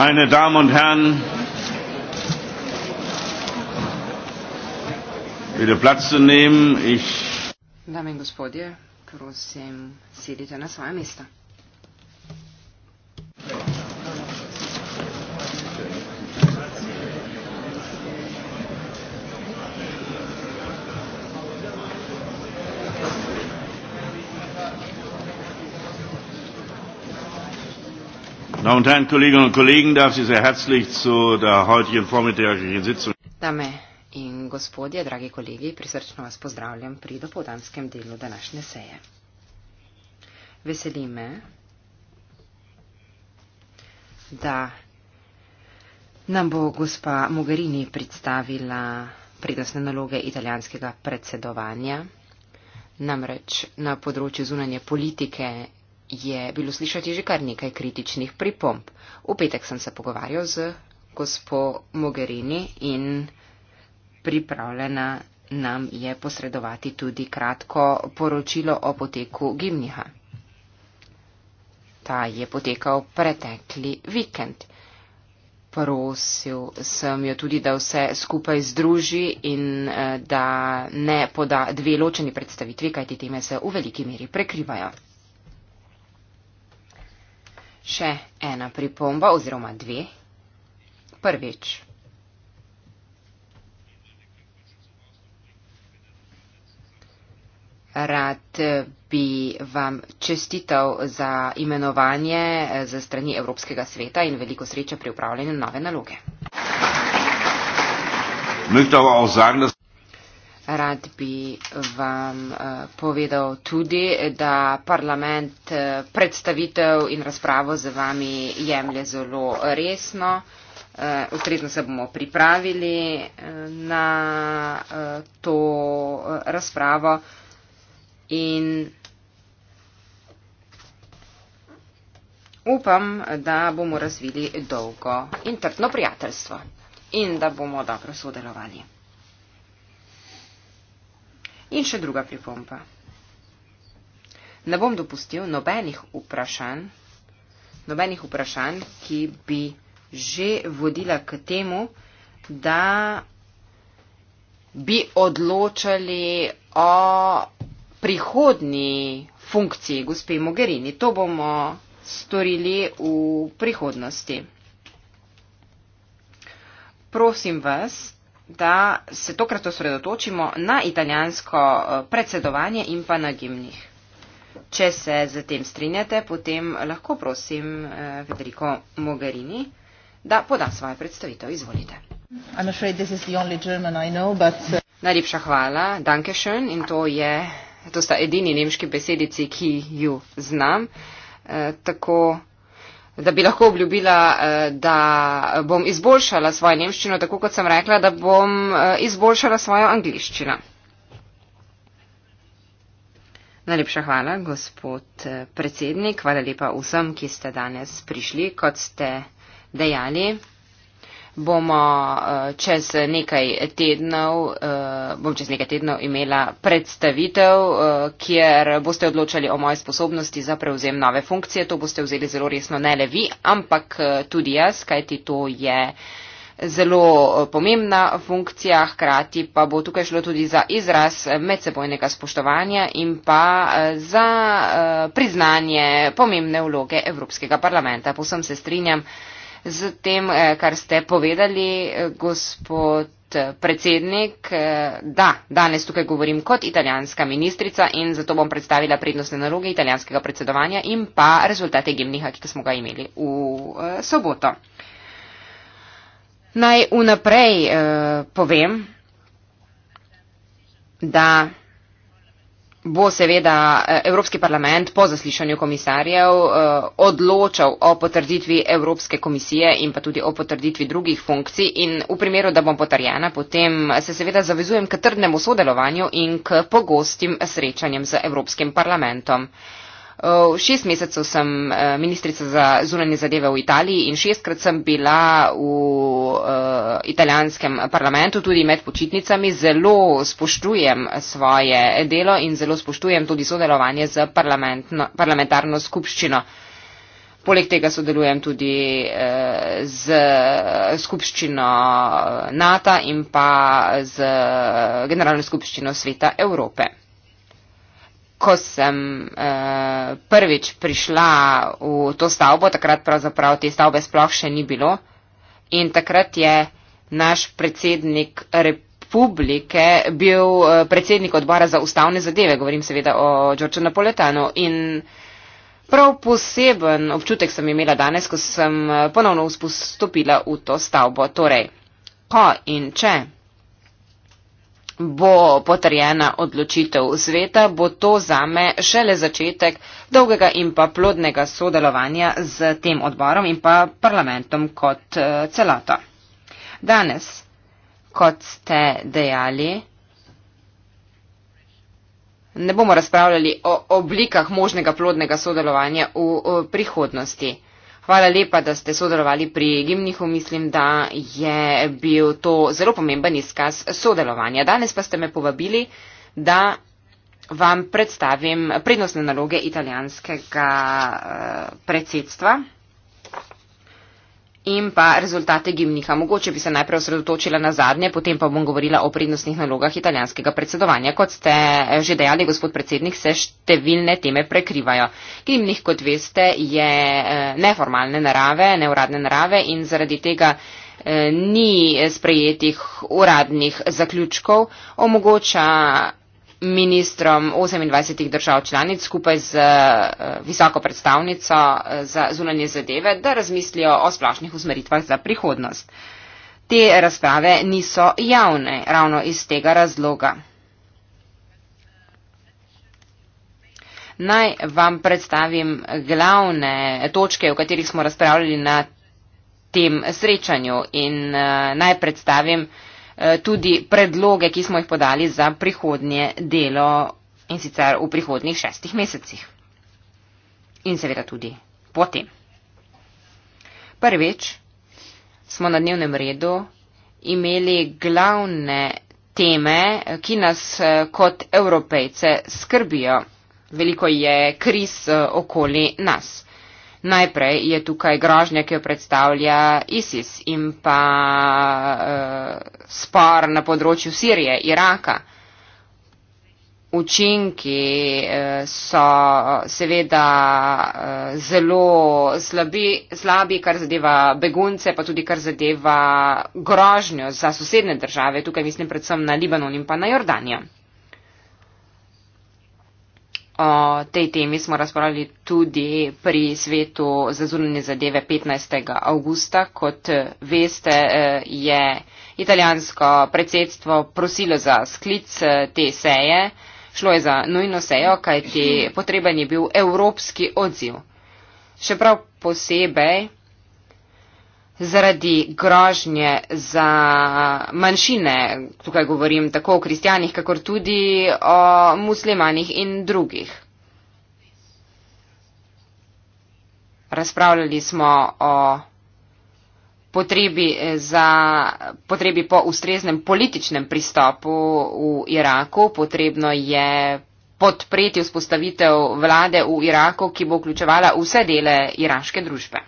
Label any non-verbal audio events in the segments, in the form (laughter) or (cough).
Meine Damen und Herren, bitte Platz zu nehmen. Ich Dame in gospodje, prosim, sedite na svoje mesto. Meine Damen und Herren, Kolleginnen und Kollegen, darf ich Sie sehr herzlich zu der heutigen vormittägigen Sitzung. Dame in gospodje, dragi kolegi, prisrčno vas pozdravljam pri dopoldanskem delu današnje seje. Veseli me, da nam bo gospa Mogherini predstavila prednostne naloge italijanskega predsedovanja, namreč na področju zunanje politike je bilo slišati že kar nekaj kritičnih pripomb. V petek sem se pogovarjal z gospo Mogherini in pripravljena nam je posredovati tudi kratko poročilo o poteku Gimniha. Ta je potekal pretekli vikend. Prosil sem jo tudi, da vse skupaj združi in eh, da ne poda dve ločeni predstavitvi, kajti teme se v veliki meri prekrivajo še ena pripomba oziroma dve. Prvič. Rad bi vam čestital za imenovanje eh, za strani Evropskega sveta in veliko sreče pri upravljanju nove naloge. Möchte aber auch sagen, dass rad bi vam eh, povedal tudi, da parlament eh, predstavitev in razpravo z vami jemlje zelo resno. Eh, ustrezno se bomo pripravili na to razpravo in upam, da bomo razvili dolgo in trdno prijateljstvo in da bomo dobro sodelovali. In še druga pripomba. Ne bom dopustil nobenih vprašanj, nobenih vprašanj, ki bi že vodila k temu, da bi odločali o prihodni funkciji gospe Mogherini. To bomo storili v prihodnosti. Prosim vas, da se tokrat osredotočimo na italijansko eh, predsedovanje in pa na gimnih. Če se z tem strinjate, potem lahko prosim eh, Federico Mogherini, da poda svojo predstavitev. Izvolite. Know, but... Uh, Najlepša hvala, danke schön, in to, je, to sta edini nemški besedici, ki ju znam. Eh, tako da bi lahko obljubila, eh, da bom izboljšala svojo nemščino, tako kot sem rekla, da bom eh, izboljšala svojo angliščino. Najlepša hvala, gospod eh, predsednik. Hvala lepa vsem, ki ste danes prišli, kot ste dejali bomo eh, čez nekaj tednov, eh, bom čez nekaj tednov imela predstavitev, eh, kjer boste odločali o moje sposobnosti za prevzem nove funkcije. To boste vzeli zelo resno, ne le vi, ampak tudi jaz, kajti to je. Zelo pomembna funkcija, hkrati pa bo tukaj šlo tudi za izraz medsebojnega spoštovanja in pa za priznanje pomembne vloge Evropskega parlamenta. Posem se strinjam z tem, eh, kar ste povedali, eh, gospod eh, predsednik. Da, danes tukaj govorim kot italijanska ministrica in zato bom predstavila prednostne naloge italijanskega predsedovanja in pa rezultate gimniha, ki smo ga imeli v soboto. Naj vnaprej eh, povem, da bo seveda eh, Evropski parlament po zaslišanju komisarjev eh, odločal o potrditvi Evropske komisije in pa tudi o potrditvi drugih funkcij in v primeru, da bom potrjena, potem se seveda zavezujem k trdnemu sodelovanju in k pogostim srečanjem z Evropskim parlamentom šest mesecev sem eh, ministrica za zunanje zadeve v Italiji in šestkrat sem bila v eh, italijanskem parlamentu tudi med počitnicami. Zelo spoštujem svoje delo in zelo spoštujem tudi sodelovanje z parlamentarno skupščino. Poleg tega sodelujem tudi eh, z skupščino NATO in pa z generalno skupščino sveta Evrope ko sem uh, prvič prišla v to stavbo, takrat pravzaprav te stavbe sploh še ni bilo. In takrat je naš predsednik republike bil uh, predsednik odbora za ustavne zadeve, govorim seveda o Đorču Napoletanu. In prav poseben občutek sem imela danes, ko sem uh, ponovno vstopila v to stavbo. Torej, ko in če bo potrjena odločitev sveta, bo to zame šele začetek dolgega in pa plodnega sodelovanja z tem odborom in pa parlamentom kot eh, celota. Danes, kot ste dejali, ne bomo razpravljali o oblikah možnega plodnega sodelovanja v prihodnosti. Hvala lepa, da ste sodelovali pri Gimnihu. Mislim, da je bil to zelo pomemben izkaz sodelovanja. Danes pa ste me povabili, da vam predstavim prednostne naloge italijanskega eh, predsedstva in pa rezultate gimnika. Mogoče bi se najprej osredotočila na zadnje, potem pa bom govorila o prednostnih nalogah italijanskega predsedovanja. Kot ste eh, že dejali, gospod predsednik, se številne teme prekrivajo. Gimnik, kot veste, je eh, neformalne narave, neuradne narave in zaradi tega eh, ni sprejetih uradnih zaključkov, omogoča ministrom 28 držav članic skupaj z eh, visoko predstavnico eh, za zunanje zadeve, da razmislijo o splošnih usmeritvah za prihodnost. Te razprave niso javne ravno iz tega razloga. Naj vam predstavim glavne točke, o katerih smo razpravljali na tem srečanju in eh, naj predstavim uh, Eh, tudi predloge, ki smo jih podali za prihodnje delo in sicer v prihodnih šestih mesecih. In seveda tudi potem. Prvič smo na dnevnem redu imeli glavne teme, ki nas eh, kot evropejce skrbijo. Veliko je kriz eh, okoli nas. Najprej je tukaj grožnja, ki jo predstavlja ISIS in pa uh, spor na področju Sirije, Iraka. Učinki eh, so seveda eh, zelo slabi, slabi, kar zadeva begunce, pa tudi kar zadeva grožnjo za sosedne države, tukaj mislim predvsem na Libanon in pa na Jordanijo o tej temi smo razpravljali tudi pri svetu za zunanje zadeve 15. augusta. Kot veste, eh, je italijansko predsedstvo prosilo za sklic eh, te seje. Šlo je za nujno sejo, kajti potreben je bil evropski odziv. Še prav posebej zaradi grožnje za manjšine, tukaj govorim tako o kristjanih, kakor tudi o muslimanih in drugih. Razpravljali smo o potrebi, za, potrebi po ustreznem političnem pristopu v Iraku. Potrebno je podpreti vzpostavitev vlade v Iraku, ki bo vključevala vse dele iraške družbe.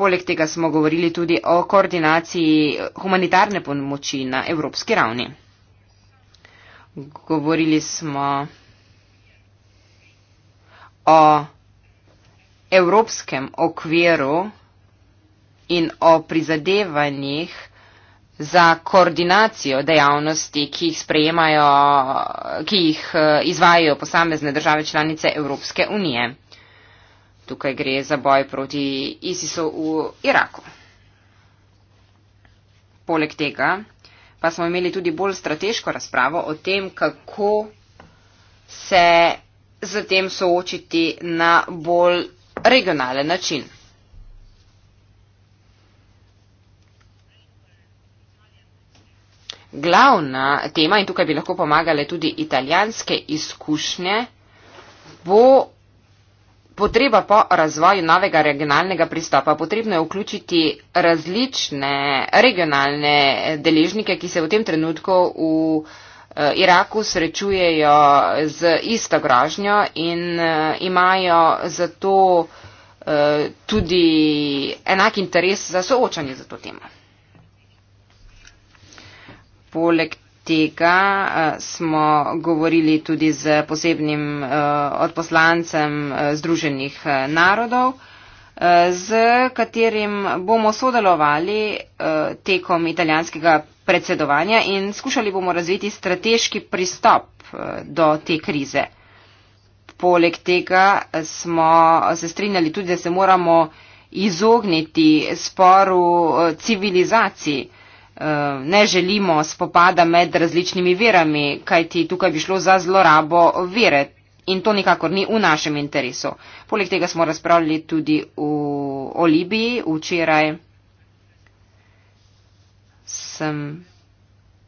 Poleg tega smo govorili tudi o koordinaciji humanitarne pomoči na evropski ravni. Govorili smo o evropskem okviru in o prizadevanjih za koordinacijo dejavnosti, ki jih, ki jih eh, izvajajo posamezne države članice Evropske unije. Tukaj gre za boj proti ISIS-u v Iraku. Poleg tega pa smo imeli tudi bolj strateško razpravo o tem, kako se z tem soočiti na bolj regionalen način. Glavna tema, in tukaj bi lahko pomagale tudi italijanske izkušnje, bo Potreba po razvoju novega regionalnega pristopa potrebno je vključiti različne regionalne deležnike, ki se v tem trenutku v eh, Iraku srečujejo z isto grožnjo in eh, imajo zato eh, tudi enak interes za soočanje za to temo. Poleg tega eh, smo govorili tudi z posebnim eh, odposlancem eh, Združenih narodov, z katerim bomo sodelovali tekom italijanskega predsedovanja in skušali bomo razviti strateški pristop do te krize. Poleg tega smo se strinjali tudi, da se moramo izogniti sporu civilizaciji. Eh, ne želimo spopada med različnimi verami, kajti tukaj bi šlo za zlorabo vere in to nikakor ni v našem interesu. Poleg tega smo razpravljali tudi v, o Libiji včeraj. Sem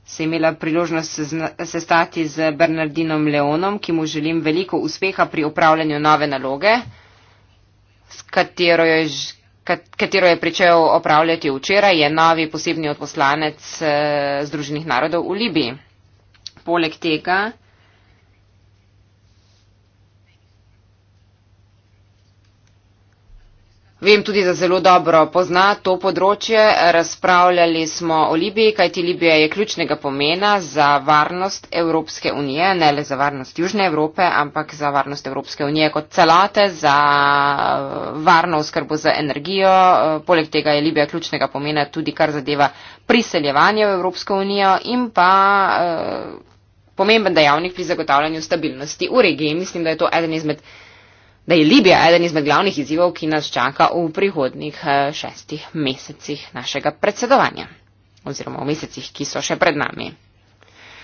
se imela priložnost sestati z Bernardinom Leonom, ki mu želim veliko uspeha pri upravljanju nove naloge, s katero je že kat, katero je pričel opravljati včeraj, je novi posebni odposlanec eh, Združenih narodov v Libiji. Poleg tega Vem tudi, da zelo dobro pozna to področje. Razpravljali smo o Libiji, kajti Libija je ključnega pomena za varnost Evropske unije, ne le za varnost Južne Evrope, ampak za varnost Evropske unije kot celote, za eh, varno oskrbo za energijo. Eh, poleg tega je Libija ključnega pomena tudi, kar zadeva priseljevanje v Evropsko unijo in pa. Eh, pomemben dejavnik pri zagotavljanju stabilnosti v regiji. Mislim, da je to eden izmed da je Libija eden izmed glavnih izzivov, ki nas čaka v prihodnih eh, šestih mesecih našega predsedovanja oziroma v mesecih, ki so še pred nami.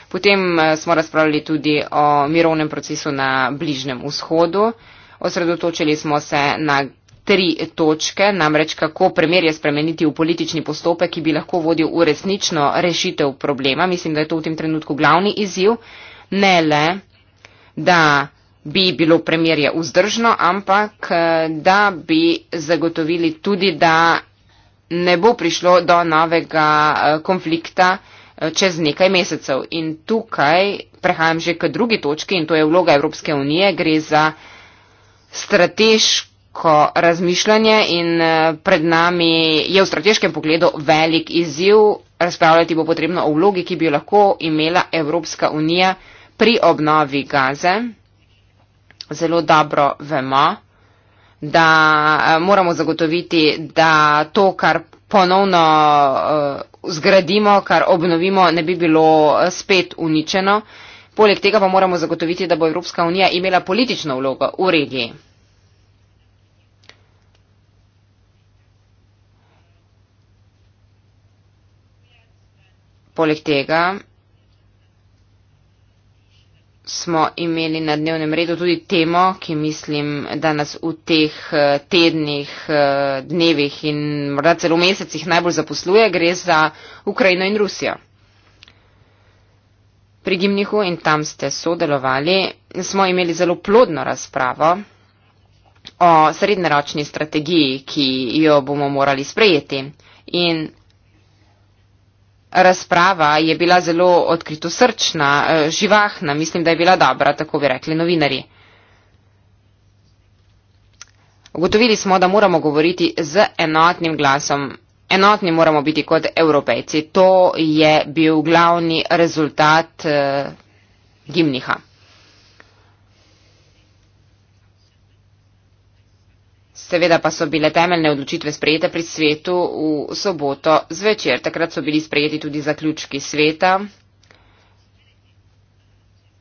Potem eh, smo razpravljali tudi o mirovnem procesu na Bližnem vzhodu. Osredotočili smo se na tri točke, namreč kako premjer je spremeniti v politični postopek, ki bi lahko vodil v resnično rešitev problema. Mislim, da je to v tem trenutku glavni izziv. Ne le, da bi bilo premirje vzdržno, ampak eh, da bi zagotovili tudi, da ne bo prišlo do novega eh, konflikta eh, čez nekaj mesecev. In tukaj prehajam že k drugi točki in to je vloga Evropske unije. Gre za strateško razmišljanje in pred nami je v strateškem pogledu velik izziv. Razpravljati bo potrebno o vlogi, ki bi jo lahko imela Evropska unija pri obnovi Gaze zelo dobro vemo, da eh, moramo zagotoviti, da to, kar ponovno eh, zgradimo, kar obnovimo, ne bi bilo eh, spet uničeno. Poleg tega pa moramo zagotoviti, da bo Evropska unija imela politično vlogo v regiji. Poleg tega smo imeli na dnevnem redu tudi temo, ki mislim, da nas v teh eh, tednih, eh, dnevih in morda celo mesecih najbolj zaposluje, gre za Ukrajino in Rusijo. Pri Gimnihu in tam ste sodelovali, smo imeli zelo plodno razpravo o srednjeročni strategiji, ki jo bomo morali sprejeti. In Razprava je bila zelo odkrito srčna, eh, živahna, mislim, da je bila dobra, tako bi rekli novinari. Ugotovili smo, da moramo govoriti z enotnim glasom. Enotni moramo biti kot evropejci. To je bil glavni rezultat eh, gimniha. Seveda pa so bile temeljne odločitve sprejete pri svetu v soboto zvečer. Takrat so bili sprejeti tudi zaključki sveta.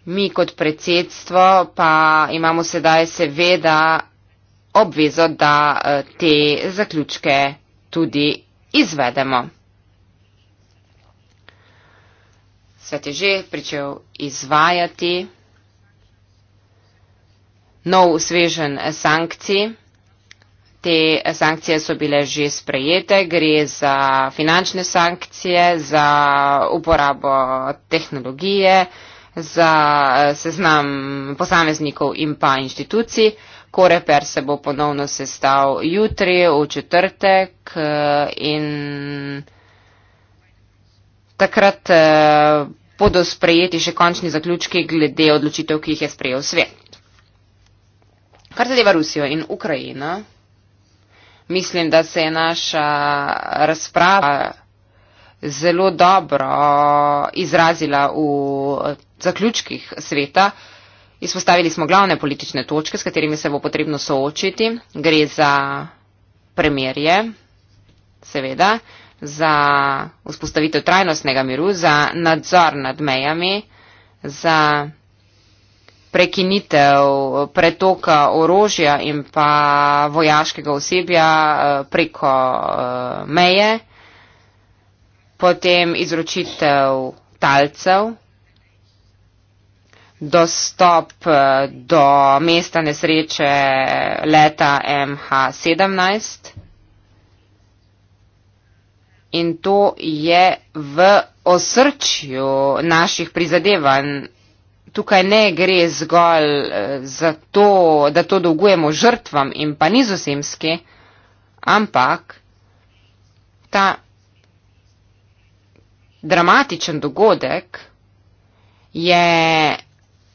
Mi kot predsedstvo pa imamo sedaj seveda obvezo, da eh, te zaključke tudi izvedemo. Svet je že pričel izvajati nov svežen sankcij te sankcije so bile že sprejete, gre za finančne sankcije, za uporabo tehnologije, za eh, seznam posameznikov in pa inštitucij. Koreper se bo ponovno sestal jutri v četrtek eh, in takrat eh, bodo sprejeti še končni zaključki glede odločitev, ki jih je sprejel svet. Kar zadeva Rusijo in Ukrajino mislim, da se je naša razprava zelo dobro izrazila v zaključkih sveta. Izpostavili smo glavne politične točke, s katerimi se bo potrebno soočiti. Gre za premjerje, seveda, za vzpostavitev trajnostnega miru, za nadzor nad mejami, za prekinitev pretoka orožja in pa vojaškega osebja eh, preko eh, meje, potem izročitev talcev, dostop eh, do mesta nesreče leta MH17. In to je v osrčju naših prizadevanj tukaj ne gre zgolj eh, za to, da to dolgujemo žrtvam in pa nizozemski, ampak ta dramatičen dogodek je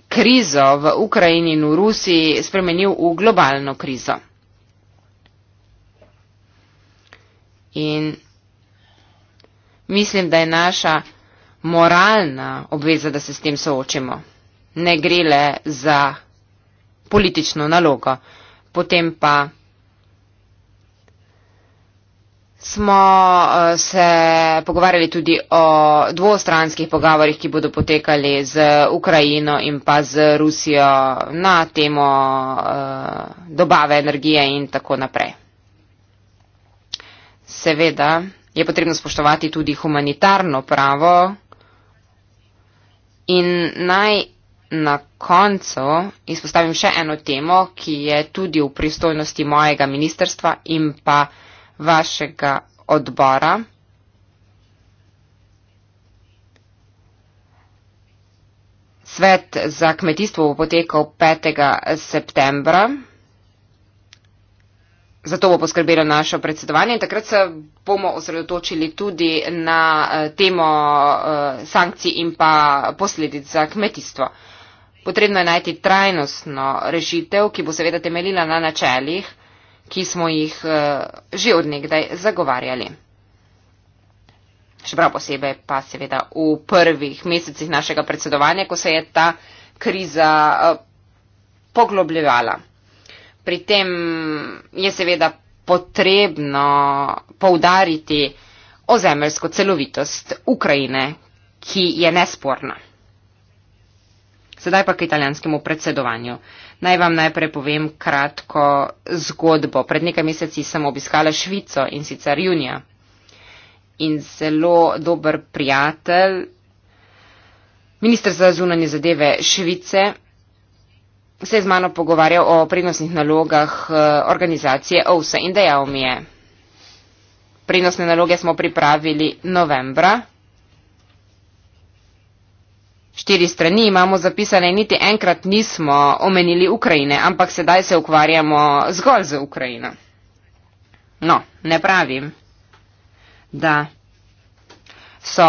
krizo v Ukrajini in v Rusiji spremenil v globalno krizo. In mislim, da je naša moralna obveza, da se s tem soočimo ne gre le za politično nalogo. Potem pa smo eh, se pogovarjali tudi o dvostranskih pogovorjih, ki bodo potekali z Ukrajino in pa z Rusijo na temo eh, dobave energije in tako naprej. Seveda je potrebno spoštovati tudi humanitarno pravo in naj na koncu izpostavim še eno temo, ki je tudi v pristojnosti mojega ministerstva in pa vašega odbora. Svet za kmetijstvo bo potekal 5. septembra, zato bo poskrbelo naše predsedovanje in takrat se bomo osredotočili tudi na eh, temo eh, sankcij in pa posledic za kmetijstvo. Potrebno je najti trajnostno rešitev, ki bo seveda temeljila na načeljih, ki smo jih eh, že od nekdaj zagovarjali. Še prav posebej pa seveda v prvih mesecih našega predsedovanja, ko se je ta kriza eh, poglobljevala. Pri tem je seveda potrebno poudariti ozemeljsko celovitost Ukrajine, ki je nesporna. Sedaj pa k italijanskemu predsedovanju. Naj vam najprej povem kratko zgodbo. Pred nekaj meseci sem obiskala Švico in sicer junija. In zelo dober prijatelj, minister za zunanje zadeve Švice, se je z mano pogovarjal o prednostnih nalogah eh, organizacije OUSA in dejal mi je. Prednostne naloge smo pripravili novembra. Štiri strani imamo zapisane, niti enkrat nismo omenili Ukrajine, ampak sedaj se ukvarjamo zgolj z Ukrajino. No, ne pravim, da so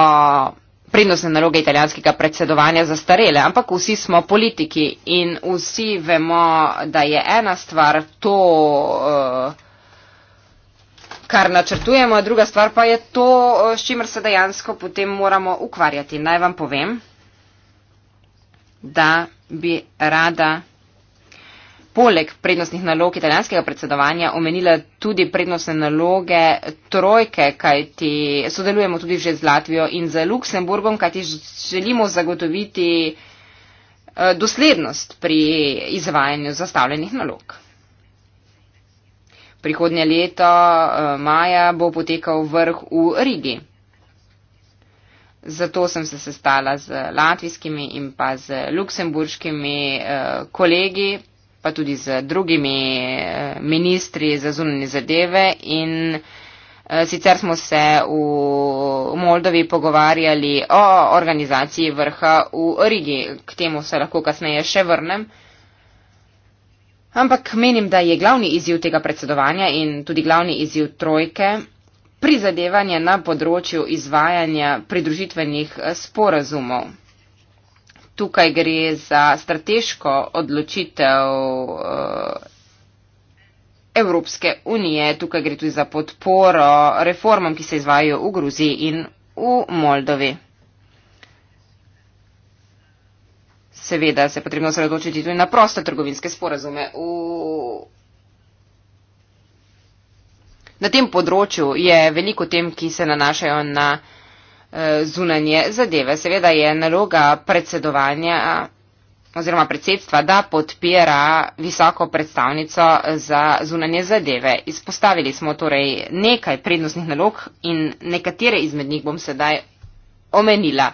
prednostne naloge italijanskega predsedovanja zastarele, ampak vsi smo politiki in vsi vemo, da je ena stvar to, eh, kar načrtujemo, druga stvar pa je to, eh, s čimer se dejansko potem moramo ukvarjati. Naj vam povem da bi rada poleg prednostnih nalog italijanskega predsedovanja omenila tudi prednostne naloge trojke, kajti sodelujemo tudi že z Latvijo in z Luksemburgom, kajti želimo zagotoviti eh, doslednost pri izvajanju zastavljenih nalog. Prihodnje leto, eh, maja, bo potekal vrh v Rigi. Zato sem se sestala z latvijskimi in pa z luksemburškimi eh, kolegi, pa tudi z drugimi eh, ministri za zunanje zadeve in eh, sicer smo se v Moldovi pogovarjali o organizaciji vrha v Rigi, k temu se lahko kasneje še vrnem. Ampak menim, da je glavni izziv tega predsedovanja in tudi glavni izziv trojke prizadevanja na področju izvajanja pridružitvenih eh, sporazumov. Tukaj gre za strateško odločitev eh, Evropske unije, tukaj gre tudi za podporo reformam, ki se izvajajo v Gruziji in v Moldovi. Seveda se je potrebno sredočiti tudi na proste trgovinske sporazume v Na tem področju je veliko tem, ki se nanašajo na e, zunanje zadeve. Seveda je naloga predsedovanja oziroma predsedstva, da podpira visoko predstavnico eh, za zunanje zadeve. Izpostavili smo torej nekaj prednostnih nalog in nekatere izmed njih bom sedaj omenila.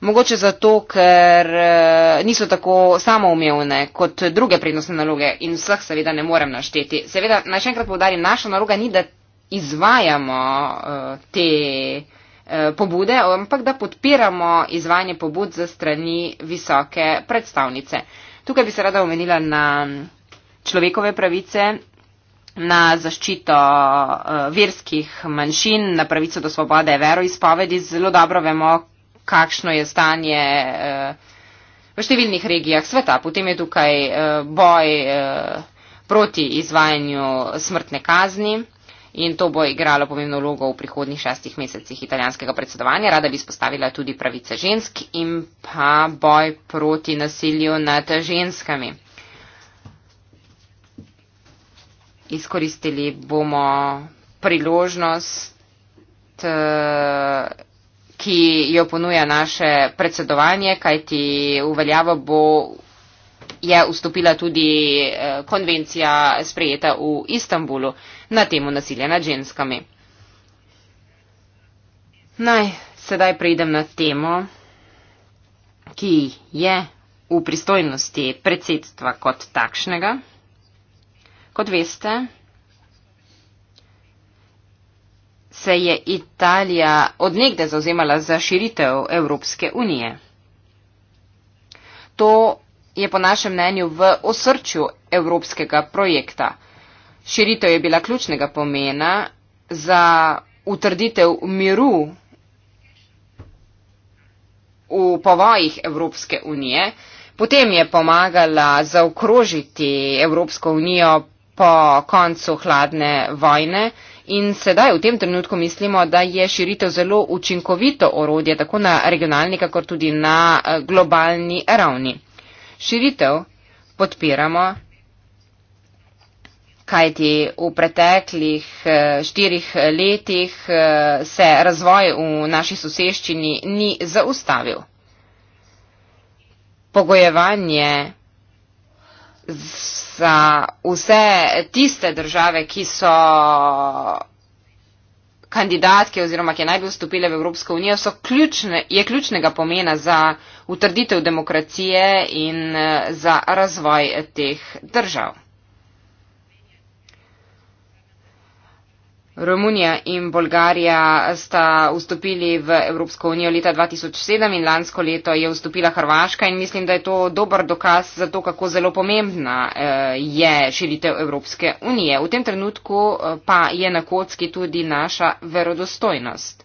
Mogoče zato, ker eh, niso tako samoumevne kot druge prednostne naloge in vseh seveda ne morem našteti. Seveda, naj še enkrat povdarim, naša naloga ni, da izvajamo eh, te eh, pobude, ampak da podpiramo izvajanje pobud za strani visoke predstavnice. Tukaj bi se rada omenila na človekove pravice, na zaščito verskih manjšin, na pravico do svobode veroizpovedi. Zelo dobro vemo, kakšno je stanje eh, v številnih regijah sveta. Potem je tukaj eh, boj eh, proti izvajanju smrtne kazni. In to bo igralo pomembno vlogo v prihodnjih šestih mesecih italijanskega predsedovanja. Rada bi spostavila tudi pravice žensk in pa boj proti nasilju nad ženskami. Izkoristili bomo priložnost ki jo ponuja naše predsedovanje, kajti uveljavo bo je vstopila tudi eh, konvencija sprejeta v Istanbulu na temu nasilja nad ženskami. Naj sedaj preidem na temo, ki je v pristojnosti predsedstva kot takšnega. Kot veste, se je Italija odnegde zauzemala za širitev Evropske unije. To je po našem mnenju v osrčju evropskega projekta. Širitev je bila ključnega pomena za utrditev miru v povojih Evropske unije, potem je pomagala zaokrožiti Evropsko unijo po koncu hladne vojne. In sedaj v tem trenutku mislimo, da je širitev zelo učinkovito orodje tako na regionalni, kakor tudi na eh, globalni ravni. Širitev podpiramo, kajti v preteklih eh, štirih letih eh, se razvoj v naši soseščini ni zaustavil. Pogojevanje z za vse tiste države, ki so kandidatke oziroma ki naj bi vstopile v Evropsko unijo, ključne, je ključnega pomena za utrditev demokracije in eh, za razvoj teh držav. Romunija in Bolgarija sta vstopili v Evropsko unijo leta 2007 in lansko leto je vstopila Hrvaška in mislim, da je to dober dokaz za to, kako zelo pomembna eh, je širitev Evropske unije. V tem trenutku eh, pa je na kocki tudi naša verodostojnost.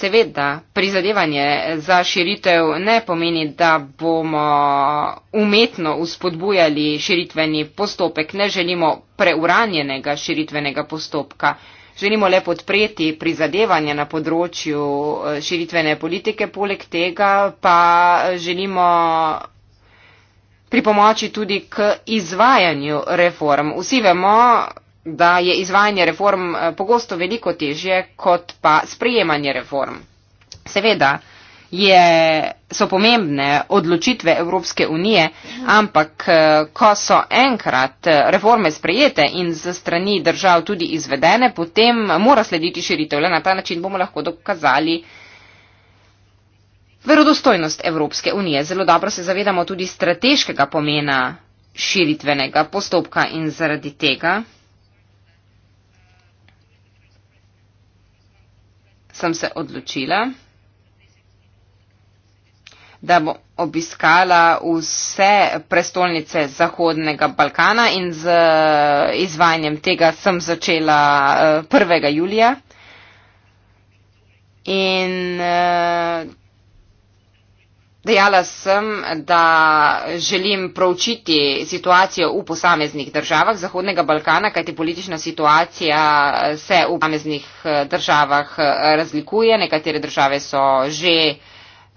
Seveda, prizadevanje za širitev ne pomeni, da bomo umetno uspodbujali širitveni postopek. Ne želimo preuranjenega širitvenega postopka. Želimo le podpreti prizadevanje na področju eh, širitvene politike, poleg tega pa želimo pripomoči tudi k izvajanju reform. Vsi vemo, da je izvajanje reform eh, pogosto veliko težje kot pa sprejemanje reform. Seveda je, so pomembne odločitve Evropske unije, ampak eh, ko so enkrat eh, reforme sprejete in za strani držav tudi izvedene, potem mora slediti širitev. Na ta način bomo lahko dokazali verodostojnost Evropske unije. Zelo dobro se zavedamo tudi strateškega pomena širitvenega postopka in zaradi tega. sem se odločila, da bom obiskala vse prestolnice Zahodnega Balkana in z eh, izvajanjem tega sem začela 1. Eh, julija. In eh, Dejala sem, da želim proučiti situacijo v posameznih državah Zahodnega Balkana, kajti politična situacija se v posameznih eh, državah eh, razlikuje. Nekatere države so že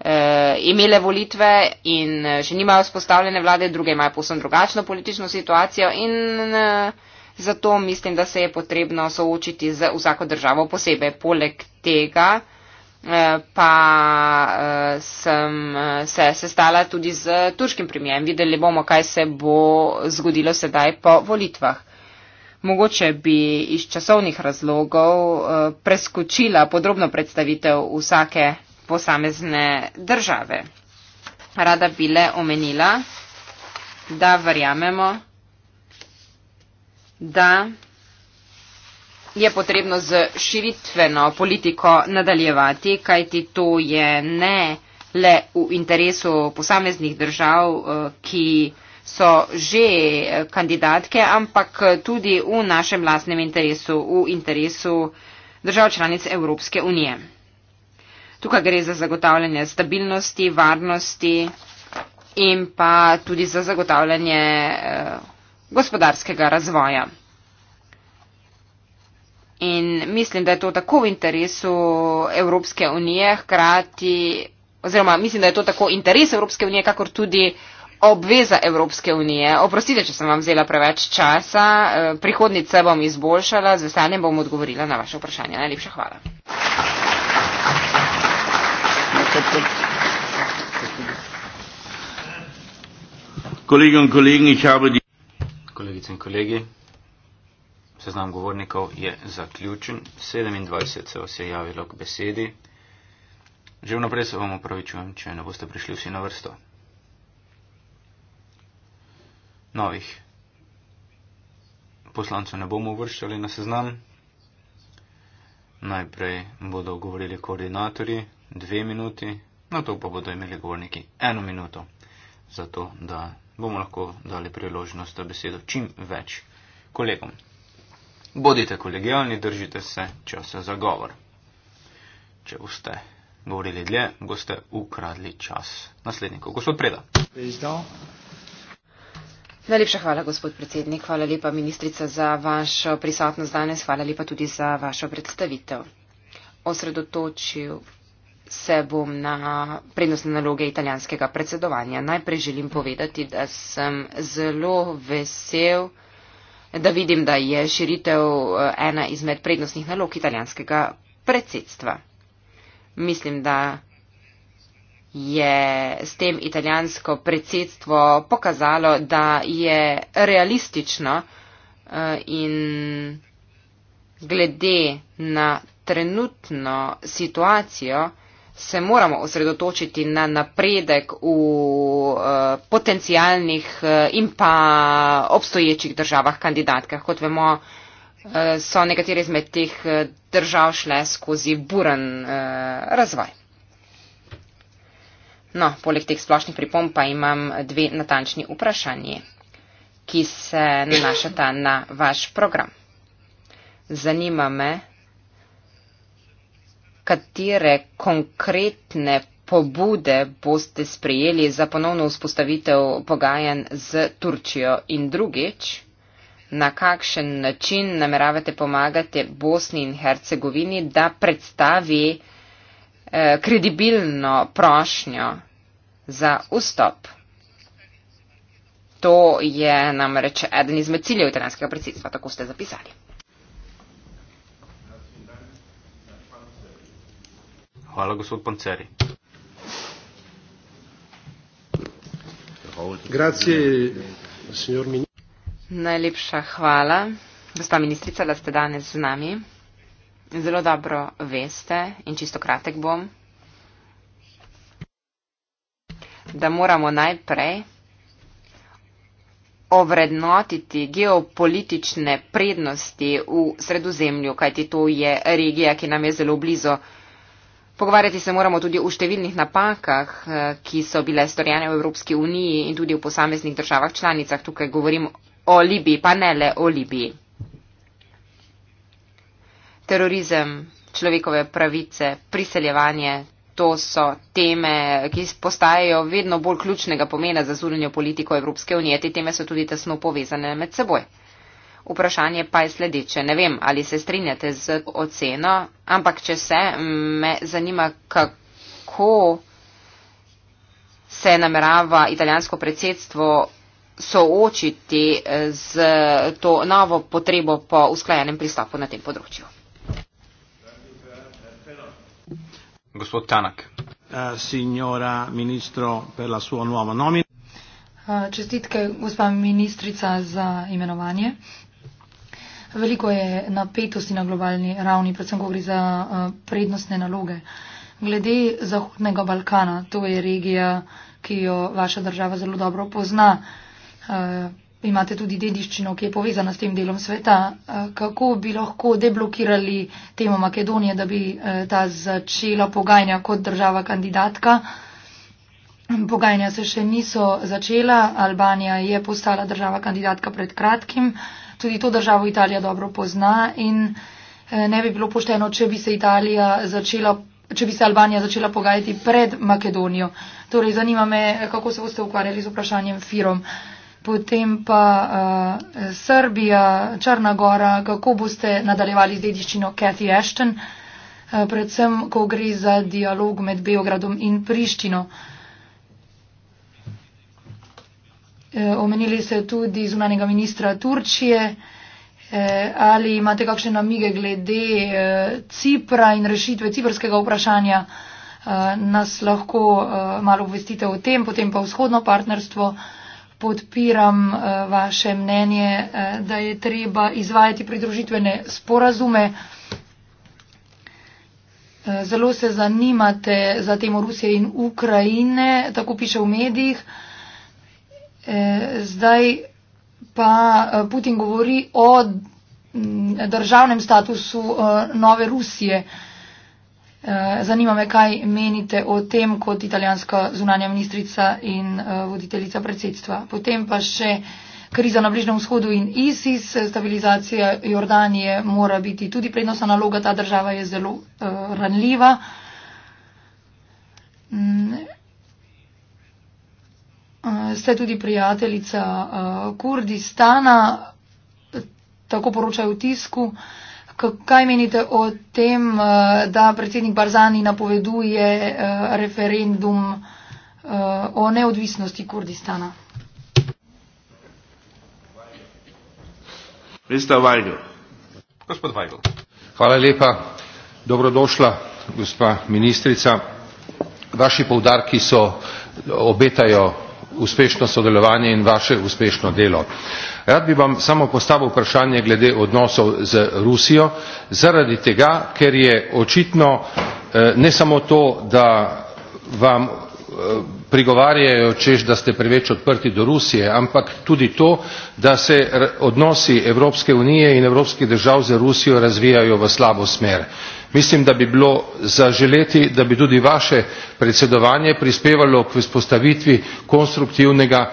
eh, imele volitve in eh, še nimajo spostavljene vlade, druge imajo posebno drugačno politično situacijo in eh, zato mislim, da se je potrebno soočiti z vsako državo posebej. Poleg tega pa eh, sem eh, se sestala tudi z turškim premijem. Videli bomo, kaj se bo zgodilo sedaj po volitvah. Mogoče bi iz časovnih razlogov eh, preskočila podrobno predstavitev vsake posamezne države. Rada bi le omenila, da verjamemo, da je potrebno z širitveno politiko nadaljevati, kajti to je ne le v interesu posameznih držav, eh, ki so že kandidatke, ampak tudi v našem lastnem interesu, v interesu držav članic Evropske unije. Tukaj gre za zagotavljanje stabilnosti, varnosti in pa tudi za zagotavljanje eh, gospodarskega razvoja. In mislim, da je to tako v interesu Evropske unije, hkrati, oziroma mislim, da je to tako interes Evropske unije, kakor tudi obveza Evropske unije. Oprostite, če sem vam vzela preveč časa, eh, prihodnice bom izboljšala, z veseljem bom odgovorila na vaše vprašanje. Najlepša hvala. Kolegice in kolegi, Seznam govornikov je zaključen. 27 se vas je javilo k besedi. Že vnaprej se vam opravičujem, če ne boste prišli vsi na vrsto. Novih poslancev ne bomo uvrščali na seznam. Najprej bodo govorili koordinatorji dve minuti, na to pa bodo imeli govorniki eno minuto, zato da bomo lahko dali priložnost, da besedo čim več kolegom. Bodite kolegijalni, držite se časa za govor. Če boste govorili dlje, boste ukradli čas naslednikov. Gospod Preda. Najlepša hvala, gospod predsednik. Hvala lepa, ministrica, za vašo prisotnost danes. Hvala lepa tudi za vašo predstavitev. Osredotočil se bom na prednostne naloge italijanskega predsedovanja. Najprej želim povedati, da sem zelo vesel, da vidim, da je širitev eh, ena izmed prednostnih nalog italijanskega predsedstva. Mislim, da je s tem italijansko predsedstvo pokazalo, da je realistično eh, in glede na trenutno situacijo, se moramo osredotočiti na napredek v uh, eh, potencijalnih uh, eh, in pa obstoječih državah kandidatkah. Kot vemo, uh, so nekatere izmed teh držav šle skozi buren uh, razvoj. No, poleg teh splošnih pripomp pa imam dve natančni vprašanje, ki se nanašata na vaš program. Zanima me, katere konkretne pobude boste sprejeli za ponovno vzpostavitev pogajanj z Turčijo in drugič, na kakšen način nameravate pomagati Bosni in Hercegovini, da predstavi eh, kredibilno prošnjo za vstop. To je namreč eden izmed ciljev italijanskega predsedstva, tako ste zapisali. Hvala, gospod Panceri. Grazie, signor ministrica. Najlepša hvala, gospa ministrica, da ste danes z nami. Zelo dobro veste in čisto kratek bom, da moramo najprej ovrednotiti geopolitične prednosti v sredozemlju, kajti to je regija, ki nam je zelo blizu. Pogovarjati se moramo tudi o številnih napakah, eh, ki so bile storjene v Evropski uniji in tudi v posameznih državah članicah. Tukaj govorim o Libiji, pa ne le o Libiji. Terorizem, človekove pravice, priseljevanje, to so teme, ki postajajo vedno bolj ključnega pomena za zunanjo politiko Evropske unije. Te teme so tudi tesno povezane med seboj. Vprašanje pa je sledeče. Ne vem, ali se strinjate z oceno, ampak če se, me zanima, kako se namerava italijansko predsedstvo soočiti eh, z to novo potrebo po usklajenem pristopu na tem področju. Gospod Tanak. Eh, signora ministro per la sua nuova nomina. Eh, čestitke, gospa ministrica, za imenovanje. Veliko je napetosti na globalni ravni, predvsem ko gre za eh, prednostne naloge. Glede Zahodnega Balkana, to je regija, ki jo vaša država zelo dobro pozna. Eh, imate tudi dediščino, ki je povezana s tem delom sveta. Eh, kako bi lahko deblokirali temo Makedonije, da bi ta začela pogajanja kot država kandidatka? Pogajanja se še niso začela. Albanija je postala država kandidatka pred kratkim tudi to državo Italija dobro pozna in eh, ne bi bilo pošteno, če bi se Italija začela. Če bi se Albanija začela pogajati pred Makedonijo. Torej, zanima me, kako se boste ukvarjali z vprašanjem Firom. Potem pa uh, Srbija, Črna Gora, kako boste nadaljevali z dediščino Cathy Ashton, uh, predvsem, ko gre za dialog med Beogradom in Prištino. Uh, Eh, omenili ste tudi zunanjega ministra Turčije. Eh, ali imate kakšne namige glede eh, Cipra in rešitve ciprskega vprašanja? Nas lahko malo obvestite o tem, potem pa vzhodno partnerstvo. Podpiram vaše mnenje, da je treba izvajati pridružitvene sporazume. Zelo se zanimate za temo Rusije in Ukrajine, tako piše v medijih. Eh, zdaj pa eh, Putin govori o mm, državnem statusu eh, nove Rusije. Zanima me, kaj menite o tem kot italijanska zunanja ministrica in voditeljica predsedstva. Potem pa še kriza na Bližnem vzhodu in ISIS, stabilizacija Jordanije mora biti tudi prednostna naloga, ta država je zelo ranljiva. Mm, ste tudi prijateljica eh, Kurdistana, tako poročajo v tisku. Kaj menite o tem, eh, da predsednik Barzani napoveduje eh, referendum o neodvisnosti Kurdistana? Hvala lepa, dobrodošla, gospa ministrica. Vaši povdarki so obetajo uspešno sodelovanje in vaše uspešno delo. Rad bi vam samo postavil vprašanje glede odnosov z Rusijo zaradi tega, ker je očitno eh, ne samo to, da vam eh, prigovarjajo, češ da ste preveč odprti do Rusije, ampak tudi to, da se odnosi Evropske unije in evropskih držav z Rusijo razvijajo v slabo smer mislim da bi bilo za želeti da bi tudi vaše predsedovanje prispevalo k vzpostavitvi konstruktivnega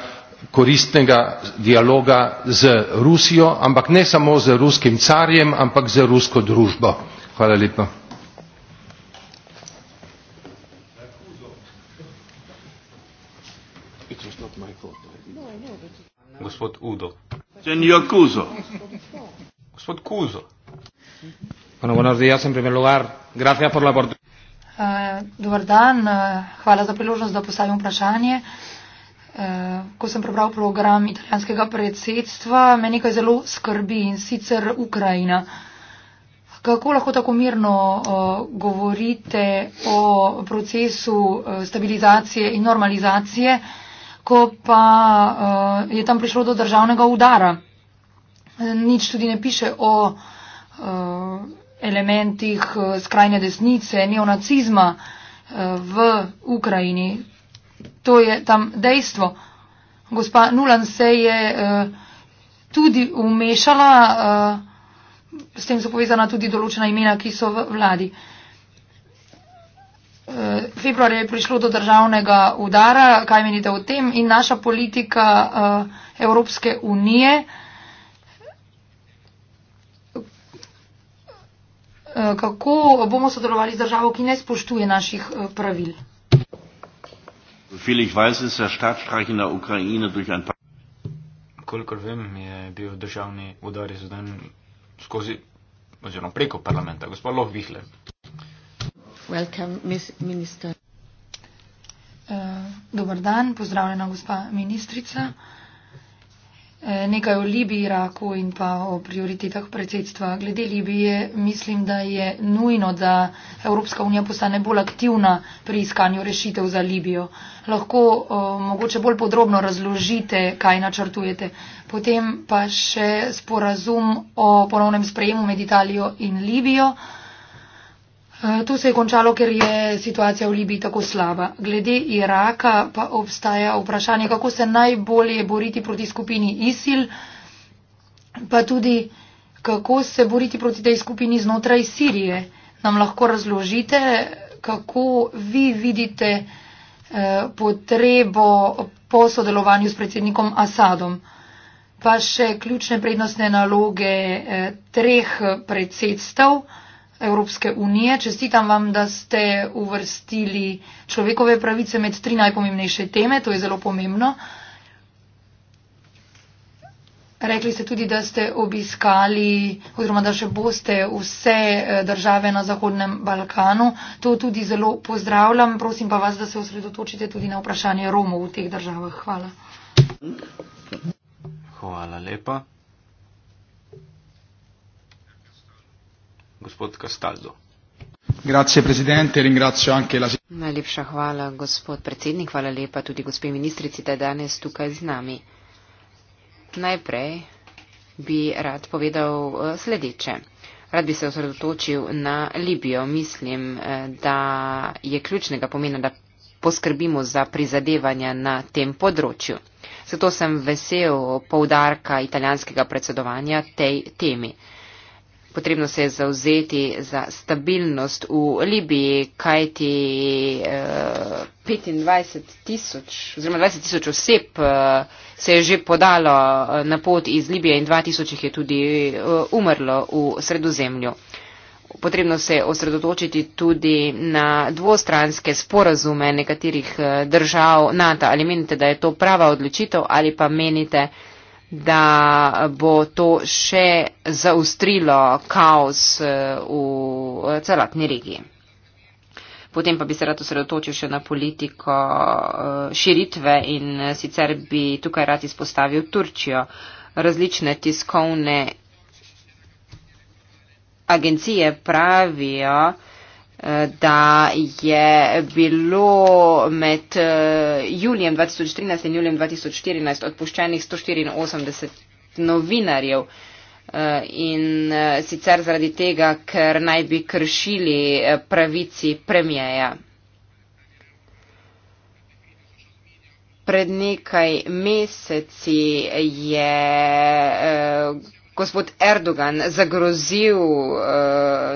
koristnega dialoga z rusijo ampak ne samo z ruskim carjem ampak z rusko družbo. Bueno, buenos días. En primer lugar, gracias por la oportunidad. Eh, dober dan, eh, hvala za priložnost, da postavim vprašanje. Eh, ko sem prebral program italijanskega predsedstva, me nekaj zelo skrbi in sicer Ukrajina. Kako lahko tako mirno govorite o procesu stabilizacije in normalizacije, ko pa je tam prišlo do državnega udara? Nič tudi ne piše o elementih eh, skrajne desnice, neonacizma eh, v Ukrajini. To je tam dejstvo. Gospa Nulan se je eh, tudi umešala, s tem so povezana tudi določena imena, ki so v vladi. Februar je prišlo do državnega udara, kaj menite o tem, in naša politika Evropske unije. Eh, kako bomo sodelovali z državo, ki ne spoštuje naših eh, pravil. Ja Kolikor vem, je bil državni udar izveden skozi oziroma preko parlamenta. Gospod Loh Vihle. Uh, eh, dobar dan, pozdravljena gospa ministrica. Uh, Eh, nekaj o Libiji, Iraku in pa o prioritetah predsedstva. Glede Libije mislim, da je nujno, da Evropska unija postane bolj aktivna pri iskanju rešitev za Libijo. Lahko o, eh, mogoče bolj podrobno razložite, kaj načrtujete. Potem pa še sporazum o ponovnem sprejemu med Italijo in Libijo. Eh, to se je končalo, ker je situacija v Libiji tako slaba. Glede Iraka pa obstaja vprašanje, kako se najbolje boriti proti skupini ISIL, pa tudi kako se boriti proti tej skupini znotraj Sirije. Nam lahko razložite, kako vi vidite eh, potrebo po sodelovanju s predsednikom Asadom, pa še ključne prednostne naloge eh, treh predsedstv. Evropske unije. Čestitam vam, da ste uvrstili človekove pravice med tri najpomembnejše teme, to je zelo pomembno. Rekli ste tudi, da ste obiskali oziroma da še boste vse eh, države na Zahodnem Balkanu. To tudi zelo pozdravljam. Prosim pa vas, da se osredotočite tudi na vprašanje Romov v teh državah. Hvala. Hvala lepa. gospod Castaldo. Grazie, presidente, ringrazio anche la. Najlepša hvala, gospod predsednik, hvala lepa tudi gospe ministrici, da je danes tukaj z nami. Najprej bi rad povedal eh, sledeče. Rad bi se osredotočil na Libijo. Mislim, eh, da je ključnega pomena, da poskrbimo za prizadevanja na tem področju. Zato sem vesel poudarka italijanskega predsedovanja tej temi. Potrebno se je zauzeti za stabilnost v Libiji, kajti eh, 25 tisoč oziroma 20 tisoč oseb eh, se je že podalo eh, na pot iz Libije in 2000 jih je tudi eh, umrlo v sredozemlju. Potrebno se je osredotočiti tudi na dvostranske sporazume nekaterih eh, držav NATO. Ali menite, da je to prava odločitev ali pa menite, da bo to še zaustrilo kaos eh, v eh, celotni regiji. Potem pa bi se rad osredotočil še na politiko eh, širitve in sicer bi tukaj rad izpostavil Turčijo. Različne tiskovne agencije pravijo, da je bilo med eh, julijem 2013 in julijem 2014 odpuščenih 184 novinarjev. Eh, in eh, sicer zaradi tega, ker naj bi kršili pravici premijeja. Pred nekaj meseci je gospod Erdogan zagrozil uh,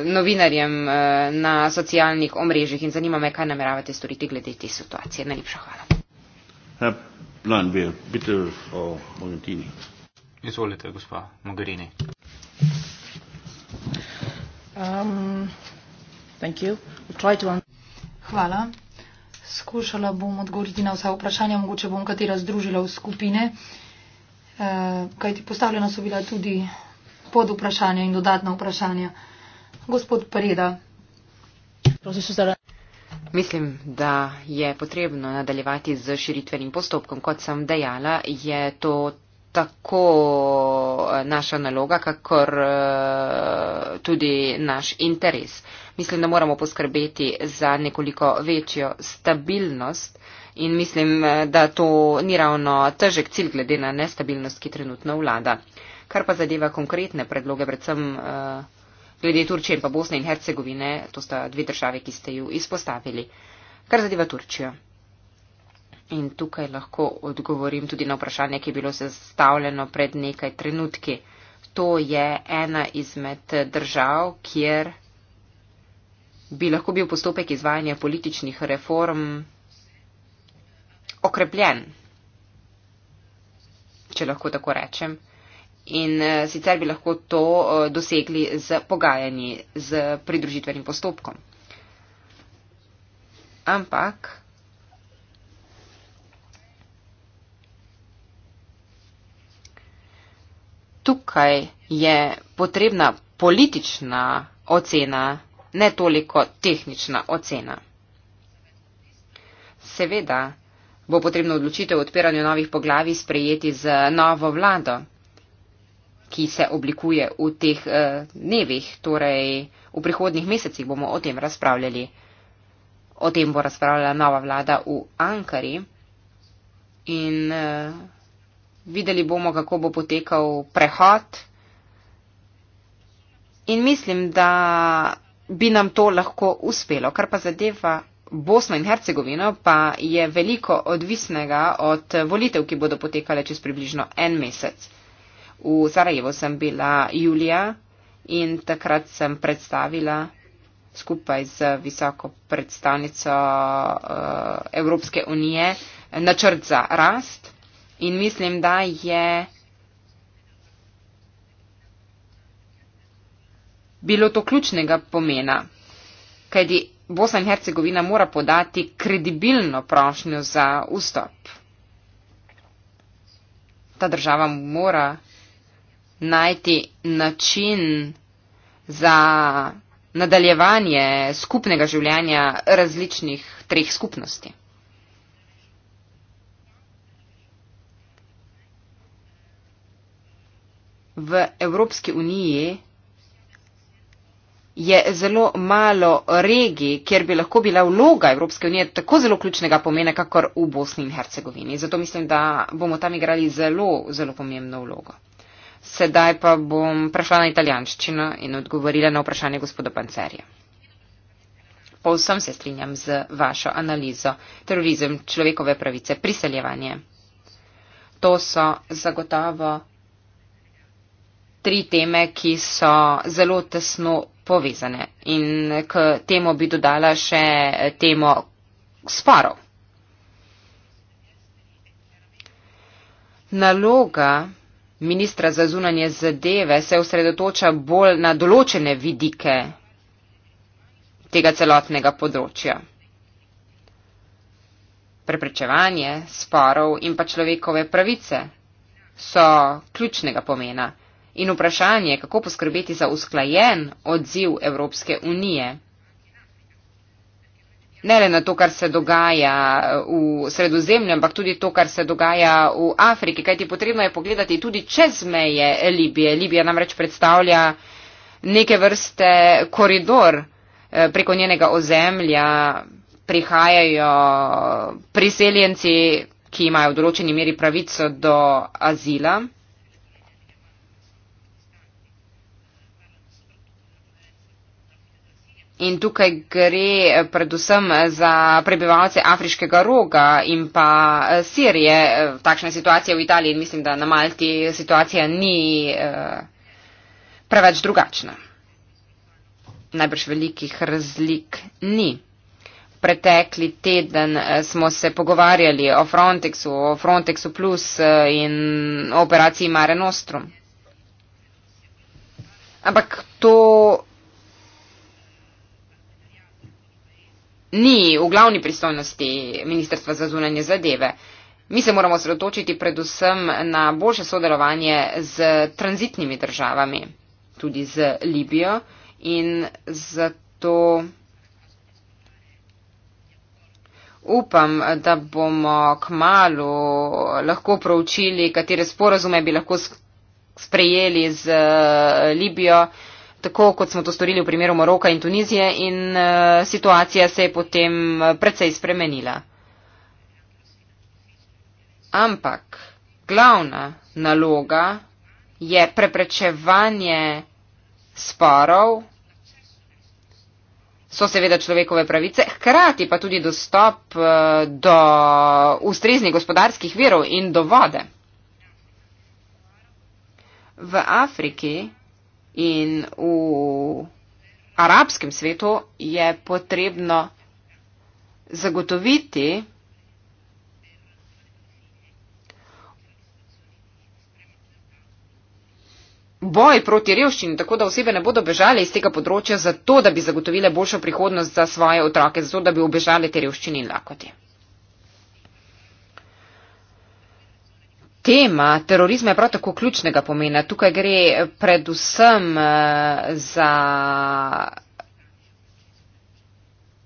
novinarjem uh, na socialnih omrežjih in zanima me, kaj nameravate storiti glede te situacije. Najlepša hvala. Plan B, biti o Argentini. Izvolite, gospa Mogherini. Um, thank you. We'll try to hvala. Skušala bom odgovoriti na vsa vprašanja, mogoče bom katera združila v skupine. Uh, Eh, kajti postavljena so bila tudi pod vprašanja in dodatna vprašanja. Gospod Preda. Mislim, da je potrebno nadaljevati z širitvenim postopkom. Kot sem dejala, je to tako eh, naša naloga, kakor eh, tudi naš interes. Mislim, da moramo poskrbeti za nekoliko večjo stabilnost uh, in mislim, eh, da to ni ravno težek cilj glede na nestabilnost, ki trenutno vlada. Kar pa zadeva konkretne predloge, predvsem eh, glede Turčije in pa Bosne in Hercegovine, to sta dve države, ki ste ju izpostavili. Kar zadeva Turčijo. In tukaj lahko odgovorim tudi na vprašanje, ki je bilo sestavljeno pred nekaj trenutki. To je ena izmed držav, kjer bi lahko bil postopek izvajanja političnih reform okrepljen, če lahko tako rečem. In uh, sicer bi lahko to uh, dosegli z pogajanji, z pridružitvenim postopkom. Ampak. Tukaj je potrebna politična ocena, ne toliko tehnična ocena. Seveda, Bo potrebno odločitev o odpiranju novih poglavi sprejeti z novo vlado, ki se oblikuje v teh eh, dnevih, torej v prihodnih mesecih bomo o tem razpravljali. O tem bo razpravljala nova vlada v Ankari in eh, videli bomo, kako bo potekal prehod. In mislim, da bi nam to lahko uspelo, kar pa zadeva Bosna in Hercegovina pa je veliko odvisnega od volitev, ki bodo potekale čez približno en mesec. V Sarajevo sem bila julija in takrat sem predstavila skupaj z visoko predstavnico uh, Evropske unije načrt za rast in mislim, da je bilo to ključnega pomena, kajdi Bosna in Hercegovina mora podati kredibilno prošnjo za vstop. Ta država mora najti način za nadaljevanje skupnega življenja različnih treh skupnosti. V Evropski uniji je zelo malo regij, kjer bi lahko bila vloga Evropske unije tako zelo ključnega pomena, kakor v Bosni in Hercegovini. Zato mislim, da bomo tam igrali zelo, zelo pomembno vlogo. Sedaj pa bom prešla na italijanščino in odgovorila na vprašanje gospoda Pancerja. Povsem se strinjam z vašo analizo. Terorizem, človekove pravice, priseljevanje. To so zagotovo tri teme, ki so zelo tesno povezane. In k temu bi dodala še temo sporov. Naloga ministra za zunanje zadeve se osredotoča bolj na določene vidike tega celotnega področja. Preprečevanje sporov in pa človekove pravice so ključnega pomena in vprašanje, kako poskrbeti za usklajen odziv Evropske unije. Ne le na to, kar se dogaja uh, v sredozemlju, ampak tudi to, kar se dogaja v Afriki, kajti potrebno je pogledati tudi čez meje Libije. Libija namreč predstavlja neke vrste koridor uh, preko njenega ozemlja. Prihajajo priseljenci, ki imajo v določeni meri pravico do azila. In tukaj gre eh, predvsem eh, za prebivalce afriškega roga in pa eh, Sirije. Takšna situacija v Italiji in mislim, da na Malti situacija ni preveč drugačna. Najbrž velikih razlik ni. Pretekli teden smo se pogovarjali o Frontexu, o Frontexu Plus in o operaciji Mare Nostrum. Ampak to ni v glavni pristojnosti Ministrstva za zunanje zadeve. Mi se moramo sredotočiti predvsem na boljše sodelovanje z tranzitnimi državami, tudi z Libijo in zato upam, da bomo k malu lahko proučili, katere sporazume bi lahko sprejeli z eh, Libijo tako kot smo to storili v primeru Moroka in Tunizije in uh, situacija se je potem eh, precej spremenila. Ampak glavna naloga je preprečevanje sporov, so seveda človekove pravice, hkrati pa tudi dostop uh, do ustreznih gospodarskih virov in do vode. V Afriki In v arabskem svetu je potrebno zagotoviti boj proti revščini, tako da osebe ne bodo bežale iz tega področja, zato da bi zagotovile boljšo prihodnost za svoje otroke, zato da bi obežale te revščine in lakote. Tema terorizma je prav tako ključnega pomena. Tukaj gre predvsem eh, za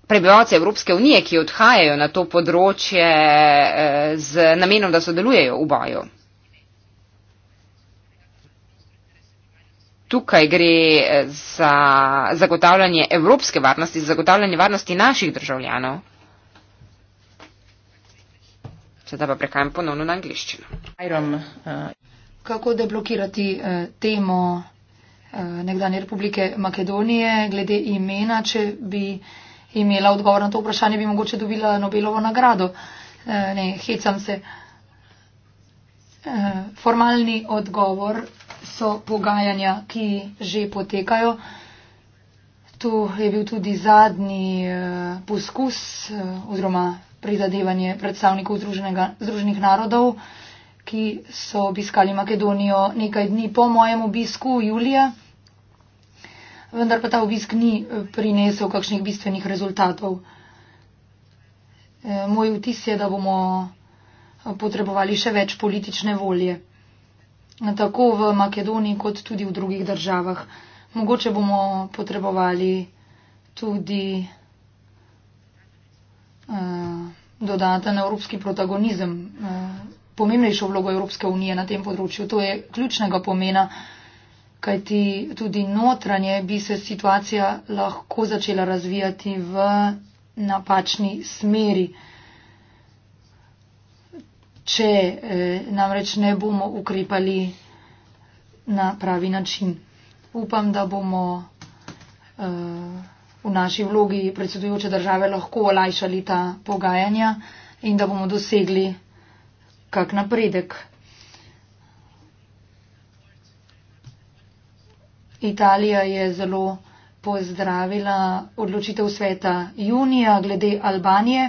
prebivalce Evropske unije, ki odhajajo na to področje eh, z namenom, da sodelujejo v boju. Tukaj gre eh, za zagotavljanje evropske varnosti, zagotavljanje varnosti naših državljanov. Sedaj pa prehajam ponovno na angliščino. Iram, uh, kako deblokirati uh, temo uh, nekdanje republike Makedonije glede imena, če bi imela odgovor na to vprašanje, bi mogoče dobila Nobelovo nagrado. Ne, hecam se. Formalni odgovor so pogajanja, ki že potekajo. Tu je bil tudi zadnji poskus oziroma prizadevanje predstavnikov Združenih narodov, ki so obiskali Makedonijo nekaj dni po mojem obisku julija, vendar pa ta obisk ni eh, prinesel kakšnih bistvenih rezultatov. Eh, moj vtis je, da bomo eh, potrebovali še več politične volje, tako v Makedoniji kot tudi v drugih državah. Mogoče bomo potrebovali tudi. Eh, dodaten evropski protagonizem, eh, pomembnejšo vlogo Evropske unije na tem področju. To je ključnega pomena, kajti tudi notranje bi se situacija lahko začela razvijati v napačni smeri. Če eh, namreč ne bomo ukrepali na pravi način. Upam, da bomo. Eh, v naši vlogi predsedujoče države lahko olajšali ta pogajanja in da bomo dosegli kak napredek. Italija je zelo pozdravila odločitev sveta junija glede Albanije.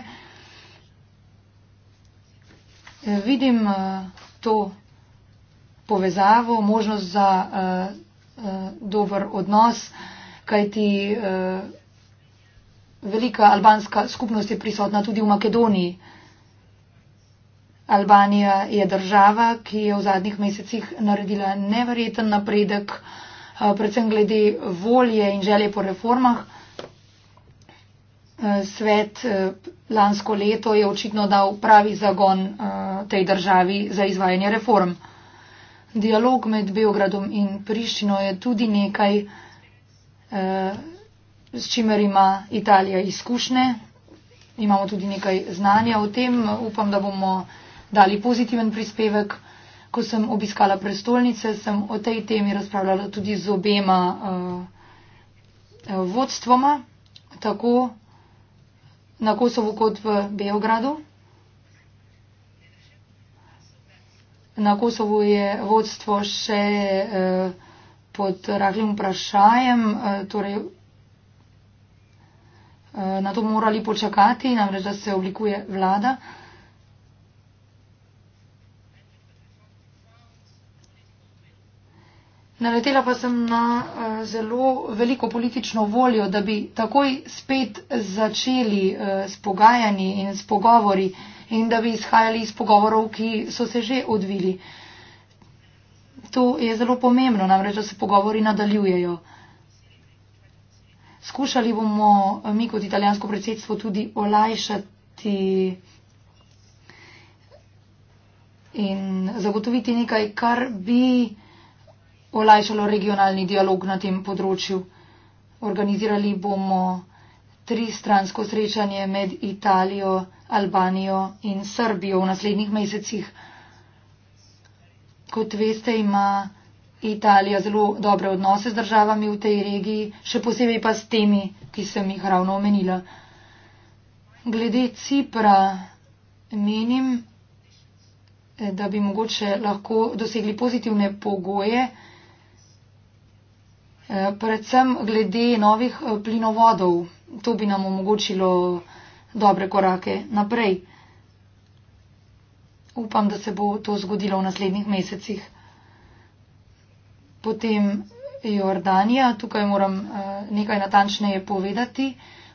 Vidim eh, to povezavo, možnost za uh, uh, dober odnos, kajti uh, velika albanska skupnost je prisotna tudi v Makedoniji. Albanija je država, ki je v zadnjih mesecih naredila neverjeten napredek, eh, predvsem glede volje in želje po reformah. Eh, svet eh, lansko leto je očitno dal pravi zagon tej državi za izvajanje reform. Dialog med Beogradom in Prištino je tudi nekaj, s čimer ima Italija izkušnje. Imamo tudi nekaj znanja o tem. Upam, da bomo dali pozitiven prispevek. Ko sem obiskala prestolnice, sem o tej temi razpravljala tudi z obema uh, vodstvoma, tako na Kosovo kot v Beogradu. Na Kosovo je vodstvo še uh, pod rahlim vprašanjem, uh, torej Eh, na to morali počakati, namreč da se oblikuje vlada. Naletela pa sem na eh, zelo veliko politično voljo, da bi takoj spet začeli eh, s pogajanji in s pogovori in da bi izhajali iz pogovorov, ki so se že odvili. To je zelo pomembno, namreč da se pogovori nadaljujejo. Skušali bomo eh, mi kot italijansko predsedstvo tudi olajšati in zagotoviti nekaj, kar bi olajšalo regionalni dialog na tem področju. Organizirali bomo tristransko srečanje med Italijo, Albanijo in Srbijo v naslednjih mesecih. Kot veste, ima Italija zelo dobre odnose z državami v tej regiji, še posebej pa s temi, ki sem jih ravno omenila. Glede Cipra menim, da bi mogoče lahko dosegli pozitivne pogoje, eh, predvsem glede novih eh, plinovodov. To bi nam omogočilo dobre korake naprej. Upam, da se bo to zgodilo v naslednjih mesecih. Potem Jordanija, tukaj moram eh, nekaj natančneje povedati.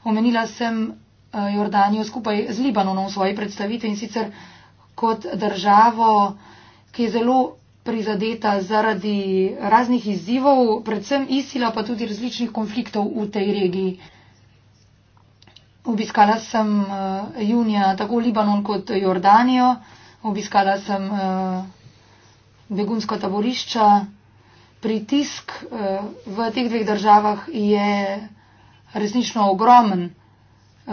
Omenila sem eh, Jordanijo skupaj z Libanonom v svoji predstavitvi in sicer kot državo, ki je zelo prizadeta zaradi raznih izzivov, predvsem Isila, pa tudi različnih konfliktov v tej regiji. Obiskala sem eh, junija tako Libanon kot Jordanijo, obiskala sem begunsko taborišča pritisk eh, v teh dveh državah je resnično ogromen. Eh,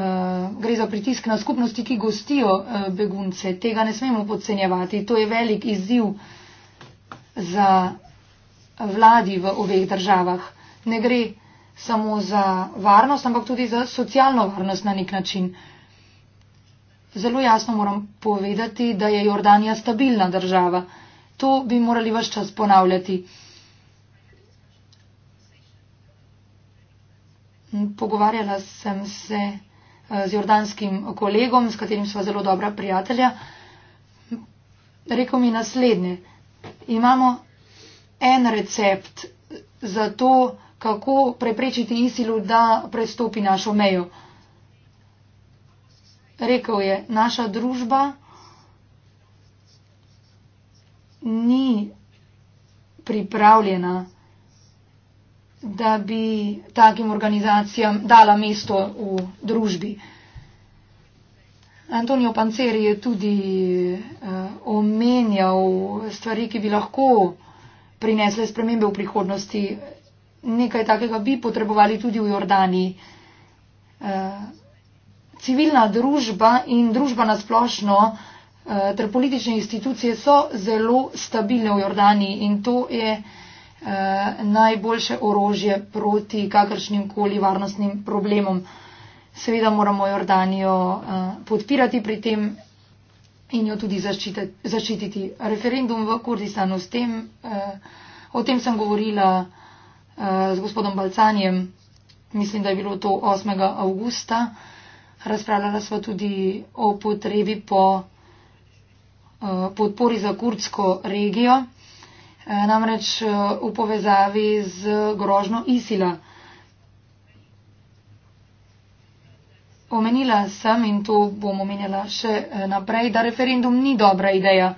gre za pritisk na skupnosti, ki gostijo eh, begunce. Tega ne smemo podcenjevati. To je velik izziv za vladi v obeh državah. Ne gre samo za varnost, ampak tudi za socialno varnost na nek način. Zelo jasno moram povedati, da je Jordanija stabilna država. To bi morali vse čas ponavljati. Pogovarjala sem se eh, z jordanskim kolegom, s katerim sva zelo dobra prijatelja. Rekl mi naslednje. Imamo en recept za to, kako preprečiti Isilu, da prestopi našo mejo. Rekl je, naša družba ni pripravljena da bi takim organizacijam dala mesto v družbi. Antonio Panceri je tudi uh, omenjal stvari, ki bi lahko prinesle spremembe v prihodnosti. Nekaj takega bi potrebovali tudi v Jordani. Uh, eh, civilna družba in družba nasplošno uh, eh, ter politične institucije so zelo stabilne v Jordani in to je uh, Eh, najboljše orožje proti kakršnim koli varnostnim problemom. Seveda moramo Jordanijo eh, podpirati pri tem in jo tudi zaščititi. zaščititi. Referendum v Kurdistanu, s tem, eh, o tem sem govorila z gospodom Balcanjem, mislim, da je bilo to 8. avgusta. Razpravljala sva tudi o potrebi po podpori za kurdsko regijo. Eh, namreč eh, v povezavi z grožno Isila. Omenila sem in to bom omenjala še eh, naprej, da referendum ni dobra ideja.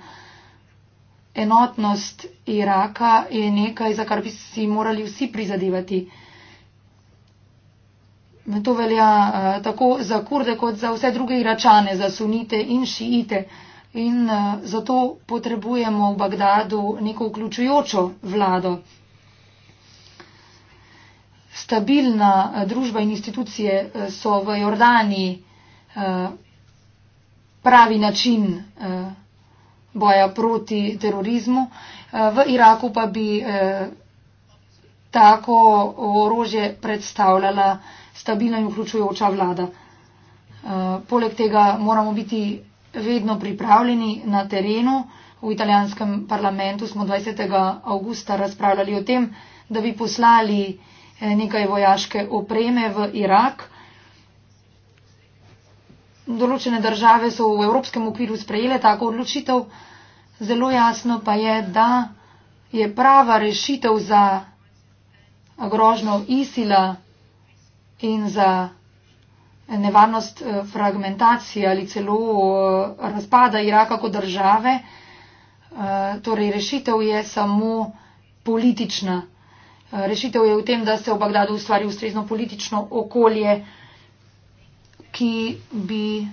Enotnost Iraka je nekaj, za kar bi si morali vsi prizadevati. To velja tako za kurde, kot za vse druge iračane, za sunite in šiite in eh, zato potrebujemo v Bagdadu neko vključujočo vlado. Stabilna eh, družba in institucije eh, so v Jordaniji pravi način boja proti terorizmu. V Iraku pa bi tako orožje predstavljala stabilna in vključujoča vlada. Poleg tega moramo biti vedno pripravljeni na terenu. V italijanskem parlamentu smo 20. augusta razpravljali o tem, da bi poslali eh, nekaj vojaške opreme v Irak. Določene države so v evropskem okviru sprejele tako odločitev. Zelo jasno pa je, da je prava rešitev za grožno ISIL-a in za nevarnost eh, fragmentacije ali celo eh, razpada Iraka kot države. Eh, torej, rešitev je samo politična. Rešitev je v tem, da se v Bagdadu ustvari ustrezno politično okolje, ki bi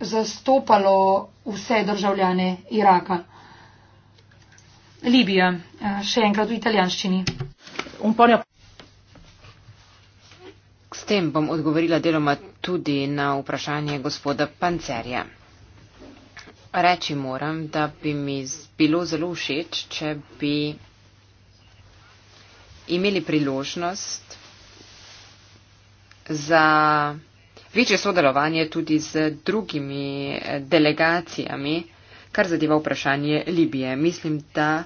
zastopalo vse državljane Iraka. Libija, še enkrat v italijanščini. S tem bom odgovorila deloma tudi na vprašanje gospoda Pancerja. Reči moram, da bi mi bilo zelo všeč, če bi imeli priložnost za večje sodelovanje tudi z drugimi eh, delegacijami, kar zadeva vprašanje Libije. Mislim, da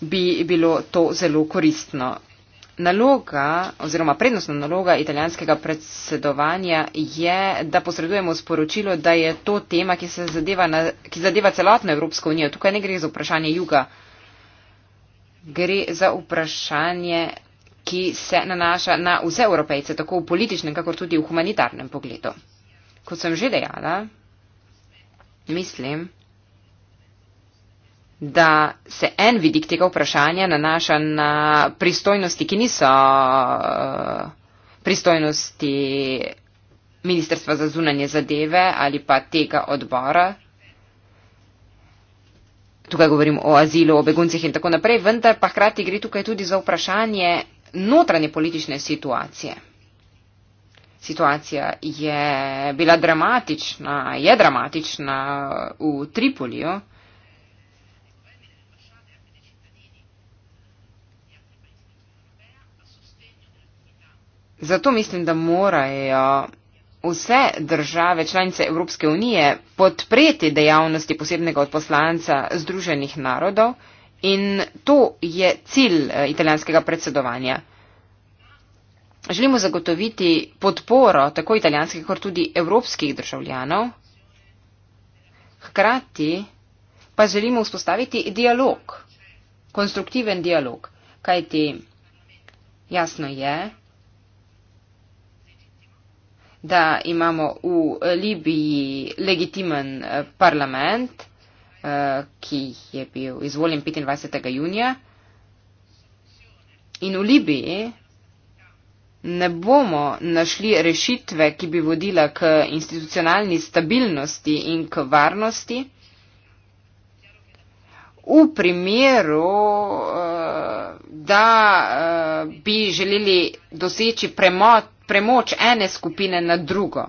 bi bilo to zelo koristno naloga oziroma prednostna naloga italijanskega predsedovanja je, da posredujemo sporočilo, da je to tema, ki, zadeva, na, ki zadeva celotno Evropsko unijo. Tukaj ne gre za vprašanje juga, gre za vprašanje, ki se nanaša na vse evropejce, tako v političnem, kakor tudi v humanitarnem pogledu. Kot sem že dejala, mislim, da se en vidik tega vprašanja nanaša na pristojnosti, ki niso eh, pristojnosti Ministrstva za zunanje zadeve ali pa tega odbora. Tukaj govorim o azilu, o beguncih in tako naprej, vendar pa hkrati gre tukaj tudi za vprašanje notranje politične situacije. Situacija je bila dramatična, je dramatična v Tripoliju. Zato mislim, da morajo vse države članice Evropske unije podpreti dejavnosti posebnega odposlanca Združenih narodov in to je cilj eh, italijanskega predsedovanja. Želimo zagotoviti podporo tako italijanskih kot tudi evropskih državljanov, hkrati pa želimo vzpostaviti dialog, konstruktiven dialog, kajti jasno je, da imamo v Libiji legitimen eh, parlament, eh, ki je bil izvoljen 25. junija. In v Libiji ne bomo našli rešitve, ki bi vodila k institucionalni stabilnosti in k varnosti. V primeru, eh, da bi želeli doseči premot premoč ene skupine na drugo.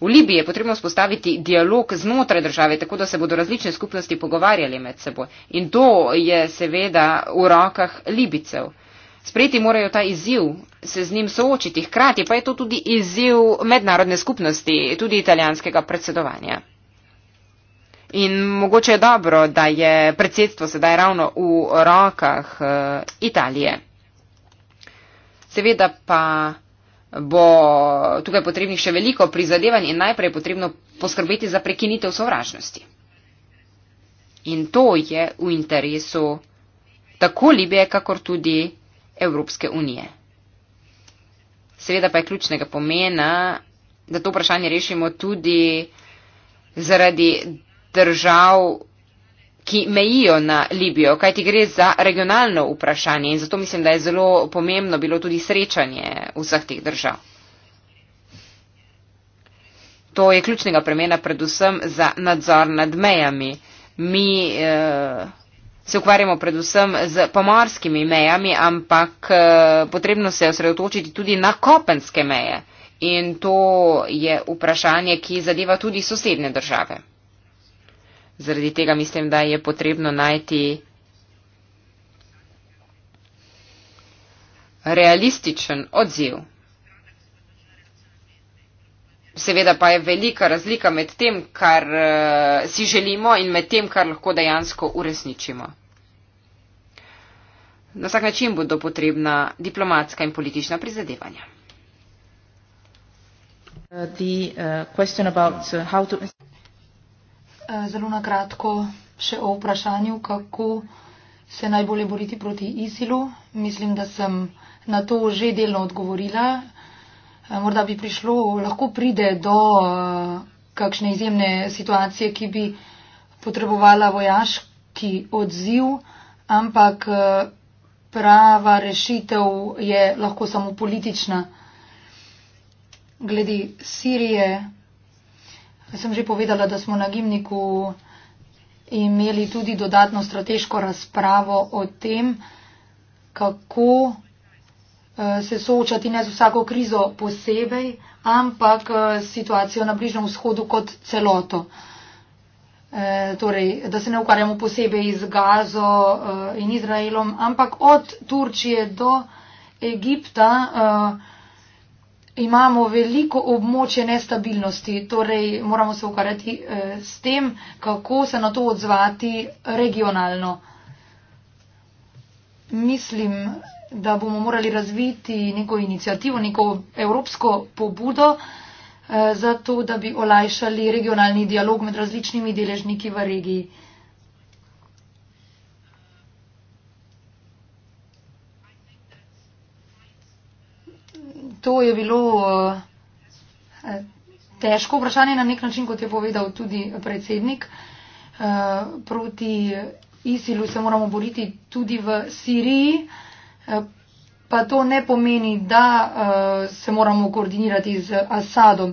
V Libiji je potrebno spostaviti dialog znotraj države, tako da se bodo različne skupnosti pogovarjali med seboj. In to je seveda v rokah Libicev. Sprejeti morajo ta izziv, se z njim soočiti, hkrati pa je to tudi izziv mednarodne skupnosti, tudi italijanskega predsedovanja. In mogoče je dobro, da je predsedstvo sedaj ravno v rokah uh, Italije. Seveda pa bo tukaj potrebnih še veliko prizadevanj in najprej je potrebno poskrbeti za prekinitev sovražnosti. In to je v interesu tako Libije, kakor tudi Evropske unije. Seveda pa je ključnega pomena, da to vprašanje rešimo tudi zaradi držav ki mejijo na Libijo, kajti gre za regionalno vprašanje in zato mislim, da je zelo pomembno bilo tudi srečanje vseh teh držav. To je ključnega premena predvsem za nadzor nad mejami. Mi eh, se ukvarjamo predvsem z pomorskimi mejami, ampak eh, potrebno se je osredotočiti tudi na kopenske meje. In to je vprašanje, ki zadeva tudi sosedne države. Zaradi tega mislim, da je potrebno najti realističen odziv. Seveda pa je velika razlika med tem, kar uh, si želimo in med tem, kar lahko dejansko uresničimo. Na vsak način bodo potrebna diplomatska in politična prizadevanja. Uh, the, uh, Eh, zelo na kratko še o vprašanju, kako se najbolje boriti proti ISIL-u. Mislim, da sem na to že delno odgovorila. Eh, morda bi prišlo, lahko pride do eh, kakšne izjemne situacije, ki bi potrebovala vojaški odziv, ampak prava rešitev je lahko samo politična. Glede Sirije, sem že povedala, da smo na gimniku imeli tudi dodatno strateško razpravo o tem, kako eh, se soočati ne z vsako krizo posebej, ampak eh, s situacijo na Bližnjem vzhodu kot celoto. E, torej, da se ne ukvarjamo posebej z Gazo e, in Izraelom, ampak od Turčije do Egipta. E, imamo veliko območje nestabilnosti, torej moramo se ukvarjati eh, s tem, kako se na to odzvati regionalno. Mislim, da bomo morali razviti neko inicijativo, neko evropsko pobudo eh, za to, da bi olajšali regionalni dialog med različnimi deležniki v regiji. to je bilo eh, težko vprašanje na nek način, kot je povedal tudi predsednik. Eh, proti ISIL-u se moramo boriti tudi v Siriji, eh, pa to ne pomeni, da se moramo koordinirati z Asadom.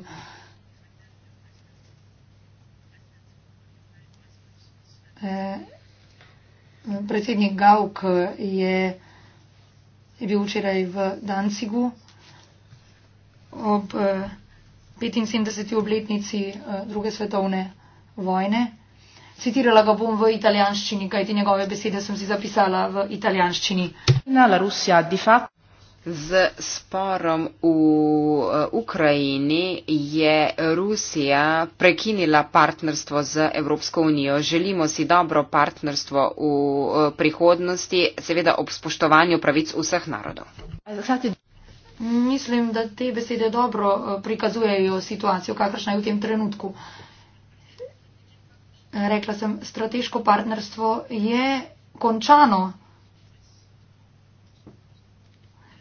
Predsednik Gauk je, je bil včeraj v Dancigu ob 75. Eh, obletnici eh, druge svetovne vojne. Citirala ga bom v italijanščini, kajti njegove besede sem si zapisala v italijanščini. Z sporom v eh, Ukrajini je Rusija prekinila partnerstvo z Evropsko unijo. Želimo si dobro partnerstvo v prihodnosti, seveda ob spoštovanju pravic vseh narodov. Mislim, da te besede dobro eh, prikazujejo situacijo, kakršna je v tem trenutku. Rekla sem, strateško partnerstvo je končano.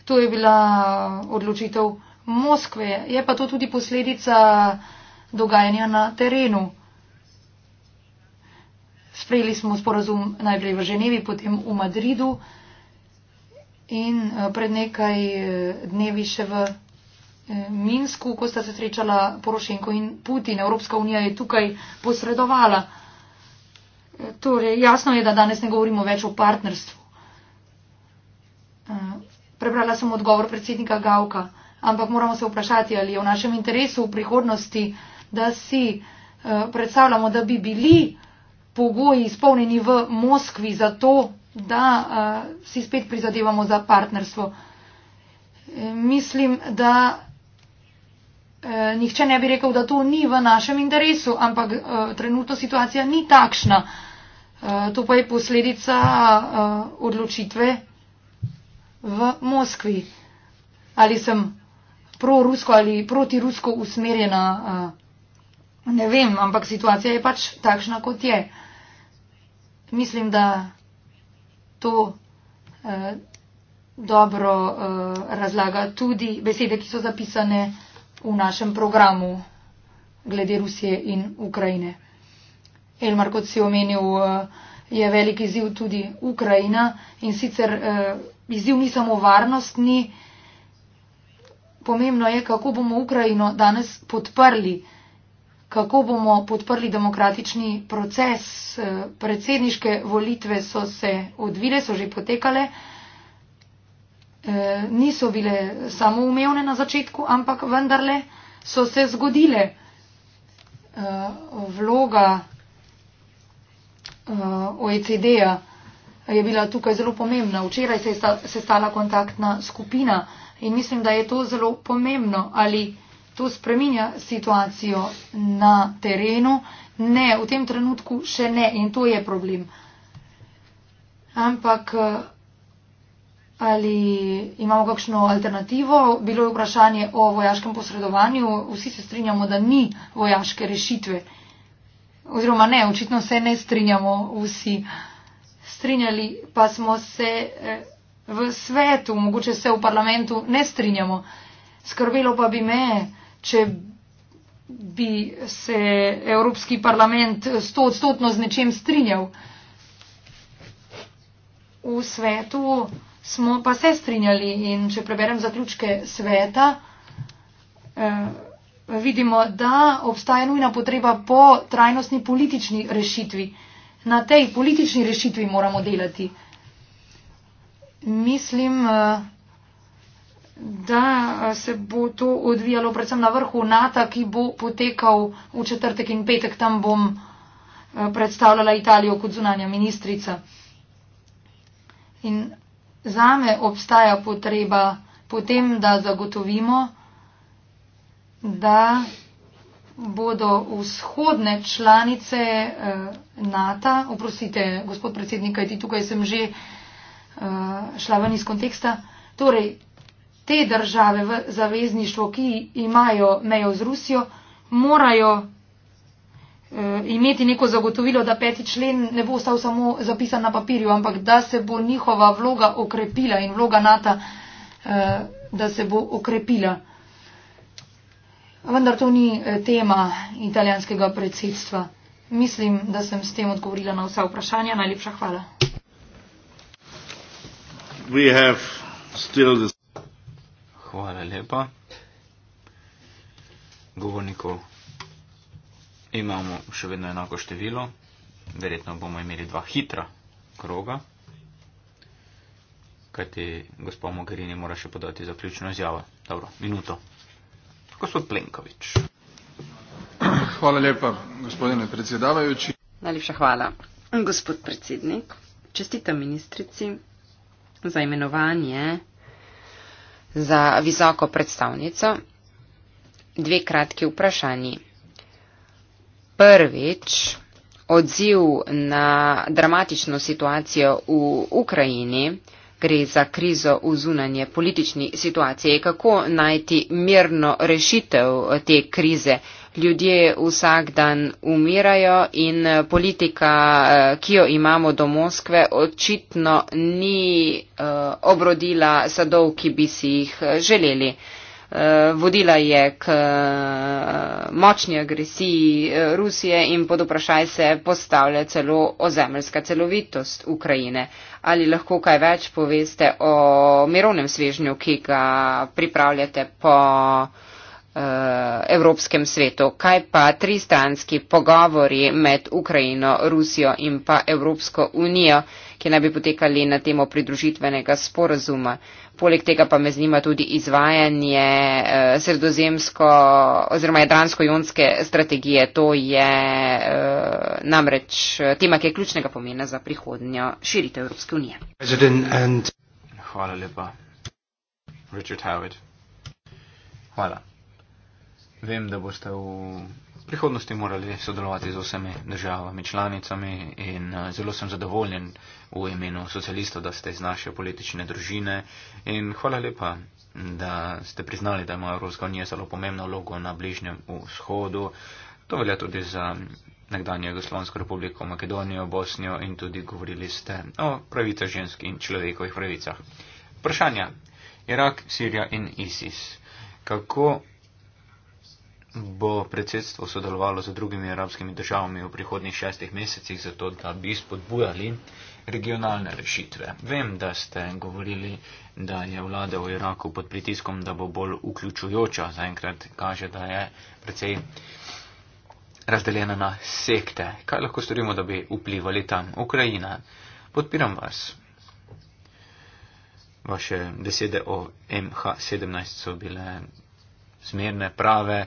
To je bila odločitev Moskve, je pa to tudi posledica dogajanja na terenu. Sprejeli smo sporazum najprej v Ženevi, potem v Madridu in eh, pred nekaj eh, dnevi še v eh, Minsku, ko sta se srečala Porošenko in Putin. Evropska unija je tukaj posredovala. Torej, jasno je, da danes ne govorimo več o partnerstvu. Prebrala sem odgovor predsednika Gavka, ampak moramo se vprašati, ali je v našem interesu v prihodnosti, da si predstavljamo, da bi bili pogoji izpolneni v Moskvi za to, da uh, si spet prizadevamo za partnerstvo. E, mislim, da e, nihče ne bi rekel, da to ni v našem interesu, ampak e, trenutno situacija ni takšna. E, to pa je posledica e, odločitve v Moskvi. Ali sem prorusko ali protirusko usmerjena, e, ne vem, ampak situacija je pač takšna, kot je. Mislim, da to eh, dobro eh, razlaga tudi besede, ki so zapisane v našem programu glede Rusije in Ukrajine. Elmar, kot si omenil, eh, je veliki izziv tudi Ukrajina in sicer eh, izziv ni samo varnostni, pomembno je, kako bomo Ukrajino danes podprli kako bomo podprli demokratični proces. Eh, predsedniške volitve so se odvile, so že potekale. Eh, niso bile samoumevne na začetku, ampak vendarle so se zgodile. Eh, vloga OECD-a je bila tukaj zelo pomembna. Včeraj se je stala kontaktna skupina in mislim, da je to zelo pomembno. Ali to spreminja situacijo na terenu? Ne, v tem trenutku še ne in to je problem. Ampak eh, ali imamo kakšno alternativo? Bilo je vprašanje o vojaškem posredovanju. Vsi se strinjamo, da ni vojaške rešitve. Oziroma ne, očitno se ne strinjamo vsi. Strinjali pa smo se eh, v svetu, mogoče se v parlamentu ne strinjamo. Skrbelo pa bi me, če bi se Evropski parlament stotno z nečem strinjal. V svetu smo pa se strinjali in če preberem zaključke sveta, eh, vidimo, da obstaja nujna potreba po trajnostni politični rešitvi. Na tej politični rešitvi moramo delati. Mislim, eh, da se bo to odvijalo predvsem na vrhu NATO, ki bo potekal v četrtek in petek. Tam bom predstavljala Italijo kot zunanja ministrica. In zame obstaja potreba potem, da zagotovimo, da bodo vzhodne članice NATO, oprostite, gospod predsednik, kajti tukaj sem že šla ven iz konteksta, torej te države v zavezništvu, ki imajo mejo z Rusijo, morajo eh, imeti neko zagotovilo, da peti člen ne bo ostal samo zapisan na papirju, ampak da se bo njihova vloga okrepila in vloga NATO, eh, da se bo okrepila. Vendar to ni eh, tema italijanskega predsedstva. Mislim, da sem s tem odgovorila na vsa vprašanja. Najlepša hvala. We have still the Hvala lepa. Govornikov imamo še vedno enako število. Verjetno bomo imeli dva hitra kroga, kajti gospod Mogherini mora še podati zaključno izjavo. Dobro, minuto. Gospod Plenkovič. Hvala lepa, gospodine predsedavajoči. Najlepša hvala, gospod predsednik. Čestitam ministrici za imenovanje za visoko predstavnico dve kratki vprašanji. Prvič, odziv na dramatično situacijo v Ukrajini, gre za krizo v zunanje politični situaciji, kako najti mirno rešitev te krize ljudje vsak dan umirajo in eh, politika, eh, ki jo imamo do Moskve, očitno ni eh, obrodila sadov, ki bi si jih želeli. Vodila je k močni agresiji Rusije in pod vprašaj se postavlja celo ozemeljska celovitost Ukrajine. Ali lahko kaj več poveste o mirovnem svežnju, ki ga pripravljate po Eh, evropskem svetu. Kaj pa tristranski pogovori med Ukrajino, Rusijo in pa Evropsko unijo, ki naj bi potekali na temo pridružitvenega sporazuma. Poleg tega pa me zanima tudi izvajanje uh, sredozemsko oziroma jadransko-jonske strategije. To je uh, namreč tema, ki je ključnega pomena za prihodnjo širitev Evropske unije. Hvala lepa. Richard Howard. Hvala vem, da boste v prihodnosti morali sodelovati z vsemi državami članicami in eh, zelo sem zadovoljen v imenu socialistov, da ste iz naše politične družine in hvala lepa, da ste priznali, da ima Evropska unija zelo pomembno vlogo na bližnjem vzhodu. To velja tudi za nekdanje Jugoslovansko republiko Makedonijo, Bosnijo in tudi govorili ste o pravicah žensk in človekovih pravicah. Vprašanja. Irak, Sirija in ISIS. Kako bo predsedstvo sodelovalo z drugimi arabskimi državami v prihodnjih šestih mesecih, zato da bi spodbujali regionalne rešitve. Vem, da ste govorili, da je vlada v Iraku pod pritiskom, da bo bolj vključujoča. Zaenkrat kaže, da je precej razdeljena na sekte. Kaj lahko storimo, da bi vplivali tam? Ukrajina. Podpiram vas. Vaše besede o MH17 so bile zmerne, prave.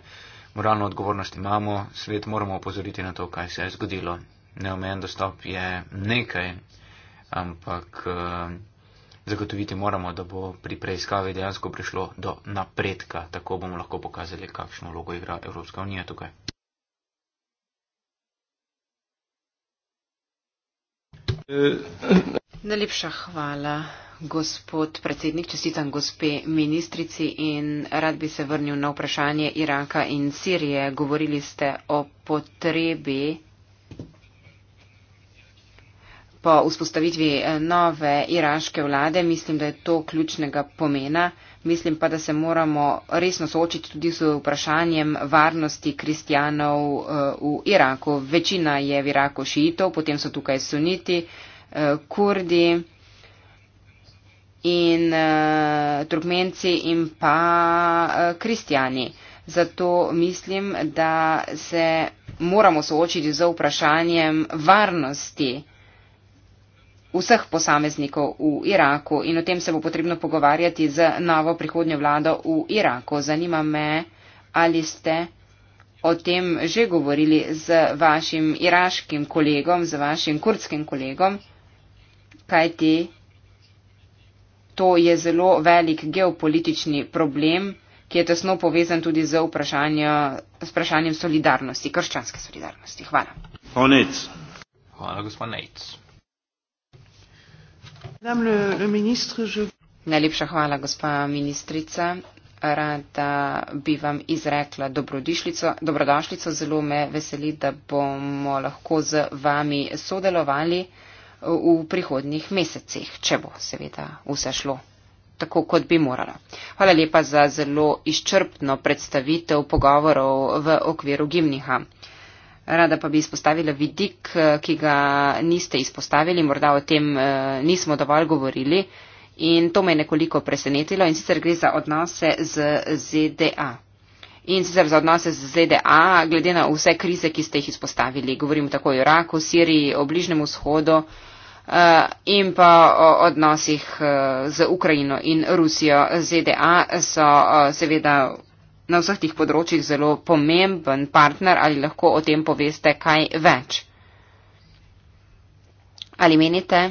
Moralno odgovornost imamo, svet moramo opozoriti na to, kaj se je zgodilo. Neomejen dostop je nekaj, ampak eh, zagotoviti moramo, da bo pri preiskavi dejansko prišlo do napredka. Tako bomo lahko pokazali, kakšno vlogo igra Evropska unija tukaj. Eh, Najlepša hvala gospod predsednik, čestitam gospe ministrici in rad bi se vrnil na vprašanje Iraka in Sirije. Govorili ste o potrebi po vzpostavitvi eh, nove iraške vlade. Mislim, da je to ključnega pomena. Mislim pa, da se moramo resno soočiti tudi z vprašanjem varnosti kristjanov eh, v Iraku. Večina je v Iraku šiitov, potem so tukaj suniti, eh, kurdi in uh, turkmenci in pa uh, eh, kristijani. Zato mislim, da se moramo soočiti z vprašanjem varnosti vseh posameznikov v Iraku in o tem se bo potrebno pogovarjati z novo prihodnjo vlado v Iraku. Zanima me, ali ste o tem že govorili z vašim iraškim kolegom, z vašim kurdskim kolegom, kaj ti To je zelo velik geopolitični problem, ki je tesno povezan tudi z vprašanjem solidarnosti, krščanske solidarnosti. Hvala. Honec. Hvala, gospod Nec. Najlepša hvala, gospa ministrica. Rada bi vam izrekla dobrodošlico. Zelo me veseli, da bomo lahko z vami sodelovali v prihodnih mesecih, če bo seveda vse šlo tako, kot bi moralo. Hvala lepa za zelo izčrpno predstavitev pogovorov v okviru Gimniha. Rada pa bi izpostavila vidik, ki ga niste izpostavili, morda o tem eh, nismo dovolj govorili in to me je nekoliko presenetilo in sicer gre za odnose z ZDA in sicer za odnose z ZDA, glede na vse krize, ki ste jih izpostavili. Govorim tako o Iraku, Siriji, o Bližnem vzhodu eh, in pa o odnosih eh, z Ukrajino in Rusijo. ZDA so eh, seveda na vseh tih področjih zelo pomemben partner, ali lahko o tem poveste kaj več. Ali menite,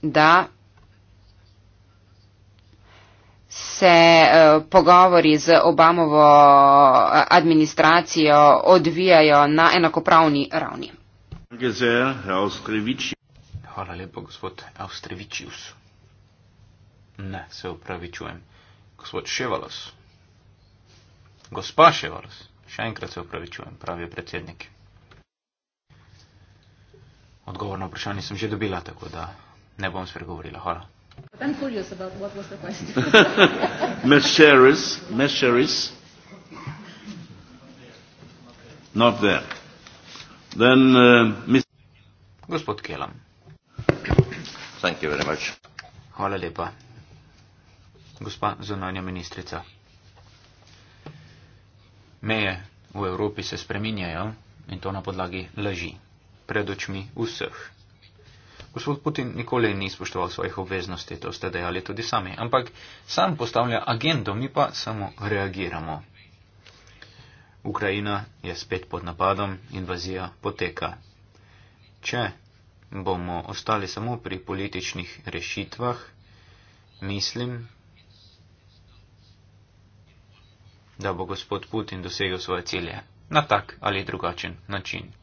da se eh, pogovori z Obamovo eh, administracijo odvijajo na enakopravni ravni. Hvala lepo, gospod Avstrevičius. Ne, se upravičujem. Gospod Ševalos. Gospa Ševalos. Še enkrat se upravičujem, pravi predsednik. Odgovor na vprašanje sem že dobila, tako da ne bom spregovorila. Hvala. I'm curious about what was the question. (laughs) Mesheris. Not there. Then, uh, Mr. Gospod Kelam. Thank you very much. Hvala lepa. Gospa zunanja ministrica. Meje v Evropi se spreminjajo in to na podlagi laži pred očmi vseh gospod Putin nikoli ni spoštoval svojih obveznosti, to ste dejali tudi sami, ampak sam postavlja agendo, mi pa samo reagiramo. Ukrajina je spet pod napadom, invazija poteka. Če bomo ostali samo pri političnih rešitvah, mislim, da bo gospod Putin dosegel svoje cilje na tak ali drugačen način.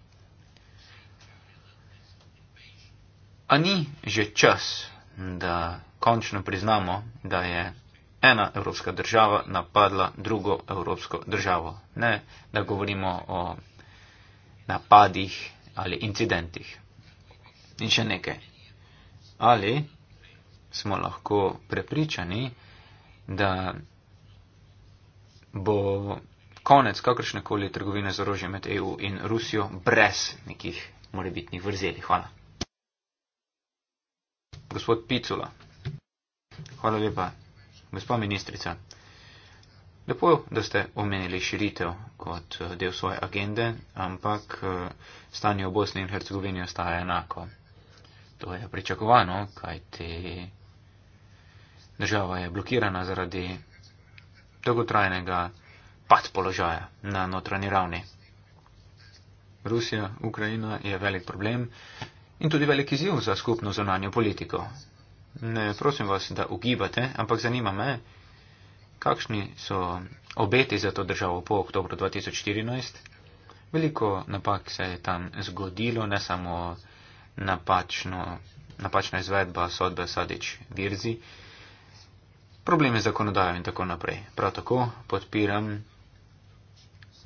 A ni že čas, da končno priznamo, da je ena evropska država napadla drugo evropsko državo? Ne, da govorimo o napadih ali incidentih. In še nekaj. Ali smo lahko prepričani, da bo konec kakršnekoli trgovine z orožjem med EU in Rusijo brez nekih morebitnih vrzeli? Hvala gospod Picula. Hvala lepa, gospa ministrica. Lepo, da ste omenili širitev kot eh, del svoje agende, ampak eh, stanje v Bosni in Hercegovini ostaja enako. To je pričakovano, kajti država je blokirana zaradi dolgotrajnega pad položaja na notranji ravni. Rusija, Ukrajina je velik problem, in tudi veliki ziv za skupno zonanjo politiko. Ne prosim vas, da ugibate, ampak zanima me, kakšni so obeti za to državo po oktobru 2014. Veliko napak se je tam zgodilo, ne samo napačno, napačna izvedba sodbe Sadič Virzi, probleme z zakonodajo in tako naprej. Prav tako podpiram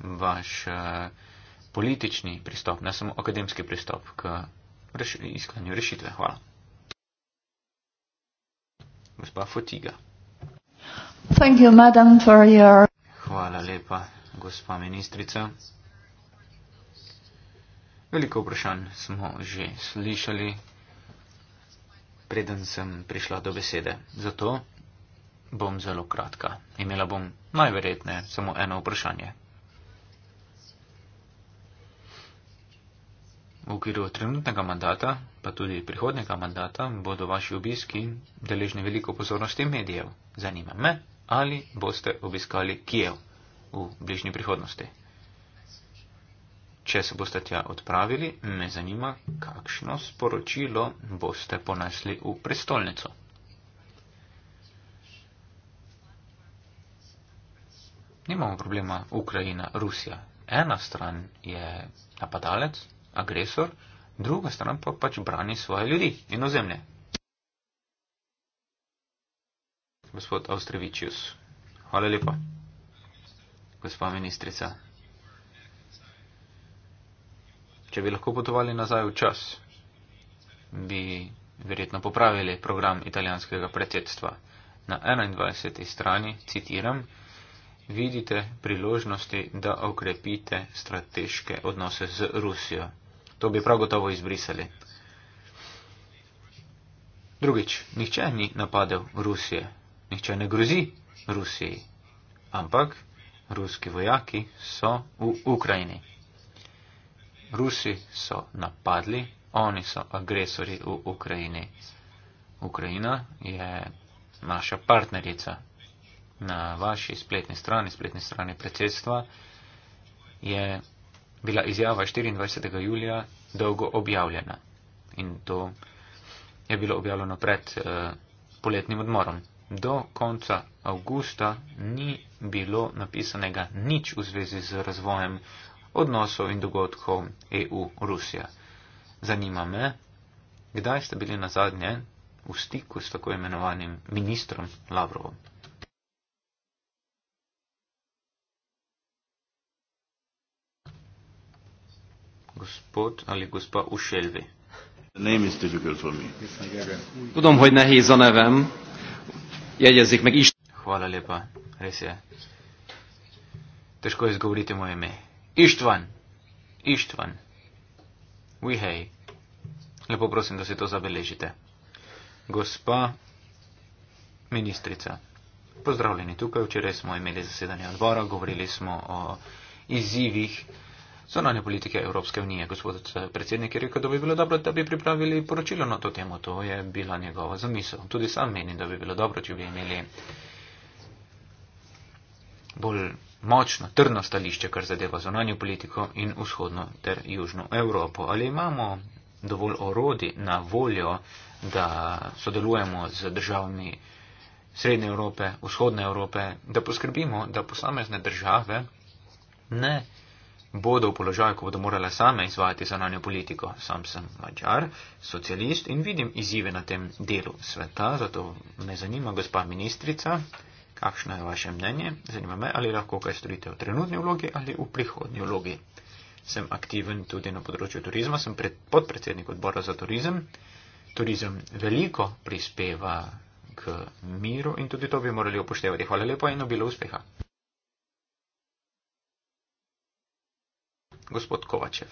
vaš uh, politični pristop, ne samo akademski pristop k reši, iskanju rešitve. Hvala. Gospa Fotiga. Thank you, madam, for your... Hvala lepa, gospa ministrica. Veliko vprašanj smo že slišali, preden sem prišla do besede. Zato bom zelo kratka. Imela bom najverjetneje samo eno vprašanje. V okviru trenutnega mandata, pa tudi prihodnega mandata, bodo vaši obiski deležni veliko pozornosti medijev. Zanima me, ali boste obiskali Kijev v bližnji prihodnosti. Če se boste tja odpravili, me zanima, kakšno sporočilo boste ponesli v prestolnico. Nimamo problema Ukrajina-Rusija. Ena stran je napadalec, agresor, druga stran pa pač brani svoje ljudi in ozemlje. Gospod Avstrevičius, hvala lepa. Gospa ministrica, če bi lahko potovali nazaj v čas, bi verjetno popravili program italijanskega predsedstva. Na 21. strani, citiram, vidite priložnosti, da okrepite strateške odnose z Rusijo. To bi prav gotovo izbrisali. Drugič, nihče ni napadel Rusije, nihče ne grozi Rusiji, ampak ruski vojaki so v Ukrajini. Rusi so napadli, oni so agresori v Ukrajini. Ukrajina je naša partnerica. Na vaši spletni strani, spletni strani predsedstva, je bila izjava 24. julija dolgo objavljena. In to je bilo objavljeno pred eh, poletnim odmorom. Do konca avgusta ni bilo napisanega nič v zvezi z razvojem odnosov in dogodkov EU-Rusija. Zanima me, kdaj ste bili na zadnje v stiku s tako imenovanim ministrom Lavrovom. Gospod ali gospa Ušelvi. Tudom, hogy nehéz a nevem. Jegyezzék meg is. Hvala lepa, res je. Težko izgovoriti moje ime. Ištvan. Ištvan. Vihej. Lepo prosim, da si to zabeležite. Gospa ministrica. Pozdravljeni tukaj. Včeraj smo imeli zasedanje odbora, govorili smo o izzivih, zunanje politike Evropske unije. Gospod eh, predsednik je rekel, da bi bilo dobro, da bi pripravili poročilo na to temo. To je bila njegova zamisel. Tudi sam menim, da bi bilo dobro, če bi imeli bolj močno, trdno stališče, kar zadeva zunanje politiko in vzhodno ter južno Evropo. Ali imamo dovolj orodi na voljo, da sodelujemo z državami Srednje Evrope, Vzhodne Evrope, da poskrbimo, da posamezne države ne bodo v položaju, ko bodo morale same izvajati zanonjo politiko. Sam sem mačar, socialist in vidim izzive na tem delu sveta, zato me zanima, gospa ministrica, kakšno je vaše mnenje, zanima me, ali lahko kaj storite v trenutni vlogi ali v prihodnji vlogi. Sem aktiven tudi na področju turizma, sem pred, podpredsednik odbora za turizem. Turizem veliko prispeva k miru in tudi to bi morali upoštevati. Hvala lepa in obilo uspeha. gospod Kovačev.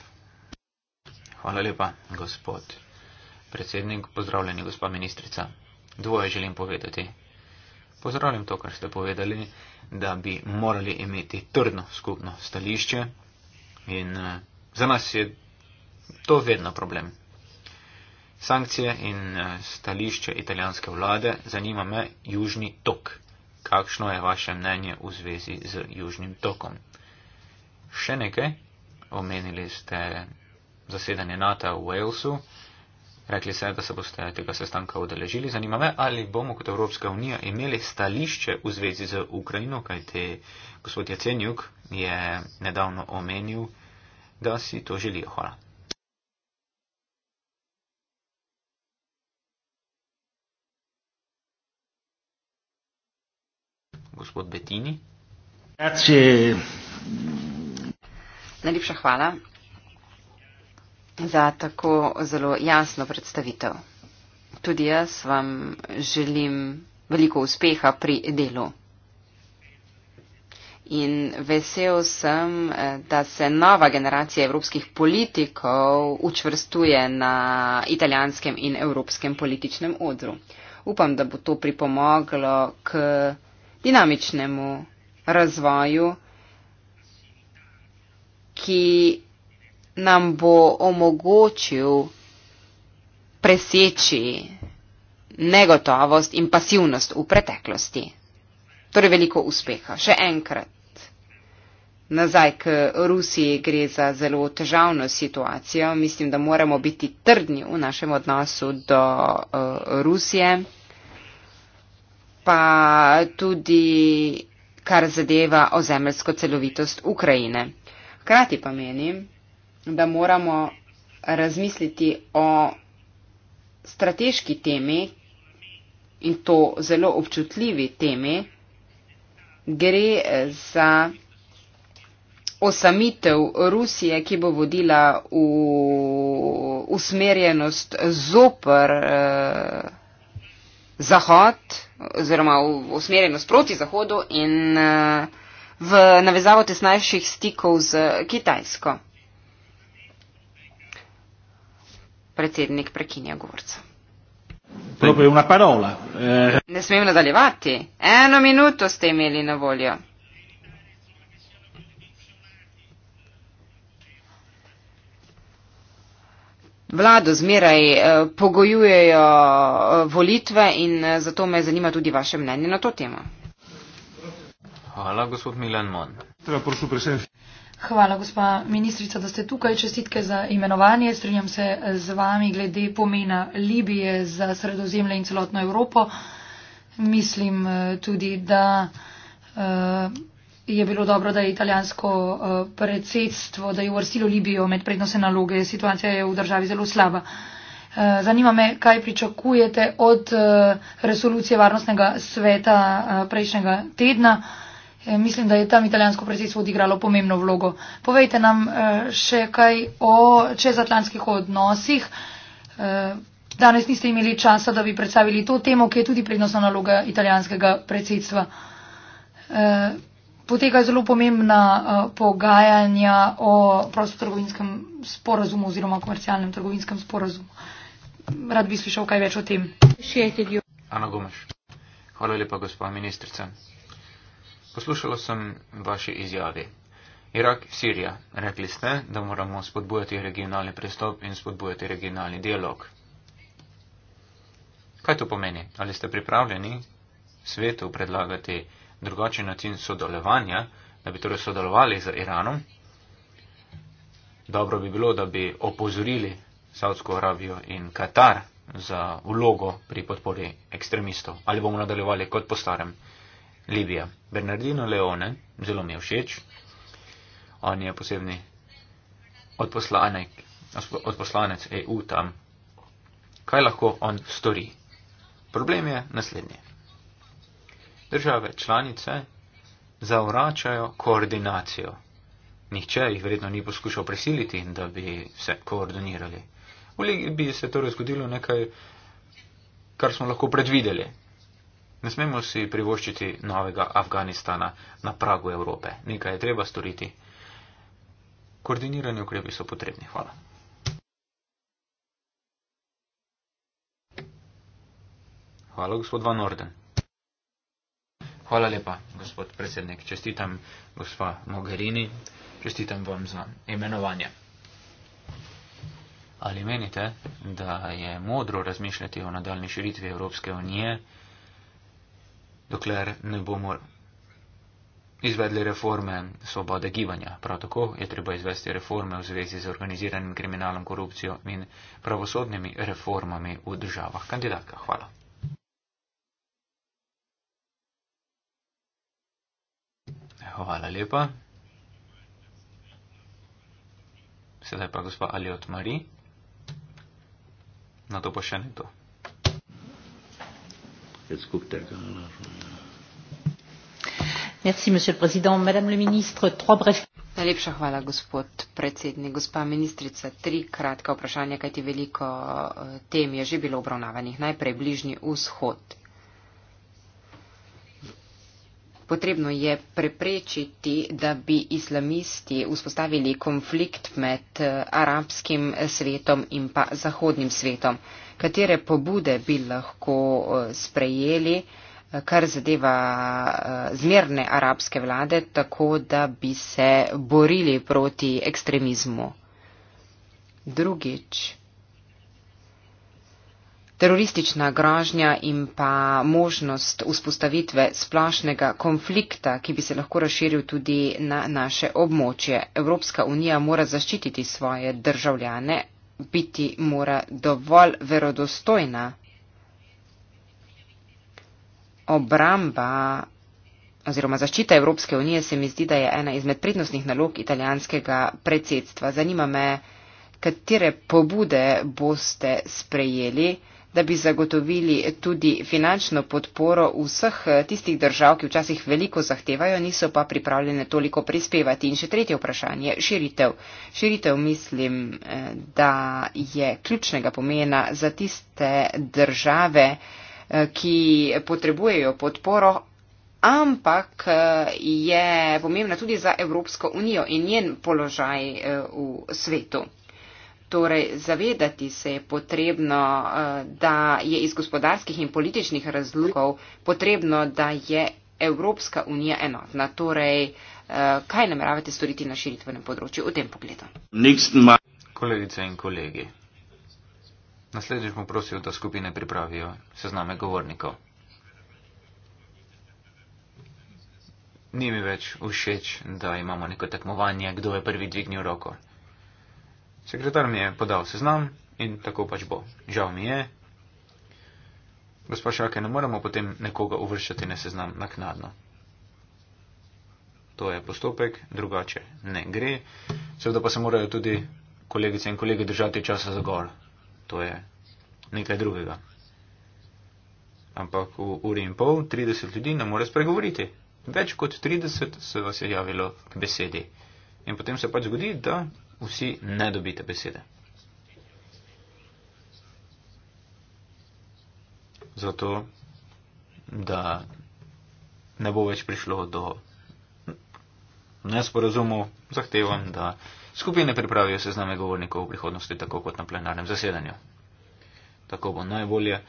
Hvala lepa, gospod predsednik. Pozdravljeni, gospa ministrica. Dvoje želim povedati. Pozdravljam to, kar ste povedali, da bi morali imeti trdno skupno stališče in eh, za nas je to vedno problem. Sankcije in eh, stališče italijanske vlade zanima me Južni tok. Kakšno je vaše mnenje v zvezi z Južnim tokom? Še nekaj, omenili ste zasedanje NATO v Walesu. Rekli ste, da se boste tega sestanka udeležili. Zanima me, ali bomo kot Evropska unija imeli stališče v zvezi z Ukrajino, kajte gospod Jacenjuk je nedavno omenil, da si to želijo. Hvala. Gospod Betini. Grazie. Najlepša hvala za tako zelo jasno predstavitev. Tudi jaz vam želim veliko uspeha pri delu. In vesel sem, da se nova generacija evropskih politikov učvrstuje na italijanskem in evropskem političnem odru. Upam, da bo to pripomoglo k dinamičnemu razvoju ki nam bo omogočil preseči negotovost in pasivnost v preteklosti. Torej veliko uspeha. Še enkrat, nazaj k Rusiji gre za zelo težavno situacijo. Mislim, da moramo biti trdni v našem odnosu do uh, Rusije. Pa tudi, kar zadeva ozemeljsko celovitost Ukrajine. Hkrati pa menim, da moramo razmisliti o strateški temi in to zelo občutljivi temi. Gre za osamitev Rusije, ki bo vodila v usmerjenost zopr eh, Zahod oziroma v usmerjenost proti Zahodu in eh, v navezavo tesnejših stikov z Kitajsko. Predsednik prekinja govorca. Eh. Ne smem nadaljevati. Eno minuto ste imeli na voljo. Vlado zmeraj eh, pogojujejo eh, volitve in zato me zanima tudi vaše mnenje na to temo. Hvala, gospod Milan Mon. Hvala, gospa ministrica, da ste tukaj. Čestitke za imenovanje. Strinjam se z vami glede pomena Libije za sredozemlje in celotno Evropo. Mislim eh, tudi, da eh, je bilo dobro, da je italijansko eh, predsedstvo, da je uvrstilo Libijo med prednose naloge. Situacija je v državi zelo slaba. Zanima me, kaj pričakujete od resolucije Varnostnega sveta prejšnjega tedna. Eh, mislim, da je tam italijansko predsedstvo odigralo pomembno vlogo. Povejte nam eh, še kaj o čezatlantskih odnosih. Eh, danes niste imeli časa, da bi predstavili to temo, ki je tudi prednostna naloga italijanskega predsedstva. Potekajo zelo pomembna pogajanja o prostotrgovinskem sporazumu oziroma komercialnem trgovinskem sporazumu. Rad bi slišal kaj več o tem. Ana Gomaš. Hvala lepa, gospod ministrica. Poslušala sem vaše izjave. Irak, Sirija. Rekli ste, da moramo spodbujati regionalni pristop in spodbujati regionalni dialog. Kaj to pomeni? Ali ste pripravljeni svetu predlagati drugačen način sodelovanja, da bi torej sodelovali z Iranom? Dobro bi bilo, da bi opozorili Saudsko Arabijo in Katar za vlogo pri podpori ekstremistov. Ali bomo nadaljevali kot po starem? Libija. Bernardino Leone, zelo mi je všeč. On je posebni odposlanec, odposlanec EU tam. Kaj lahko on stori? Problem je naslednji. Države članice zavračajo koordinacijo. Nihče jih verjetno ni poskušal presiliti, da bi se koordinirali. V Ligi bi se torej zgodilo nekaj, kar smo lahko predvideli. Ne smemo si privoščiti novega Afganistana na pragu Evrope. Nekaj je treba storiti. Koordinirani ukrepi so potrebni. Hvala. Hvala, gospod Van Orden. Hvala lepa, gospod predsednik. Čestitam gospa Mogherini. Čestitam vam za imenovanje. Ali menite, da je modro razmišljati o nadaljni širitvi Evropske unije? dokler ne bomo izvedli reforme svobode gibanja. Prav tako je treba izvesti reforme v zvezi z organiziranim kriminalom, korupcijo in pravosodnimi reformami v državah. Kandidatka, hvala. Hvala lepa. Sedaj pa gospa Aliot Mari. Na to pa še ne to. Najlepša ja. hvala, gospod predsednik. Gospa ministrica, tri kratka vprašanja, kajti veliko eh, tem je že bilo obravnavanih. Najprej bližnji vzhod. Potrebno je preprečiti, da bi islamisti vzpostavili konflikt med eh, arabskim svetom in pa zahodnim svetom. Katere pobude bi lahko eh, sprejeli, eh, kar zadeva zmerne arabske vlade, tako da bi se borili proti ekstremizmu? Drugič teroristična grožnja in pa možnost vzpostavitve splošnega konflikta, ki bi se lahko razširil tudi na naše območje. Evropska unija mora zaščititi svoje državljane, biti mora dovolj verodostojna. Obramba oziroma zaščita Evropske unije se mi zdi, da je ena izmed prednostnih nalog italijanskega predsedstva. Zanima me, katere pobude boste sprejeli, da bi zagotovili tudi finančno podporo vseh tistih držav, ki včasih veliko zahtevajo, niso pa pripravljene toliko prispevati. In še tretje vprašanje, širitev. Širitev mislim, eh, da je ključnega pomena za tiste države, eh, ki potrebujejo podporo, ampak eh, je pomembna tudi za Evropsko unijo in njen položaj v svetu. Torej, zavedati se je potrebno, eh, da je iz gospodarskih in političnih razlogov potrebno, da je Evropska unija enotna. Torej, eh, kaj nameravate storiti na širitvenem področju v tem pogledu? Kolegice in kolegi, naslednjič bomo prosil, da skupine pripravijo sezname govornikov. Ni mi več všeč, da imamo neko tekmovanje, kdo je prvi dvignil roko. Sekretar mi je podal seznam in tako pač bo. Žal mi je. Gospa Šake, ne moremo potem nekoga uvrščati na seznam naknadno. To je postopek, drugače ne gre. Seveda pa se morajo tudi kolegice in kolege držati časa za gor. To je nekaj drugega. Ampak v uri in pol 30 ljudi ne more spregovoriti. Več kot 30 se vas je javilo k besedi. In potem se pač zgodi, da vsi ne dobite besede. Zato, da ne bo več prišlo do nesporazumov, zahtevam, da skupine pripravijo sezname govornikov v prihodnosti, tako kot na plenarnem zasedanju. Tako bo najbolje,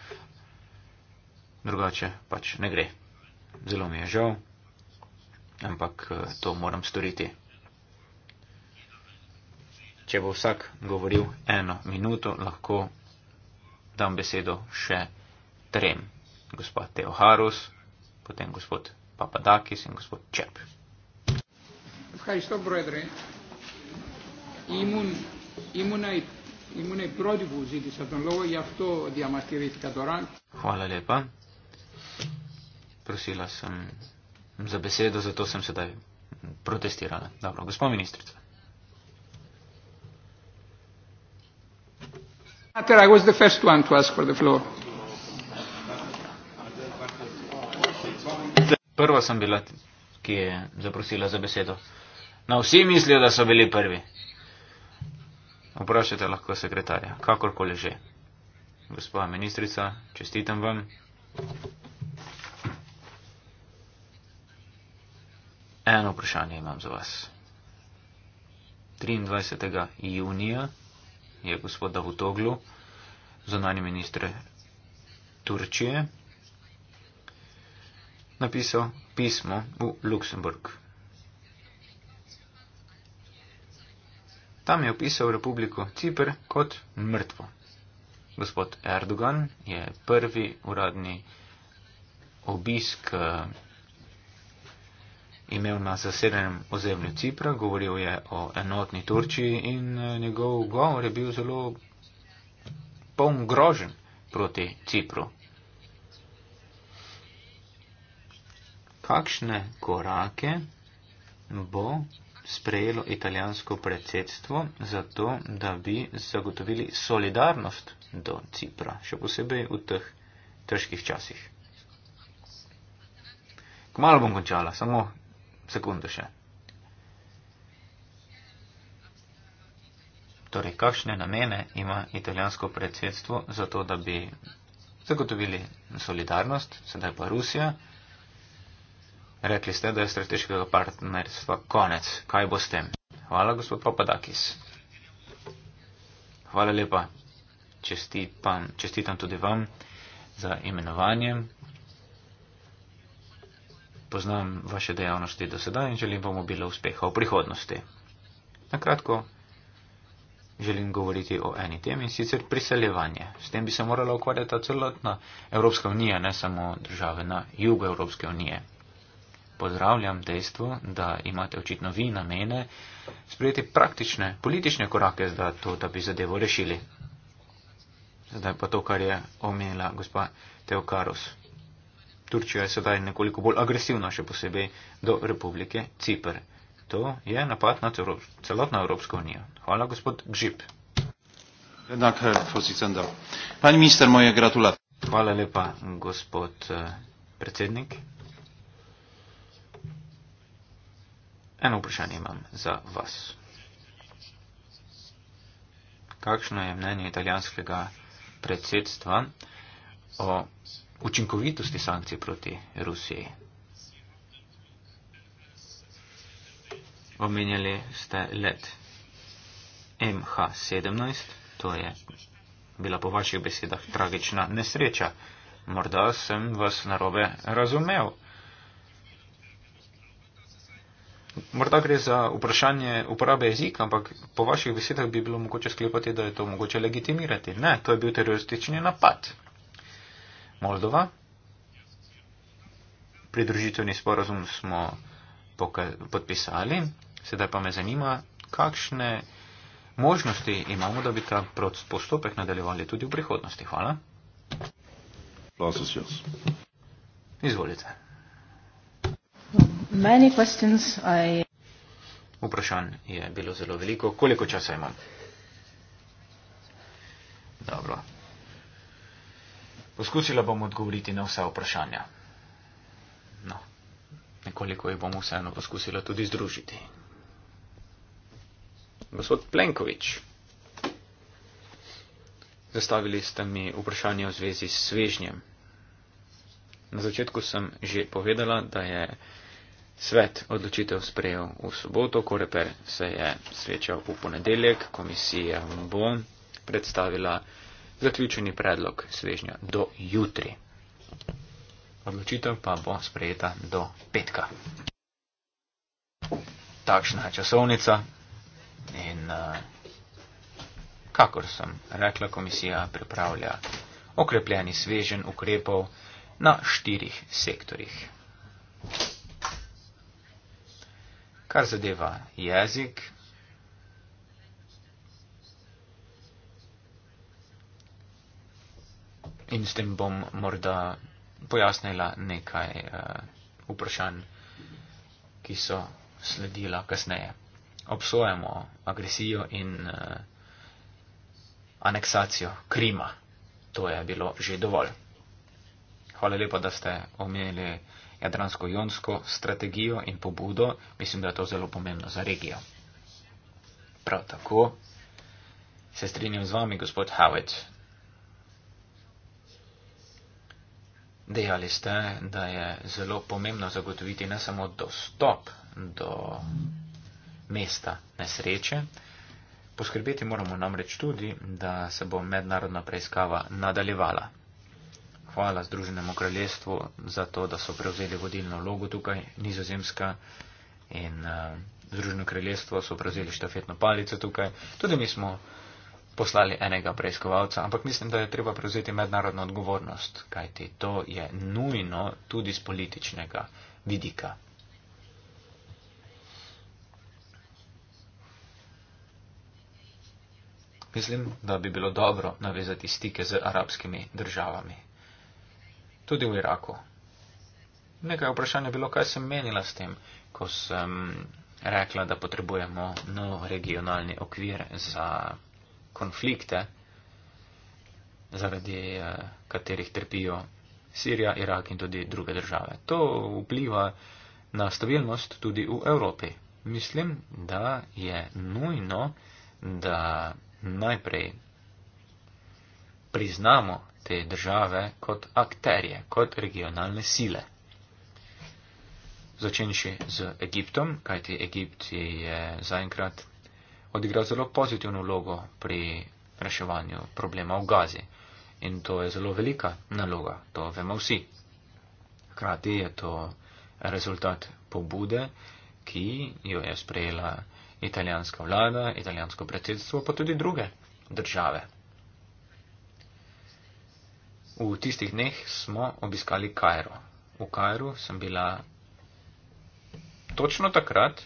drugače pač ne gre. Zelo mi je žal, ampak eh, to moram storiti če bo vsak govoril eno minuto, lahko dam besedo še trem. Gospod Teoharus, potem gospod Papadakis in gospod Čep. Hvala, što brodre. Imun, imunaj, imunaj prodibu zidi sa donlovo, ja to diamatirika doran. Hvala lepa. Prosila sem za besedo, zato sem sedaj protestirala. Dobro, gospod ministrica. Matter, I was the first one to ask for the floor. Prva sem bila, ki je zaprosila za besedo. Na no, vsi mislijo, da so bili prvi. Vprašajte lahko sekretarja, kakorkoli že. Gospoda ministrica, čestitam vam. Eno vprašanje imam za vas. 23. junija je gospod Davutoglu, zunani ministr Turčije, napisal pismo v Luksemburg. Tam je opisal Republiko Cipr kot mrtvo. Gospod Erdogan je prvi uradni obisk eh, imel na zasedenem ozemlju Cipra, govoril je o enotni Turčiji in eh, njegov govor je bil zelo poln grožen proti Cipru. Kakšne korake bo sprejelo italijansko predsedstvo zato, da bi zagotovili solidarnost do Cipra, še posebej v teh težkih časih? Kmalo bom končala, samo sekundo še. Torej, kakšne namene ima italijansko predsedstvo za to, da bi zagotovili solidarnost, sedaj pa Rusija? Rekli ste, da je strateškega partnerstva konec. Kaj bo s tem? Hvala, gospod Papadakis. Hvala lepa. Čestitam, čestitam tudi vam za imenovanje poznam vaše dejavnosti do sedaj in želim vam obilo uspeha v prihodnosti. Na kratko želim govoriti o eni temi, sicer priseljevanje. S tem bi se morala ukvarjati celotna Evropska unija, ne samo države na jugu Evropske unije. Pozdravljam dejstvo, da imate očitno vi namene sprejeti praktične politične korake za to, da bi zadevo rešili. Zdaj pa to, kar je omenila gospa Teokarus. Turčija je sedaj nekoliko bolj agresivna, še posebej do Republike Cipr. To je napad na celotno Evropsko unijo. Hvala, gospod Gžip. Eh, Hvala lepa, gospod eh, predsednik. Eno vprašanje imam za vas. Kakšno je mnenje italijanskega predsedstva o učinkovitosti sankcij proti Rusiji. Omenjali ste let MH17, to je bila po vaših besedah tragična nesreča. Morda sem vas narobe razumel. Morda gre za vprašanje uporabe jezika, ampak po vaših besedah bi bilo mogoče sklepati, da je to mogoče legitimirati. Ne, to je bil teroristični napad. Moldova. Pridružitveni sporozum smo podpisali, sedaj pa me zanima, kakšne možnosti imamo, da bi ta postopek nadaljevali tudi v prihodnosti. Hvala. Izvolite. Many questions I... Vprašanj je bilo zelo veliko. Koliko časa imam? Dobro, Poskusila bom odgovoriti na vsa vprašanja. No, nekoliko jih bom vseeno poskusila tudi združiti. Gospod Plenković, zastavili ste mi vprašanje v zvezi s svežnjem. Na začetku sem že povedala, da je svet odločitev sprejel v soboto, koreper se je svečal v ponedeljek, komisija bo predstavila zaključeni predlog svežnja do jutri. Odločitev pa bo sprejeta do petka. Takšna časovnica in eh, kakor sem rekla, komisija pripravlja okrepljeni svežen ukrepov na štirih sektorjih. Kar zadeva jezik, in s tem bom morda pojasnila nekaj uh, vprašanj, ki so sledila kasneje. Obsojamo agresijo in uh, aneksacijo Krima. To je bilo že dovolj. Hvala lepa, da ste omenili jadransko-jonsko strategijo in pobudo. Mislim, da je to zelo pomembno za regijo. Prav tako se strinjam z vami, gospod Havet, Dejali ste, da je zelo pomembno zagotoviti ne samo dostop do mesta nesreče, poskrbeti moramo namreč tudi, da se bo mednarodna preiskava nadaljevala. Hvala Združenemu kraljestvu za to, da so prevzeli vodilno vlogo tukaj, nizozemska in uh, Združeno kraljestvo so prevzeli štafetno palico tukaj. Tudi mi smo uh, poslali enega preiskovalca, ampak mislim, da je treba prevzeti mednarodno odgovornost, kajti to je nujno tudi z političnega vidika. Mislim, da bi bilo dobro navezati stike z arabskimi državami. Tudi v Iraku. Nekaj vprašanj je bilo, kaj sem menila s tem, ko sem rekla, da potrebujemo nov regionalni okvir za konflikte, zaradi eh, katerih trpijo Sirija, Irak in tudi druge države. To vpliva na stabilnost tudi v Evropi. Mislim, da je nujno, da najprej priznamo te države kot akterje, kot regionalne sile. Začenši z Egiptom, kajti Egipt je zaenkrat odigral zelo pozitivno vlogo pri reševanju problema v Gazi. In to je zelo velika naloga, to vemo vsi. Hkrati je to rezultat pobude, ki jo je sprejela italijanska vlada, italijansko predsedstvo, pa tudi druge države. V tistih dneh smo obiskali Kajro. V Kajru sem bila točno takrat,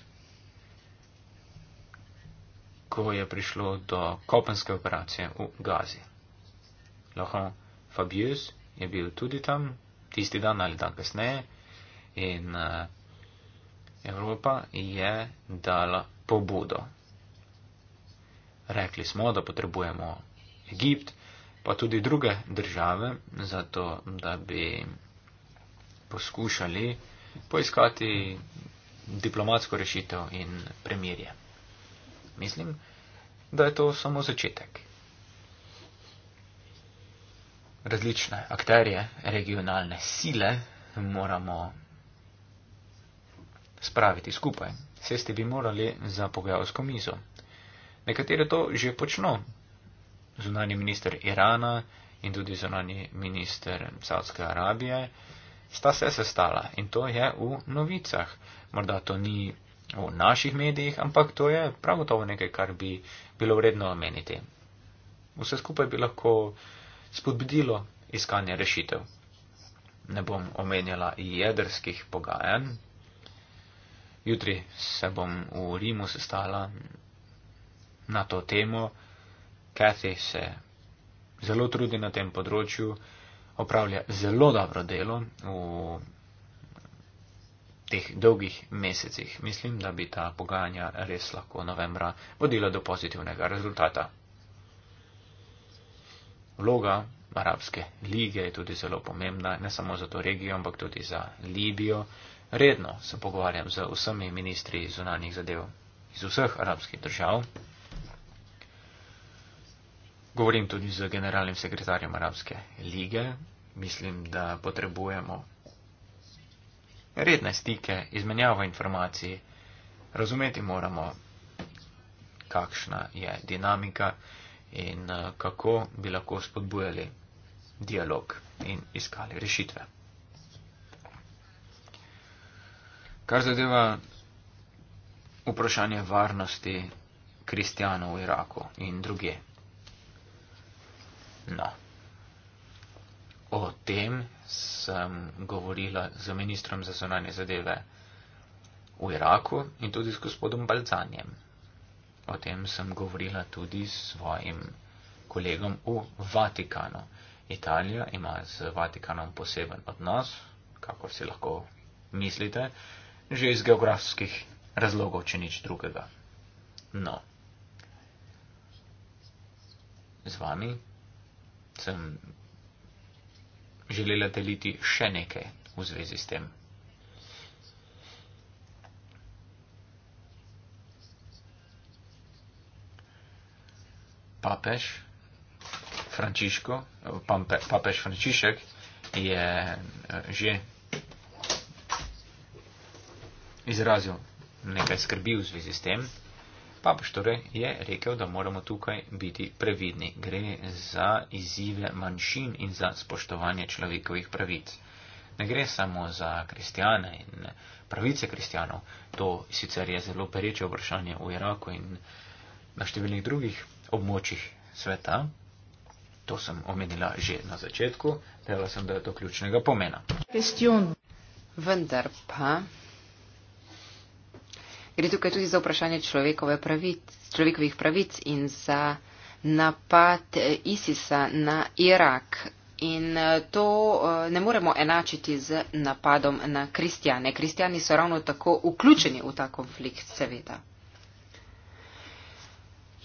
kako je prišlo do kopenske operacije v Gazi. Lohan Fabius je bil tudi tam, tisti dan ali dan kasneje, in uh, Evropa je dala pobudo. Rekli smo, da potrebujemo Egipt, pa tudi druge države, zato da bi poskušali poiskati diplomatsko rešitev in premirje. Mislim, da je to samo začetek. Različne akterje, regionalne sile moramo spraviti skupaj. Sesti bi morali za pogajalsko mizo. Nekatere to že počno. Zunani minister Irana in tudi zunani minister Saudske Arabije sta se sestala in to je v novicah. Morda to ni v naših medijih, ampak to je prav gotovo nekaj, kar bi bilo vredno omeniti. Vse skupaj bi lahko spodbudilo iskanje rešitev. Ne bom omenjala jedrskih pogajanj. Jutri se bom v Rimu sestala na to temo. Kathy se zelo trudi na tem področju, opravlja zelo dobro delo v teh dolgih mesecih. Mislim, da bi ta pogajanja res lahko novembra vodila do pozitivnega rezultata. Vloga Arabske lige je tudi zelo pomembna, ne samo za to regijo, ampak tudi za Libijo. Redno se pogovarjam z vsemi ministri zunanjih zadev iz vseh arabskih držav. Govorim tudi z generalnim sekretarjem Arabske lige. Mislim, da potrebujemo redne stike, izmenjavo informacij. Razumeti moramo, kakšna je dinamika in eh, kako bi lahko spodbujali dialog in iskali rešitve. Kar zadeva vprašanje varnosti kristijanov v Iraku in druge. No. O tem sem govorila z ministrom za zunanje zadeve v Iraku in tudi s gospodom Balcanjem. O tem sem govorila tudi s svojim kolegom v Vatikanu. Italija ima z Vatikanom poseben odnos, kako si lahko mislite, že iz geografskih razlogov, če nič drugega. No. Z vami sem želela deliti še nekaj v zvezi s tem. Papež, Frančiško, papež Frančišek je eh, že izrazil nekaj skrbi v zvezi s tem. Papež torej je rekel, da moramo tukaj biti previdni. Gre za izzive manjšin in za spoštovanje človekovih pravic. Ne gre samo za kristijane in pravice kristijanov. To sicer je zelo pereče vprašanje v Iraku in na številnih drugih območjih sveta. To sem omenila že na začetku, delala sem, da je to ključnega pomena. Question. Vendar pa Gre tukaj tudi za vprašanje pravic, človekovih pravic in za napad eh, ISIS-a na Irak. In eh, to eh, ne moremo enačiti z napadom na kristjane. Kristjani so ravno tako vključeni v ta konflikt, seveda.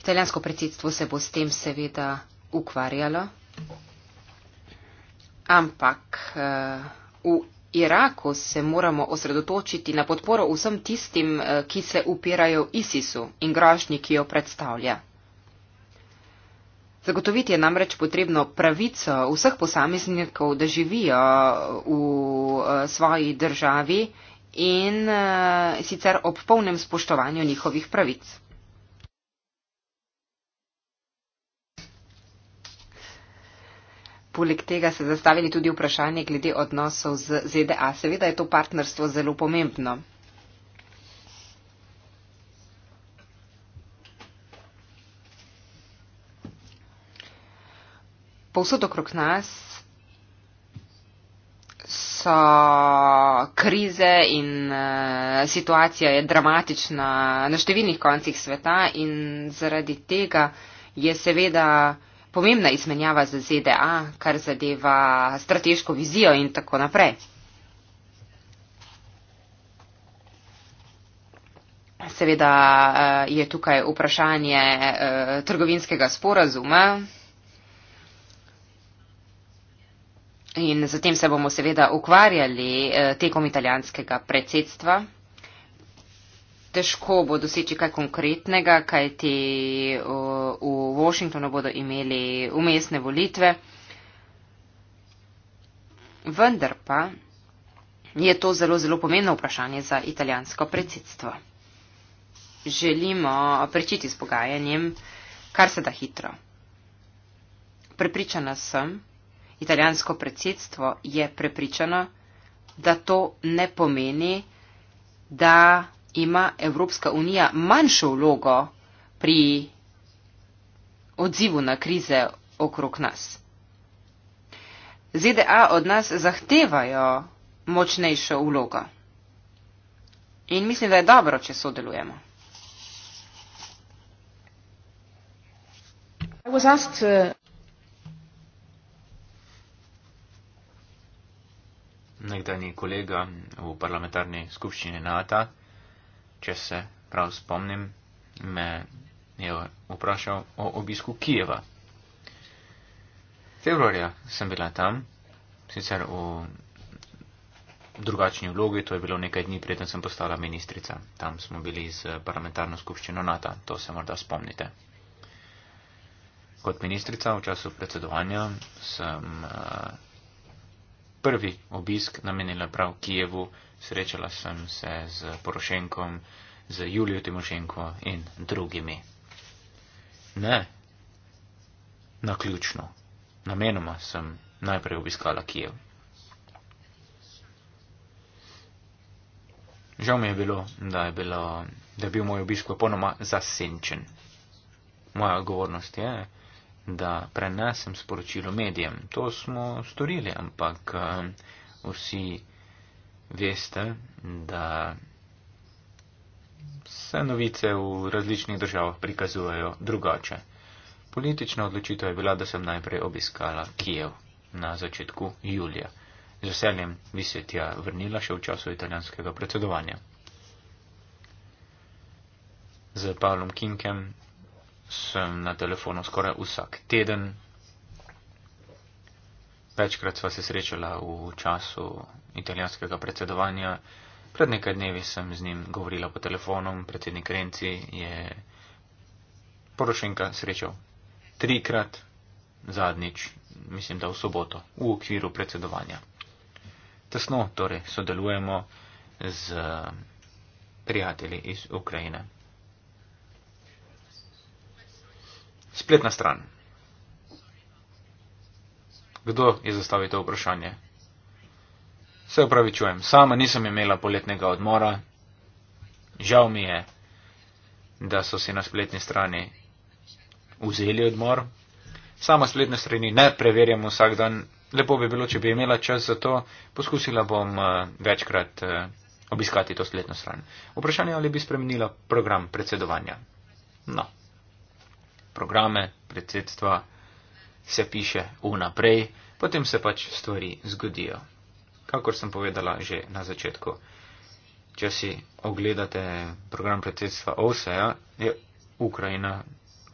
Italijansko predsedstvo se bo s tem seveda ukvarjalo. Ampak v Iraku se moramo osredotočiti na podporo vsem tistim, eh, ki se upirajo ISIS-u in grožnji, ki jo predstavlja. Zagotoviti je namreč potrebno pravico vseh posameznikov, da živijo eh, v eh, svoji državi in sicer ob polnem spoštovanju njihovih pravic. Poleg tega se zastavili tudi vprašanje glede odnosov z ZDA. Seveda je to partnerstvo zelo pomembno. Povsod okrog nas so krize in uh, situacija je dramatična na številnih koncih sveta in zaradi tega je seveda pomembna izmenjava z ZDA, kar zadeva strateško vizijo in tako naprej. Seveda eh, je tukaj vprašanje eh, trgovinskega sporazuma in zatem se bomo seveda ukvarjali eh, tekom italijanskega predsedstva težko bo doseči kaj konkretnega, kaj ti v Washingtonu bodo imeli umestne volitve. Vendar pa je to zelo, zelo pomembno vprašanje za italijansko predsedstvo. Želimo prečiti s pogajanjem, kar se da hitro. Prepričana sem, italijansko predsedstvo je prepričano, da to ne pomeni, da ima Evropska unija manjšo vlogo pri odzivu na krize okrog nas. ZDA od nas zahtevajo močnejšo vlogo. In mislim, da je dobro, če sodelujemo. Uh, Nekdanji kolega v parlamentarni skupščini NATO če se prav spomnim, me je vprašal o obisku Kijeva. Februarja sem bila tam, sicer v drugačni vlogi, to je bilo nekaj dni preden sem postala ministrica. Tam smo bili z parlamentarno skupščino NATO, to se morda spomnite. Kot ministrica v času predsedovanja sem eh, prvi obisk namenila prav Kijevu srečala sem se z Porošenkom, z Julijo Timošenko in drugimi. Ne, naključno, namenoma sem najprej obiskala Kijev. Žal mi je bilo, da je, bilo, da je bil moj obisk popolnoma zasenčen. Moja odgovornost je, da prenesem sporočilo medijem. To smo storili, ampak eh, vsi veste, da se novice v različnih državah prikazujejo drugače. Politična odločitev je bila, da sem najprej obiskala Kijev na začetku julija. Z veseljem bi se tja vrnila še v času italijanskega predsedovanja. Z Pavlom Kinkem sem na telefonu skoraj vsak teden, večkrat sva se srečala v času italijanskega predsedovanja. Pred nekaj dnevi sem z njim govorila po telefonu, predsednik Renci je Porošenka srečal trikrat, zadnjič, mislim, da v soboto, v okviru predsedovanja. Tesno torej sodelujemo z prijatelji iz Ukrajine. Spletna stran. Kdo je zastavil to vprašanje? Se upravičujem, sama nisem imela poletnega odmora. Žal mi je, da so si na spletni strani vzeli odmor. Sama spletne strani ne preverjam vsak dan. Lepo bi bilo, če bi imela čas za to. Poskusila bom eh, večkrat eh, obiskati to spletno stran. Vprašanje, ali bi spremenila program predsedovanja. No. Programe predsedstva se piše vnaprej, potem se pač stvari zgodijo. Kakor sem povedala že na začetku, če si ogledate program predsedstva OSEA, je Ukrajina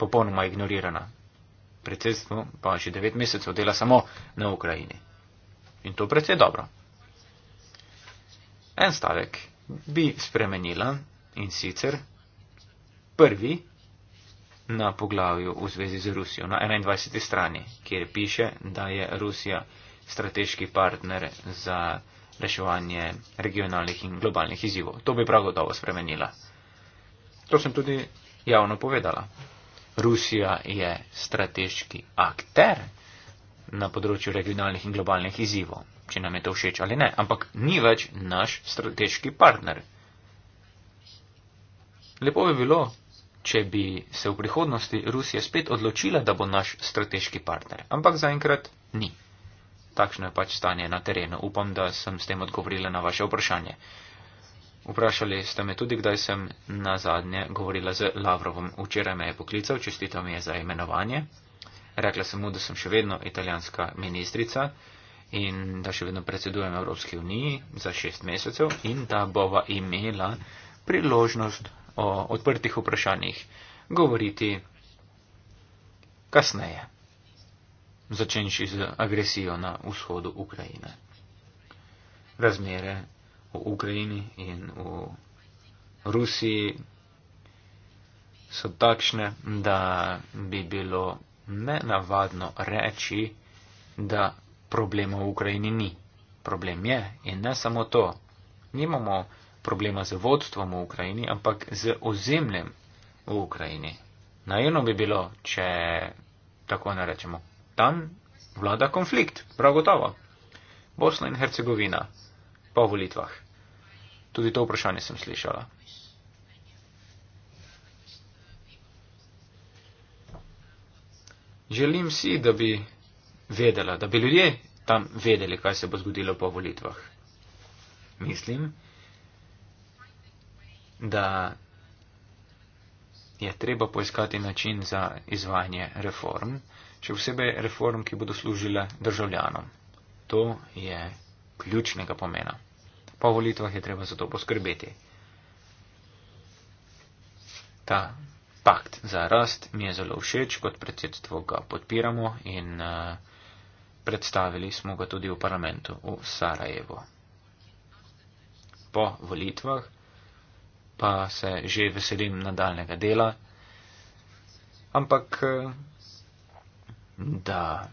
popolnoma ignorirana. Predsedstvo pa že devet mesecev dela samo na Ukrajini. In to predvsej dobro. En stavek bi spremenila in sicer prvi na poglavju v zvezi z Rusijo, na 21. strani, kjer piše, da je Rusija strateški partner za reševanje regionalnih in globalnih izzivov. To bi prav gotovo spremenila. To sem tudi javno povedala. Rusija je strateški akter na področju regionalnih in globalnih izzivov, če nam je to všeč ali ne, ampak ni več naš strateški partner. Lepo bi bilo, če bi se v prihodnosti Rusija spet odločila, da bo naš strateški partner. Ampak zaenkrat ni. Takšno je pač stanje na terenu. Upam, da sem s tem odgovorila na vaše vprašanje. Vprašali ste me tudi, kdaj sem na zadnje govorila z Lavrovom. Včeraj me je poklical, čestital mi je za imenovanje. Rekla sem mu, da sem še vedno italijanska ministrica in da še vedno predsedujem Evropski uniji za šest mesecev in da bova imela priložnost o odprtih vprašanjih govoriti kasneje, začenši z agresijo na vzhodu Ukrajine. Razmere v Ukrajini in v Rusiji so takšne, da bi bilo nenavadno reči, da problema v Ukrajini ni. Problem je in ne samo to. Nimamo problema z vodstvom v Ukrajini, ampak z ozemljem v Ukrajini. Najeno bi bilo, če tako ne rečemo. Tam vlada konflikt, prav gotovo. Bosna in Hercegovina po volitvah. Tudi to vprašanje sem slišala. Želim si, da bi vedela, da bi ljudje tam vedeli, kaj se bo zgodilo po volitvah. Mislim, da je treba poiskati način za izvajanje reform, še posebej reform, ki bodo služile državljanom. To je ključnega pomena. Po volitvah je treba za to poskrbeti. Ta pakt za rast mi je zelo všeč, kot predsedstvo ga podpiramo in eh, predstavili smo ga tudi v parlamentu v Sarajevo. Po volitvah pa se že veselim nadaljnega dela. Ampak, eh, da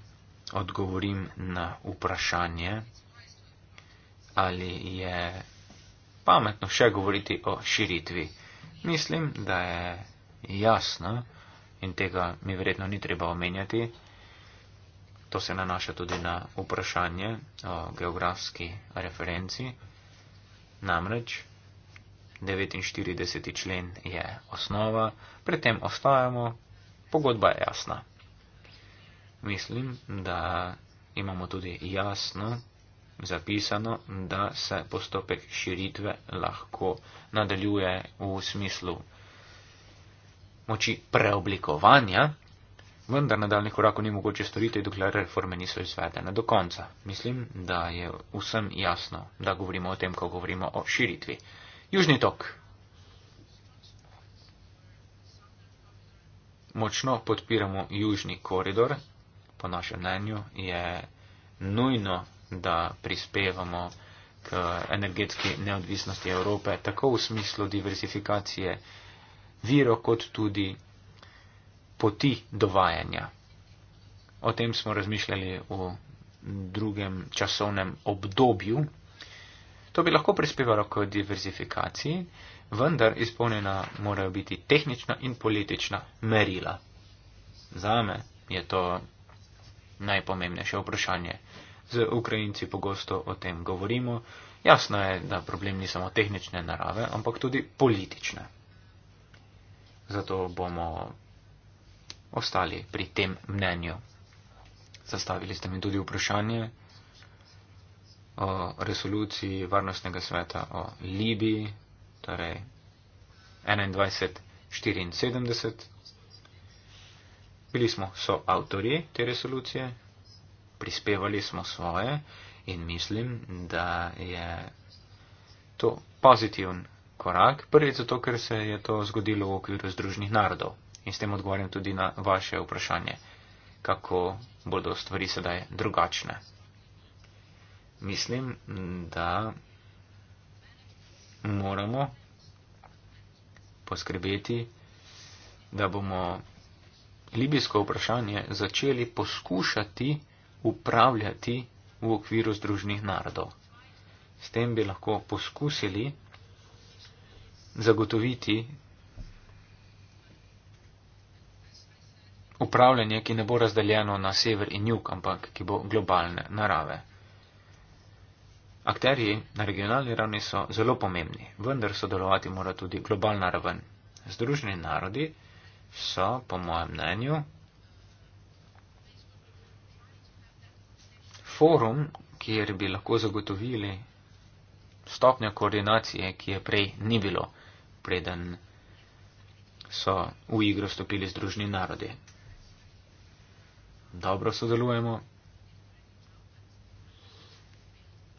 odgovorim na vprašanje, ali je pametno še govoriti o širitvi. Mislim, da je jasno in tega mi verjetno ni treba omenjati. To se nanaša tudi na vprašanje o geografski referenci. Namreč, 49. člen je osnova, pri tem ostajamo, pogodba je jasna. Mislim, da imamo tudi jasno zapisano, da se postopek širitve lahko nadaljuje v smislu moči preoblikovanja, vendar nadaljnih korakov ni mogoče storiti, dokler reforme niso izvedene do konca. Mislim, da je vsem jasno, da govorimo o tem, ko govorimo o širitvi. Južni tok. Močno podpiramo južni koridor. Po našem mnenju je nujno, da prispevamo k energetski neodvisnosti Evrope, tako v smislu diversifikacije viro, kot tudi poti dovajanja. O tem smo razmišljali v drugem časovnem obdobju. To bi lahko prispevalo k diverzifikaciji, vendar izpolnjena morajo biti tehnična in politična merila. Za me je to najpomembnejše vprašanje. Z Ukrajinci pogosto o tem govorimo. Jasno je, da problem ni samo tehnične narave, ampak tudi politične. Zato bomo ostali pri tem mnenju. Zastavili ste mi tudi vprašanje o resoluciji Varnostnega sveta o Libiji, torej 2174. Bili smo soavtori te resolucije, prispevali smo svoje in mislim, da je to pozitiven korak. Prvič zato, ker se je to zgodilo v okviru Združenih narodov in s tem odgovarjam tudi na vaše vprašanje, kako bodo stvari sedaj drugačne mislim, da moramo poskrbeti, da bomo libijsko vprašanje začeli poskušati upravljati v okviru združnih narodov. S tem bi lahko poskusili zagotoviti upravljanje, ki ne bo razdeljeno na sever in jug, ampak ki bo globalne narave. Akterji na regionalni ravni so zelo pomembni, vendar sodelovati mora tudi globalna raven. Združeni narodi so, po mojem mnenju, forum, kjer bi lahko zagotovili stopnjo koordinacije, ki je prej ni bilo, preden so v igro stopili združeni narodi. Dobro sodelujemo,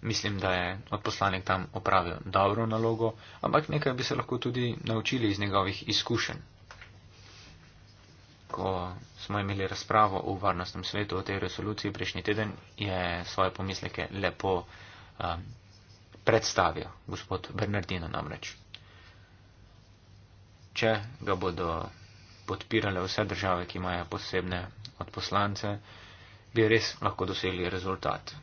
Mislim, da je odposlanik tam opravil dobro nalogo, ampak nekaj bi se lahko tudi naučili iz njegovih izkušenj. Ko smo imeli razpravo v varnostnem svetu o tej resoluciji prejšnji teden, je svoje pomisleke lepo um, predstavil gospod Bernardino namreč. Če ga bodo podpirale vse države, ki imajo posebne odposlance, bi res lahko dosegli rezultat.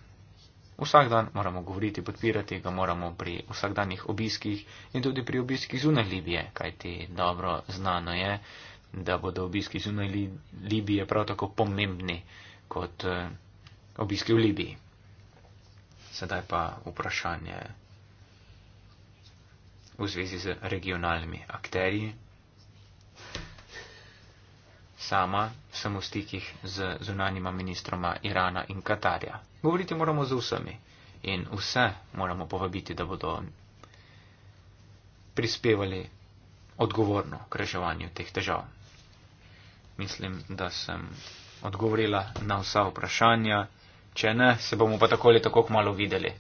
Vsak dan moramo govoriti, podpirati ga moramo pri vsakdanjih obiskih in tudi pri obiskih zunaj Libije, kajti dobro znano je, da bodo obiski zunaj Libije prav tako pomembni kot eh, obiski v Libiji. Sedaj pa vprašanje v zvezi z regionalnimi akterji, sama sem v stikih z zunanjima ministroma Irana in Katarja. Govoriti moramo z vsemi in vse moramo povabiti, da bodo prispevali odgovorno k reševanju teh težav. Mislim, da sem odgovorila na vsa vprašanja. Če ne, se bomo pa tako ali tako malo videli.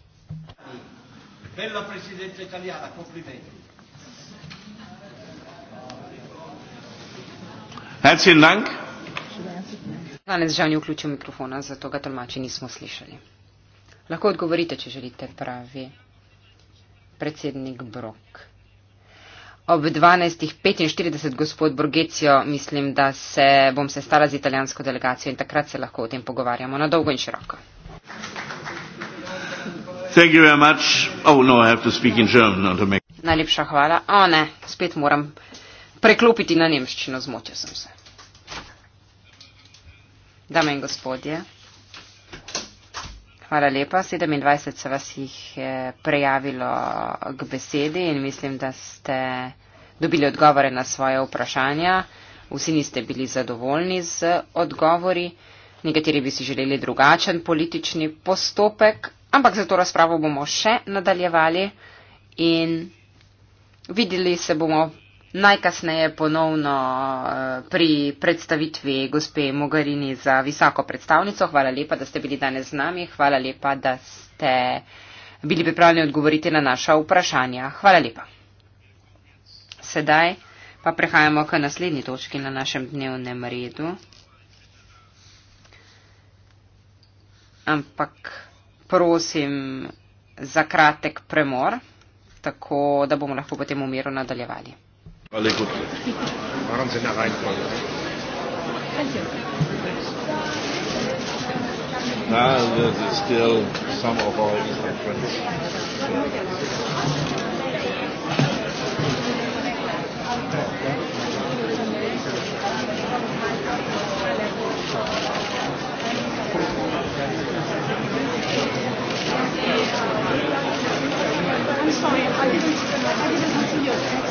Bella presidenza italiana, complimenti. Herzlichen Dank. Danes žal ni vključil mikrofona, zato ga tolmači nismo slišali. Lahko odgovorite, če želite, pravi predsednik Brok. Ob 12.45, gospod Borgecio, mislim, da se bom sestala z italijansko delegacijo in takrat se lahko o tem pogovarjamo na dolgo in široko. Oh, no, make... Najlepša hvala. O ne, spet moram preklopiti na nemščino, zmotil sem se. Dame in gospodje, hvala lepa. 27 se vas jih je prejavilo k besedi in mislim, da ste dobili odgovore na svoje vprašanja. Vsi niste bili zadovoljni z odgovori. Nekateri bi si želeli drugačen politični postopek, ampak za to razpravo bomo še nadaljevali in videli se bomo najkasneje ponovno eh, pri predstavitvi gospe Mogarini za visoko predstavnico. Hvala lepa, da ste bili danes z nami. Hvala lepa, da ste bili pripravljeni odgovoriti na naša vprašanja. Hvala lepa. Sedaj pa prehajamo k naslednji točki na našem dnevnem redu. Ampak prosim za kratek premor, tako da bomo lahko potem umiru nadaljevali. Alles gut. Machen Sie eine Reihenfolge. Now there's still some of our Eastern friends. I'm sorry, I didn't, I didn't see your text.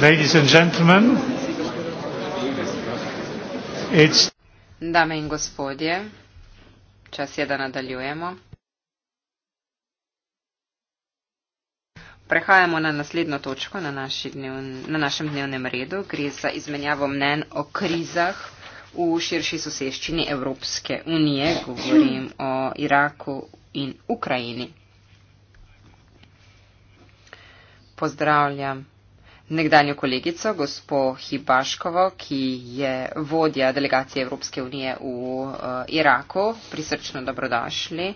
Ladies and gentlemen, it's... Dame in gospodje, čas je, da nadaljujemo. Prehajamo na naslednjo točko na, dnevn, na našem dnevnem redu. Gre za izmenjavo mnen o krizah v širši soseščini Evropske unije. Govorim o Iraku in Ukrajini. Pozdravljam nekdanjo kolegico, gospo Hibaškovo, ki je vodja delegacije Evropske unije v uh, Iraku. Prisrčno dobrodošli.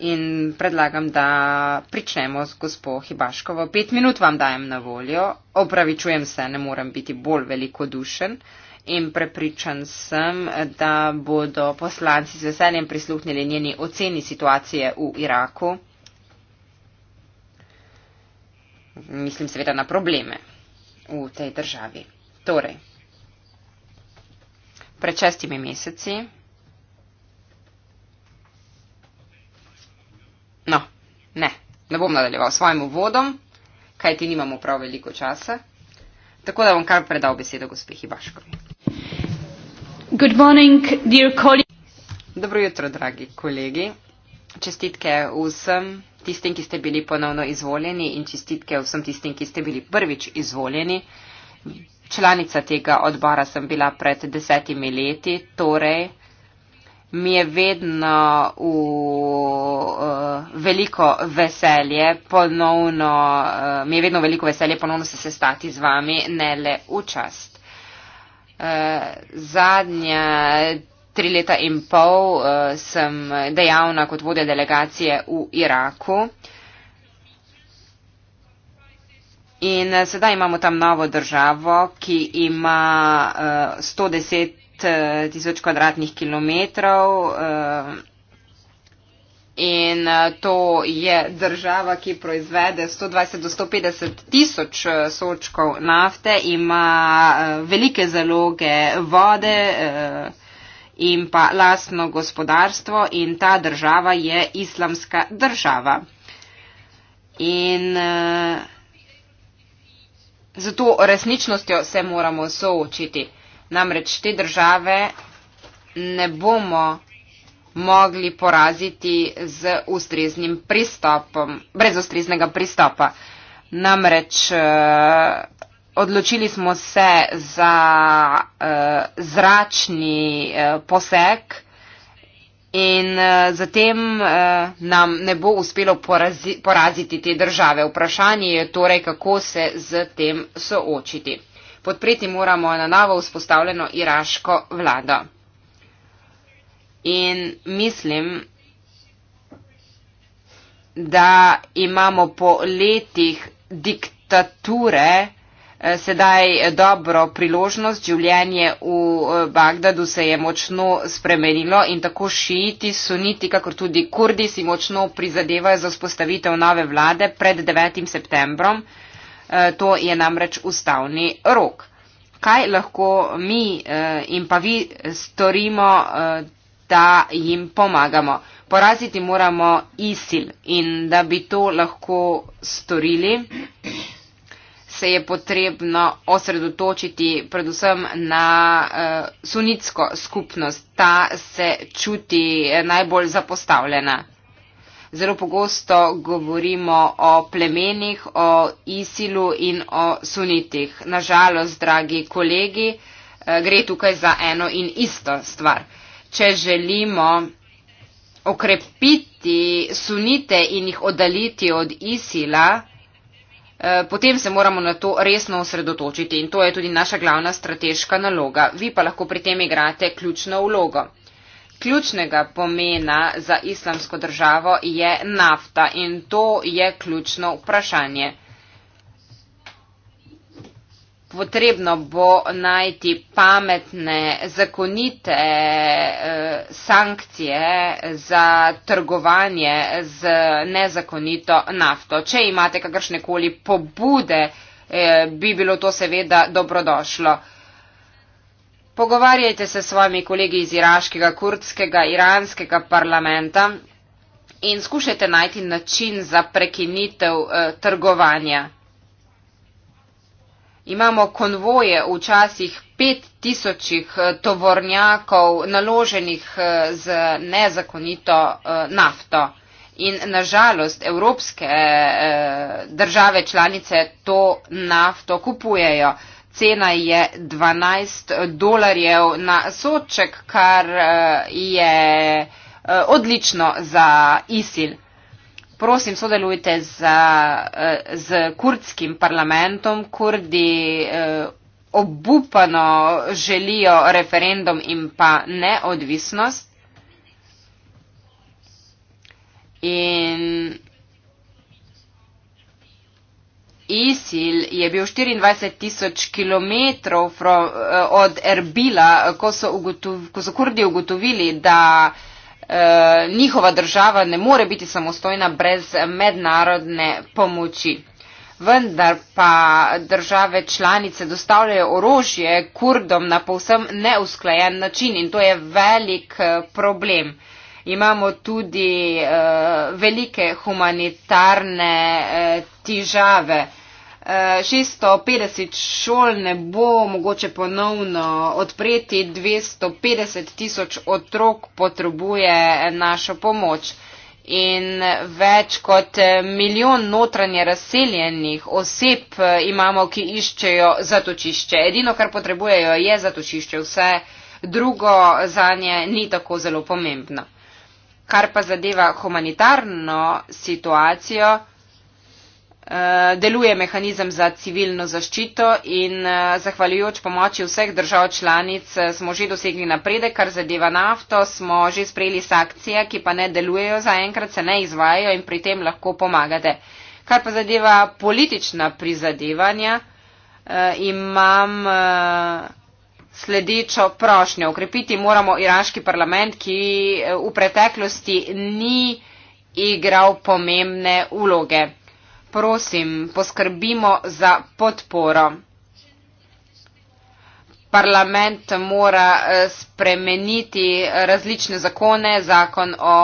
In predlagam, da pričnemo z gospo Hibaškovo. Pet minut vam dajem na voljo. Opravičujem se, ne morem biti bolj velikodušen. In prepričan sem, da bodo poslanci z veseljem prisluhnili njeni oceni situacije v Iraku. Mislim seveda na probleme v tej državi. Torej, pred šestimi meseci. No, ne, ne bom nadaljeval svojim uvodom, kaj ti nimamo prav veliko časa. Tako da bom kar predal besedo gospe Hibaškovi. Good morning, dear colleagues. Dobro jutro, dragi kolegi. Čestitke vsem tistim, ki ste bili ponovno izvoljeni in čestitke vsem tistim, ki ste bili prvič izvoljeni. Članica tega odbora sem bila pred desetimi leti, torej mi je vedno v uh, veliko veselje ponovno, uh, mi je vedno veliko veselje ponovno se sestati z vami, ne le v čast. Uh, zadnja tri leta in pol uh, sem dejavna kot vodja delegacije v Iraku. In eh, sedaj imamo tam novo državo, ki ima uh, eh, 110 tisoč kvadratnih kilometrov. Uh, in to je država, ki proizvede 120 do 150 tisoč sočkov nafte, ima uh, velike zaloge vode. Uh, in pa lastno gospodarstvo in ta država je islamska država. In uh, eh, zato resničnostjo se moramo soočiti. Namreč te države ne bomo mogli poraziti z ustreznim pristopom, brez ustreznega pristopa. Namreč eh, odločili smo se za uh, zračni uh, poseg in uh, zatem uh, nam ne bo uspelo porazi, poraziti te države. Vprašanje je torej, kako se z tem soočiti. Podpreti moramo na novo vzpostavljeno iraško vlado. In mislim, da imamo po letih diktature, Eh, sedaj dobro priložnost, življenje v eh, Bagdadu se je močno spremenilo in tako šiiti, suniti, kakor tudi kurdi si močno prizadevajo za vzpostavitev nove vlade pred 9. septembrom. Eh, to je namreč ustavni rok. Kaj lahko mi in pa vi storimo, da jim pomagamo? Poraziti moramo ISIL in da bi to lahko storili se je potrebno osredotočiti predvsem na uh, sunitsko skupnost. Ta se čuti eh, najbolj zapostavljena. Zelo pogosto govorimo o plemenih, o Isilu in o sunitih. Nažalost, dragi kolegi, eh, gre tukaj za eno in isto stvar. Če želimo okrepiti sunite in jih oddaliti od Isila, Eh, potem se moramo na to resno osredotočiti in to je tudi naša glavna strateška naloga. Vi pa lahko pri tem igrate ključno vlogo. Ključnega pomena za islamsko državo je nafta in to je ključno vprašanje potrebno bo najti pametne, zakonite eh, sankcije za trgovanje z nezakonito nafto. Če imate kakršne koli pobude, eh, bi bilo to seveda dobrodošlo. Pogovarjajte se s svojimi kolegi iz iraškega, kurdskega, iranskega parlamenta in skušajte najti način za prekinitev eh, trgovanja. Imamo konvoje včasih pet tisočih eh, tovornjakov naloženih eh, z nezakonito eh, nafto. In nažalost, evropske države članice to nafto kupujejo. Cena je 12 dolarjev na soček, kar je odlično za ISIL prosim sodelujte z, eh, z kurdskim parlamentom. Kurdi eh, obupano želijo referendum in pa neodvisnost. In ISIL je bil 24 tisoč kilometrov eh, od Erbila, ko so, ugotov, ko so kurdi ugotovili, da Eh, njihova država ne more biti samostojna brez mednarodne pomoči. Vendar pa države članice dostavljajo orožje kurdom na povsem neusklajen način in to je velik eh, problem. Imamo tudi uh, velike humanitarne uh, tižave. Uh, 650 šol ne bo mogoče ponovno odpreti, 250 tisoč otrok potrebuje našo pomoč in več kot milijon notranje razseljenih oseb eh, imamo, ki iščejo zatočišče. Edino, kar potrebujejo, je zatočišče, vse drugo za nje ni tako zelo pomembno. Kar pa zadeva humanitarno situacijo, Eh, deluje mehanizem za civilno zaščito in eh, zahvaljujoč pomoči vseh držav članic eh, smo že dosegli napredek, kar zadeva nafto, smo že sprejeli sankcije, ki pa ne delujejo zaenkrat, se ne izvajajo in pri tem lahko pomagate. Kar pa zadeva politična prizadevanja, imam sledečo prošnjo. Ukrepiti moramo iraški parlament, ki v preteklosti ni igral pomembne uloge prosim, poskrbimo za podporo. Parlament mora eh, spremeniti različne zakone, zakon o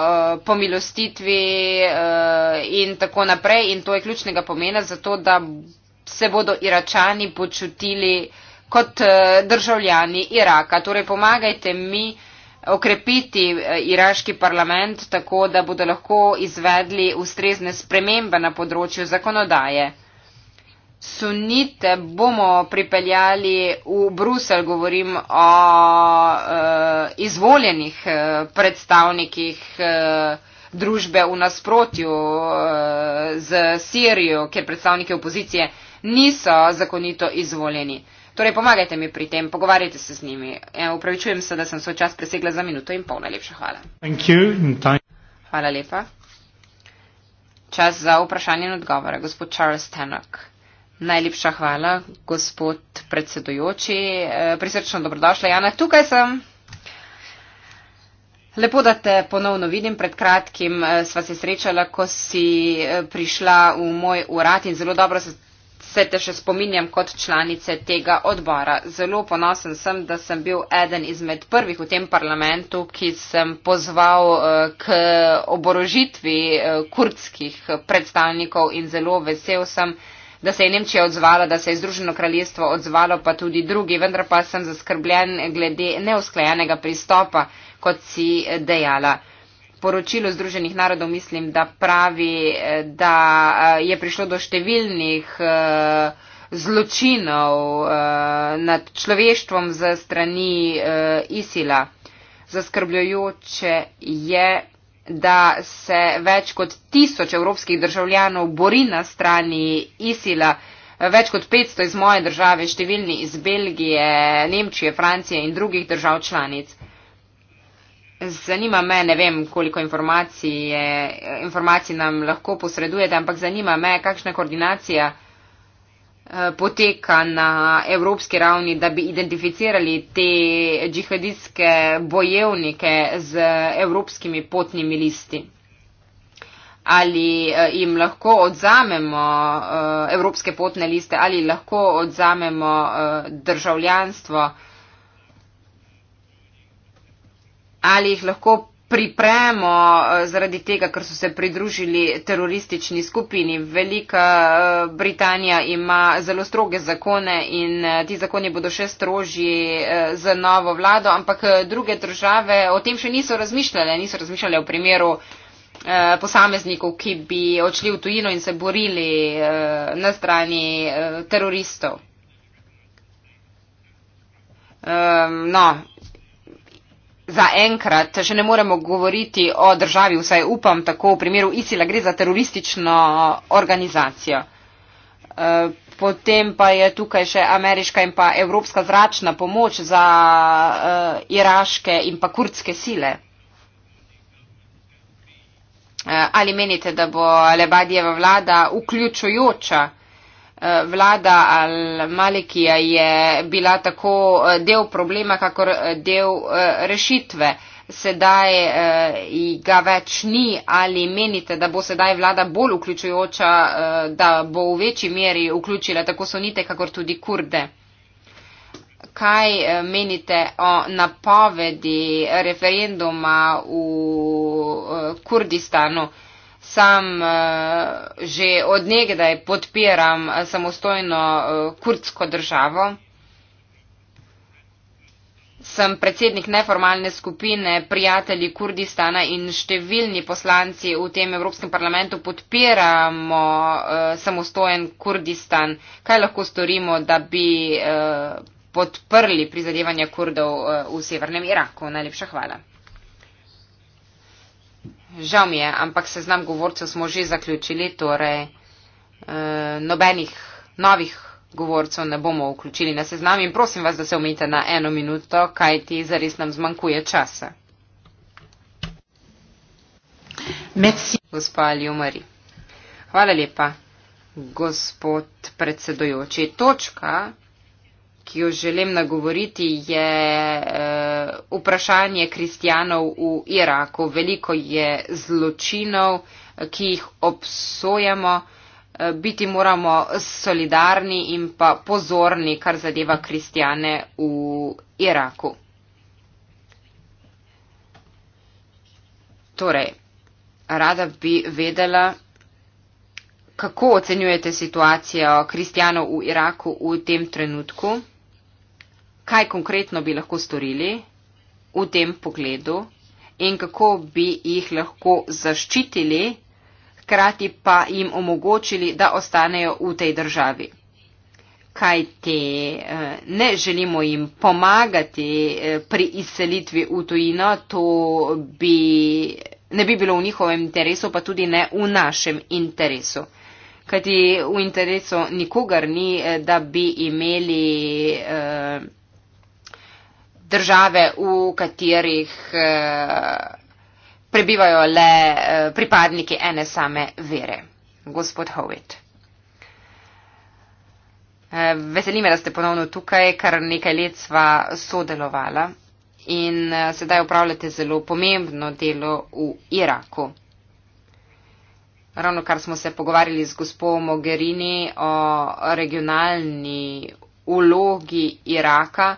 eh, pomilostitvi eh, in tako naprej in to je ključnega pomena za to, da se bodo iračani počutili kot državljani Iraka. Torej pomagajte mi, da se bodo iračani počutili kot državljani Iraka okrepiti eh, iraški parlament tako, da bodo lahko izvedli ustrezne spremembe na področju zakonodaje. Sunite bomo pripeljali v Brusel, govorim o uh, izvoljenih eh, predstavnikih uh, družbe v nasprotju uh, z Sirijo, kjer predstavniki opozicije niso zakonito izvoljeni. Uh, Torej, pomagajte mi pri tem, pogovarjajte se z njimi. E, upravičujem se, da sem svoj čas presegla za minuto in pol. Najlepša hvala. Hvala lepa. Čas za vprašanje in odgovore. Gospod Charles Tenok. Najlepša hvala, gospod predsedujoči. E, prisrčno dobrodošla, Jana. Tukaj sem. Lepo, da te ponovno vidim. Pred kratkim e, sva se srečala, ko si e, prišla v moj urad in zelo dobro se se te še spominjam kot članice tega odbora. Zelo ponosen sem, da sem bil eden izmed prvih v tem parlamentu, ki sem pozval eh, k oborožitvi eh, kurdskih predstavnikov in zelo vesel sem, da se je Nemčija odzvala, da se je Združeno kraljestvo odzvalo, pa tudi drugi, vendar pa sem zaskrbljen glede neusklajenega pristopa, kot si dejala poročilo Združenih narodov mislim, da pravi, eh, da eh, je prišlo do številnih eh, zločinov nad človeštvom za strani Isila. Zaskrbljujoče je, da se več kot tisoč evropskih državljanov bori na strani Isila, več kot 500 iz moje države, številni iz Belgije, Nemčije, Francije in drugih držav članic. Zanima me, ne vem, koliko informacij, je, informacij nam lahko posredujete, ampak zanima me, kakšna koordinacija eh, poteka na evropski ravni, da bi identificirali te džihadistske bojevnike z evropskimi potnimi listi. Ali eh, jim lahko odzamemo eh, evropske potne liste, ali lahko odzamemo državljanstvo. ali jih lahko pripremo eh, zaradi tega, ker so se pridružili teroristični skupini. Velika eh, Britanija ima zelo stroge zakone in eh, ti zakoni bodo še strožji za novo vlado, ampak druge države o tem še niso razmišljale. Niso razmišljale o primeru posameznikov, ki bi odšli v tujino in se borili na strani teroristov. Ehm, no, zaenkrat še ne moremo govoriti o državi, vsaj upam tako, v primeru ISIL-a gre za teroristično organizacijo. E, potem pa je tukaj še ameriška in pa evropska zračna pomoč za e, iraške in pa kurdske sile. E, ali menite, da bo Lebadijeva vlada vključujoča? vlada Al-Malikija je bila tako eh, del problema, kakor eh, del eh, rešitve. Sedaj ga več ni ali menite, da bo sedaj vlada bolj vključujoča, da bo v večji meri vključila tako sunite, kakor tudi kurde. Kaj menite o napovedi referenduma v Kurdistanu? sam eh, že od nekdaj podpiram eh, samostojno eh, kurdsko državo. Sem predsednik neformalne skupine prijatelji Kurdistana in številni poslanci v tem Evropskem parlamentu podpiramo uh, samostojen Kurdistan. Kaj lahko storimo, da bi uh, podprli prizadevanja Kurdov uh, v severnem Iraku? Najlepša hvala. Žal mi je, ampak seznam govorcev smo že zaključili, torej e, nobenih novih govorcev ne bomo vključili na seznam in prosim vas, da se omete na eno minuto, kaj ti zares nam zmanjkuje časa. Merci. Gospa Ljumari. Hvala lepa, gospod predsedojoči. Točka ki jo želim nagovoriti, je eh, vprašanje kristijanov v Iraku. Veliko je zločinov, eh, ki jih obsojamo. Eh, biti moramo solidarni in pa pozorni, kar zadeva kristijane v Iraku. Torej, rada bi vedela, kako ocenjujete situacijo kristijanov v Iraku v tem trenutku kaj konkretno bi lahko storili v tem pogledu in kako bi jih lahko zaščitili, hkrati pa jim omogočili, da ostanejo v tej državi. Kaj te eh, ne želimo jim pomagati eh, pri izselitvi v tujino, to bi, ne bi bilo v njihovem interesu, pa tudi ne v našem interesu. Kaj ti v interesu nikogar ni, eh, da bi imeli eh, države, v katerih eh, prebivajo le eh, pripadniki ene same vere. Gospod Howitt. Eh, Veselime, da ste ponovno tukaj, kar nekaj let sva sodelovala in sedaj upravljate zelo pomembno delo v Iraku. Ravno kar smo se pogovarjali z gospod Mogherini o regionalni ulogi Iraka,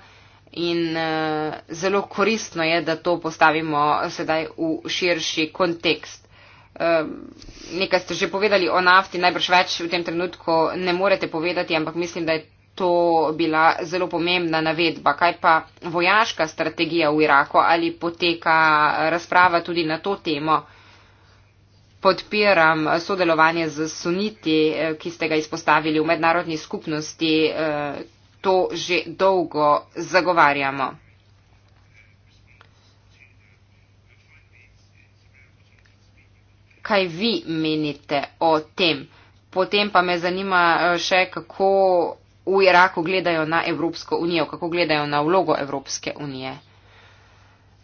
In uh, zelo koristno je, da to postavimo sedaj v širši kontekst. Um, nekaj ste že povedali o nafti, najbrž več v tem trenutku ne morete povedati, ampak mislim, da je to bila zelo pomembna navedba. Kaj pa vojaška strategija v Iraku ali poteka razprava tudi na to temo? Podpiram sodelovanje z suniti, eh, ki ste ga izpostavili v mednarodni skupnosti. Uh, to že dolgo zagovarjamo. Kaj vi menite o tem? Potem pa me zanima eh, še, kako v Iraku gledajo na Evropsko unijo, kako gledajo na vlogo Evropske unije.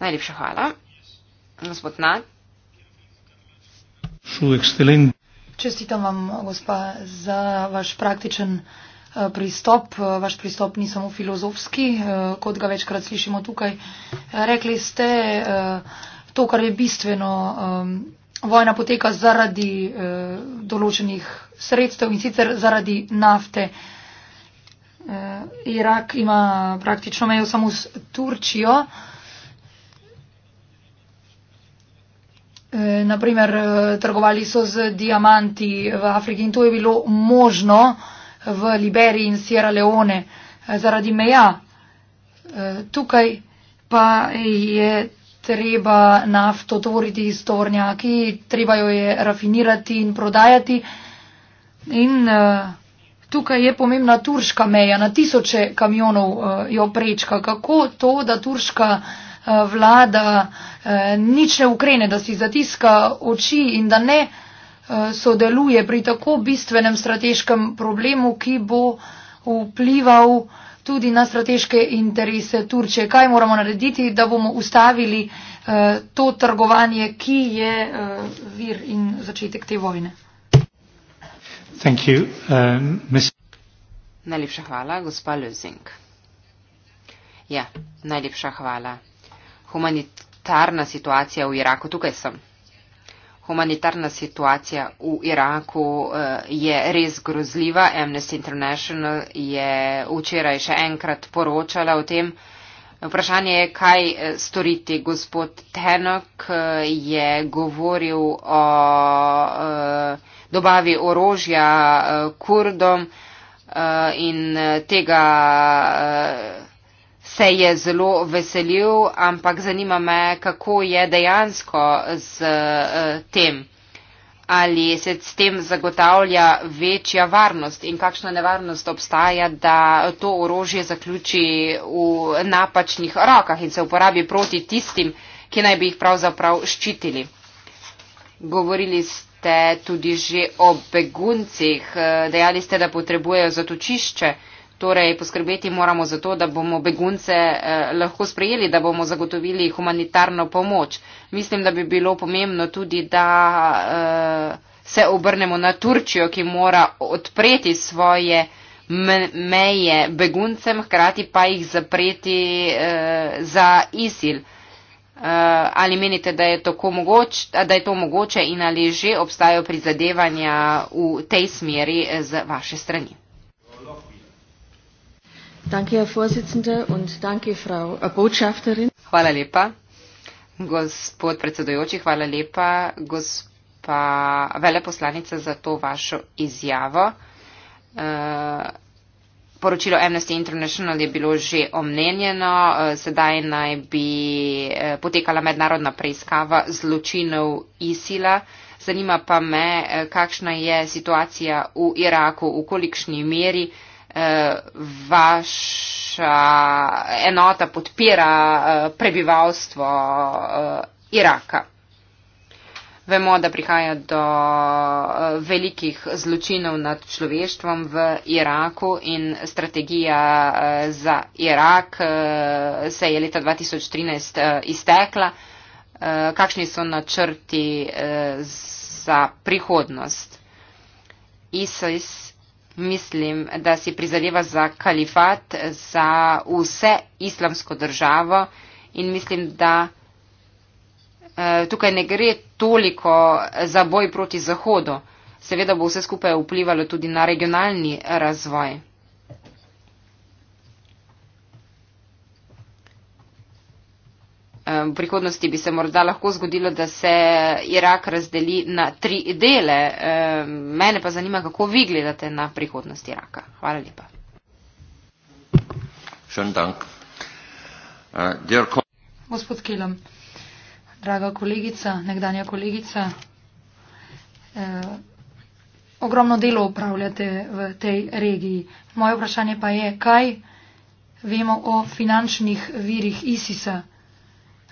Najlepša hvala. Gospod Nad. Čestitam vam, gospa, za vaš praktičen. Eh, pristop, eh, vaš pristop ni samo filozofski, eh, kot ga večkrat slišimo tukaj. Rekli ste to, kar je bistveno. Vojna poteka zaradi določenih sredstev in sicer zaradi nafte. Irak ima praktično mejo samo s Turčijo. Naprimer, trgovali so z diamanti v Afriki in to je bilo možno v Liberiji in Sierra Leone eh, zaradi meja. Eh, tukaj pa je treba nafto tvoriti iz tornjaki, treba jo je rafinirati in prodajati. In eh, tukaj je pomembna turška meja, na tisoče kamionov jo prečka. Kako to, da turška vlada nič ne ukrene, da si zatiska oči in da ne sodeluje pri tako bistvenem strateškem problemu, ki bo vplival tudi na strateške interese Turčije. Kaj moramo narediti, da bomo ustavili eh, to trgovanje, ki je eh, vir in začetek te vojne? Um, najlepša hvala, gospa Lozink. Ja, najlepša hvala. Humanitarna situacija v Iraku, tukaj sem. Humanitarna situacija v Iraku eh, je res grozljiva. Amnesty International je včeraj še enkrat poročala o tem. Vprašanje je, kaj eh, storiti. Gospod Tenok eh, je govoril o dobavi orožja kurdom in tega se je zelo veselil, ampak zanima me, kako je dejansko z uh, tem. Ali se s tem zagotavlja večja varnost in kakšna nevarnost obstaja, da to orožje zaključi v napačnih rokah in se uporabi proti tistim, ki naj bi jih pravzaprav ščitili. Govorili ste tudi že o beguncih, eh, dejali ste, da potrebujejo zatočišče. Uh, Torej, poskrbeti moramo za to, da bomo begunce eh, lahko sprejeli, da bomo zagotovili humanitarno pomoč. Mislim, da bi bilo pomembno tudi, da eh, se obrnemo na Turčijo, ki mora odpreti svoje meje beguncem, hkrati pa jih zapreti eh, za ISIL. Ali menite, da je, mogoč, da je to mogoče in ali že obstajajo prizadevanja v tej smeri z vaše strani? Danke, Herr Vorsitzender und danke, Frau äh, Botschafterin. Hvala lepa, gospod predsedujoči, hvala lepa, gospa veleposlanica za to vašo izjavo. Uh, Poročilo Amnesty International je bilo že omnenjeno, eh, sedaj naj bi eh, potekala mednarodna preiskava zločinov ISIL-a. Zanima pa me, kakšna je situacija v Iraku, v kolikšni meri uh, Eh, vaša enota podpira eh, prebivalstvo eh, Iraka. Vemo, da prihaja do velikih zločinov nad človeštvom v Iraku in strategija za Irak se je leta 2013 iztekla. Kakšni so načrti za prihodnost? ISIS mislim, da si prizadeva za kalifat, za vse islamsko državo in mislim, da eh, tukaj ne gre toliko za boj proti Zahodu. Seveda bo vse skupaj vplivalo tudi na regionalni razvoj. V prihodnosti bi se morda lahko zgodilo, da se Irak razdeli na tri dele. Mene pa zanima, kako vi gledate na prihodnost Iraka. Hvala lepa. Äh, Gospod Kelam, draga kolegica, nekdanja kolegica, eh, ogromno delo upravljate v tej regiji. Moje vprašanje pa je, kaj vemo o finančnih virih ISIS-a?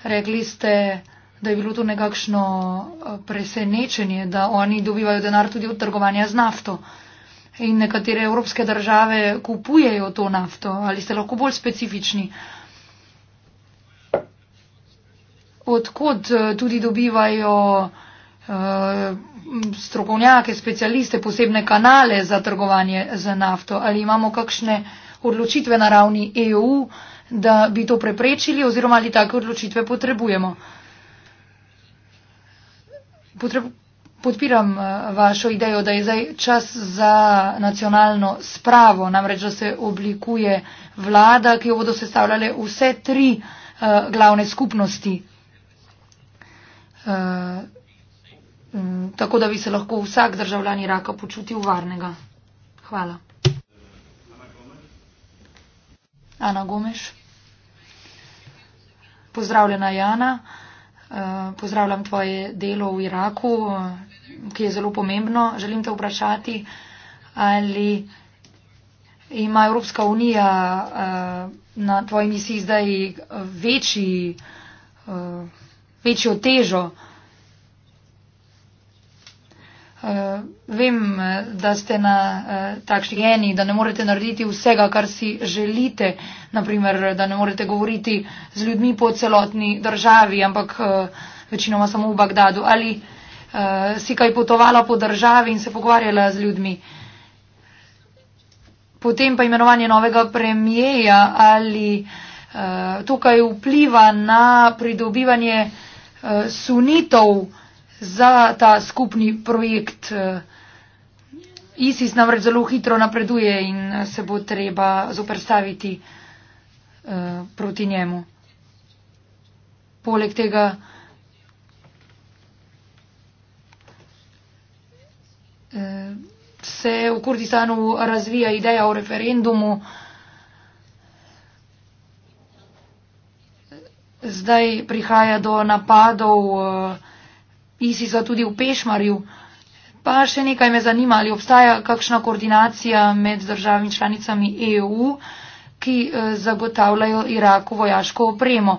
Rekli ste, da je bilo to nekakšno eh, presenečenje, da oni dobivajo denar tudi od trgovanja z nafto. In nekatere evropske države kupujejo to nafto. Ali ste lahko bolj specifični? Odkot eh, tudi dobivajo uh, strokovnjake, specialiste, posebne kanale za trgovanje z nafto? Ali imamo kakšne odločitve na ravni EU? Uh, da bi to preprečili oziroma ali take odločitve potrebujemo. Potreb podpiram eh, vašo idejo, da je zdaj čas za nacionalno spravo, namreč da se oblikuje vlada, ki jo bodo sestavljale vse tri uh, glavne skupnosti. Uh, tako da bi se lahko vsak državljan Iraka počutil varnega. Hvala. Ana Gomeš. Pozdravljena Jana, eh, pozdravljam tvoje delo v Iraku, eh, ki je zelo pomembno. Želim te vprašati, ali ima Evropska unija eh, na tvoji misiji zdaj večji, večjo težo uh, vem, eh, da ste na uh, takšni eni, da ne morete narediti vsega, kar si želite, naprimer, da ne morete govoriti z ljudmi po celotni državi, ampak uh, večinoma samo v Bagdadu. Ali uh, si kaj potovala po državi in se pogovarjala z ljudmi? Potem pa imenovanje novega premijeja ali uh, tukaj vpliva na pridobivanje uh, sunitov za ta skupni projekt. Eh, ISIS namreč zelo hitro napreduje in eh, se bo treba zoprstaviti eh, proti njemu. Poleg tega se v Kurdistanu razvija ideja o referendumu. Zdaj prihaja do napadov. ISIS-a tudi v Pešmarju. Pa še nekaj me zanima, ali obstaja kakšna koordinacija med državami članicami EU, ki eh, zagotavljajo Iraku vojaško opremo.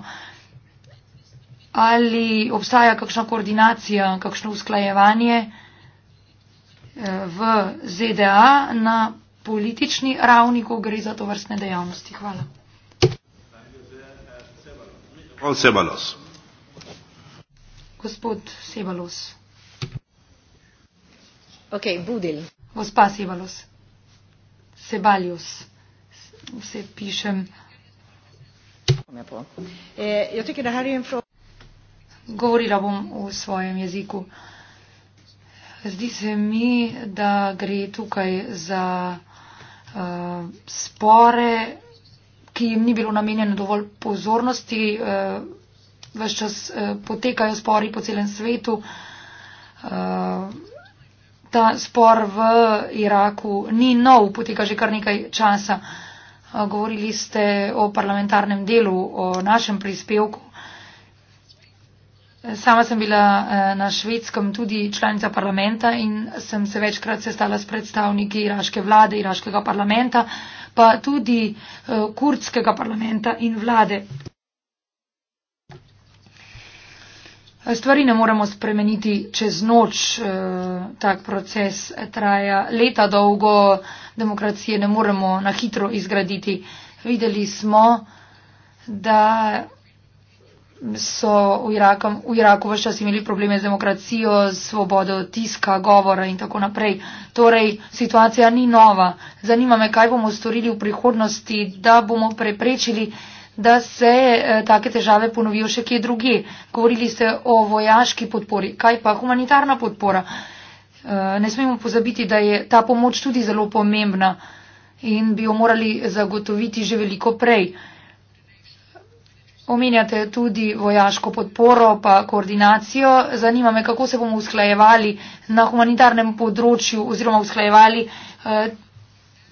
Ali obstaja kakšna koordinacija, kakšno usklajevanje eh, v ZDA na politični ravni, ko gre za to vrstne dejavnosti. Hvala. Paul Sebalos. Gospod Sevalos. Ok, Budil. Gospa Sevalos. Sebalius. Vse pišem. Eh, Govorila bom v svojem jeziku. Zdi se mi, da gre tukaj za uh, spore, ki jim ni bilo namenjeno dovolj pozornosti. Uh, vse čas eh, potekajo spori po celem svetu. Eh, ta spor v Iraku ni nov, poteka že kar nekaj časa. Eh, govorili ste o parlamentarnem delu, o našem prispevku. Sama sem bila na švedskem tudi članica parlamenta in sem se večkrat sestala s predstavniki iraške vlade, iraškega parlamenta, pa tudi kurdskega parlamenta in vlade. Stvari ne moremo spremeniti čez noč, eh, tak proces traja leta dolgo, demokracije ne moremo na hitro izgraditi. Videli smo, da so v, Irakom, v Iraku vse čas imeli probleme z demokracijo, svobodo tiska, govora in tako naprej. Torej, situacija ni nova. Zanima me, kaj bomo storili v prihodnosti, da bomo preprečili da se eh, take težave ponovijo še kje druge. Govorili ste o vojaški podpori, kaj pa humanitarna podpora. Eh, ne smemo pozabiti, da je ta pomoč tudi zelo pomembna in bi jo morali zagotoviti že veliko prej. Omenjate tudi vojaško podporo pa koordinacijo. Zanima me, kako se bomo usklajevali na humanitarnem področju oziroma usklajevali eh,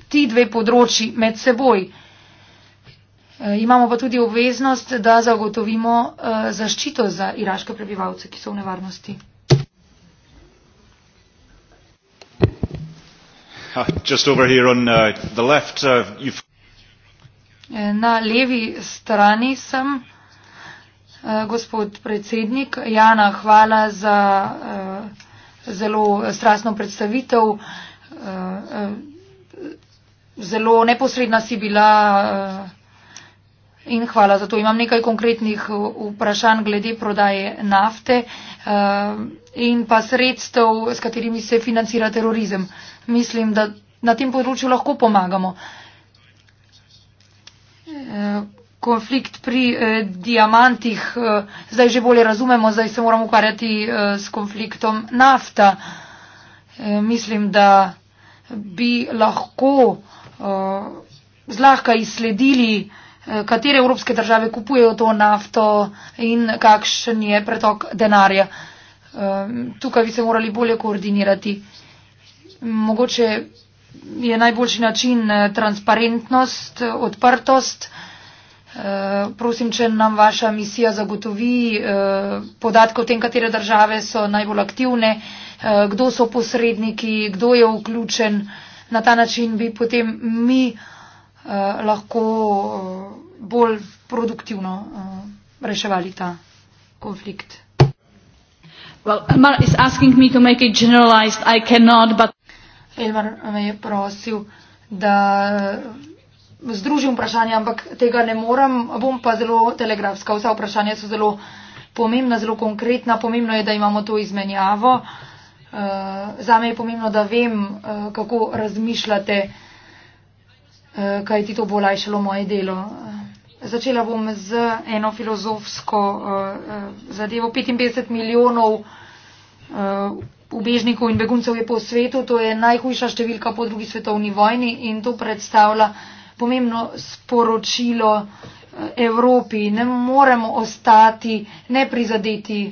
ti dve področji med seboj. Eh, Eh, imamo pa tudi obveznost, da zagotovimo eh, zaščito za iraške prebivalce, ki so v nevarnosti. On, uh, left, uh, eh, Na levi strani sem, uh, gospod predsednik. Jana, hvala za uh, zelo strastno predstavitev. Uh, uh, zelo neposredna si bila. Uh, In hvala za to. Imam nekaj konkretnih uh, vprašanj glede prodaje nafte uh, in pa sredstev, s katerimi se financira terorizem. Mislim, da na tem področju lahko pomagamo. Uh, konflikt pri eh, diamantih eh, zdaj že bolje razumemo, zdaj se moramo ukvarjati eh, s konfliktom nafta. Eh, mislim, da bi lahko eh, zlahka izsledili eh, Eh, katere evropske države kupujejo to nafto in kakšen je pretok denarja. Eh, tukaj bi se morali bolje koordinirati. Mogoče je najboljši način eh, transparentnost, odprtost. Prosim, če nam vaša misija zagotovi podatke o tem, katere države so najbolj aktivne, kdo so posredniki, kdo je vključen. Na ta način bi potem mi Eh, lahko eh, bolj produktivno eh, reševali ta konflikt. Well, cannot, but... Elmar me je prosil, da združim vprašanje, ampak tega ne morem. Bom pa zelo telegrafska. Vsa vprašanja so zelo pomembna, zelo konkretna. Pomembno je, da imamo to izmenjavo. Uh, zame je pomembno, da vem, uh, kako razmišljate. Uh, Eh, kaj ti to bo olajšalo moje delo. Eh, začela bom z eno filozofsko eh, zadevo. 55 milijonov ubežnikov in beguncev je po svetu, to je najhujša številka po drugi svetovni vojni in to predstavlja pomembno sporočilo Evropi. Ne moremo ostati neprizadeti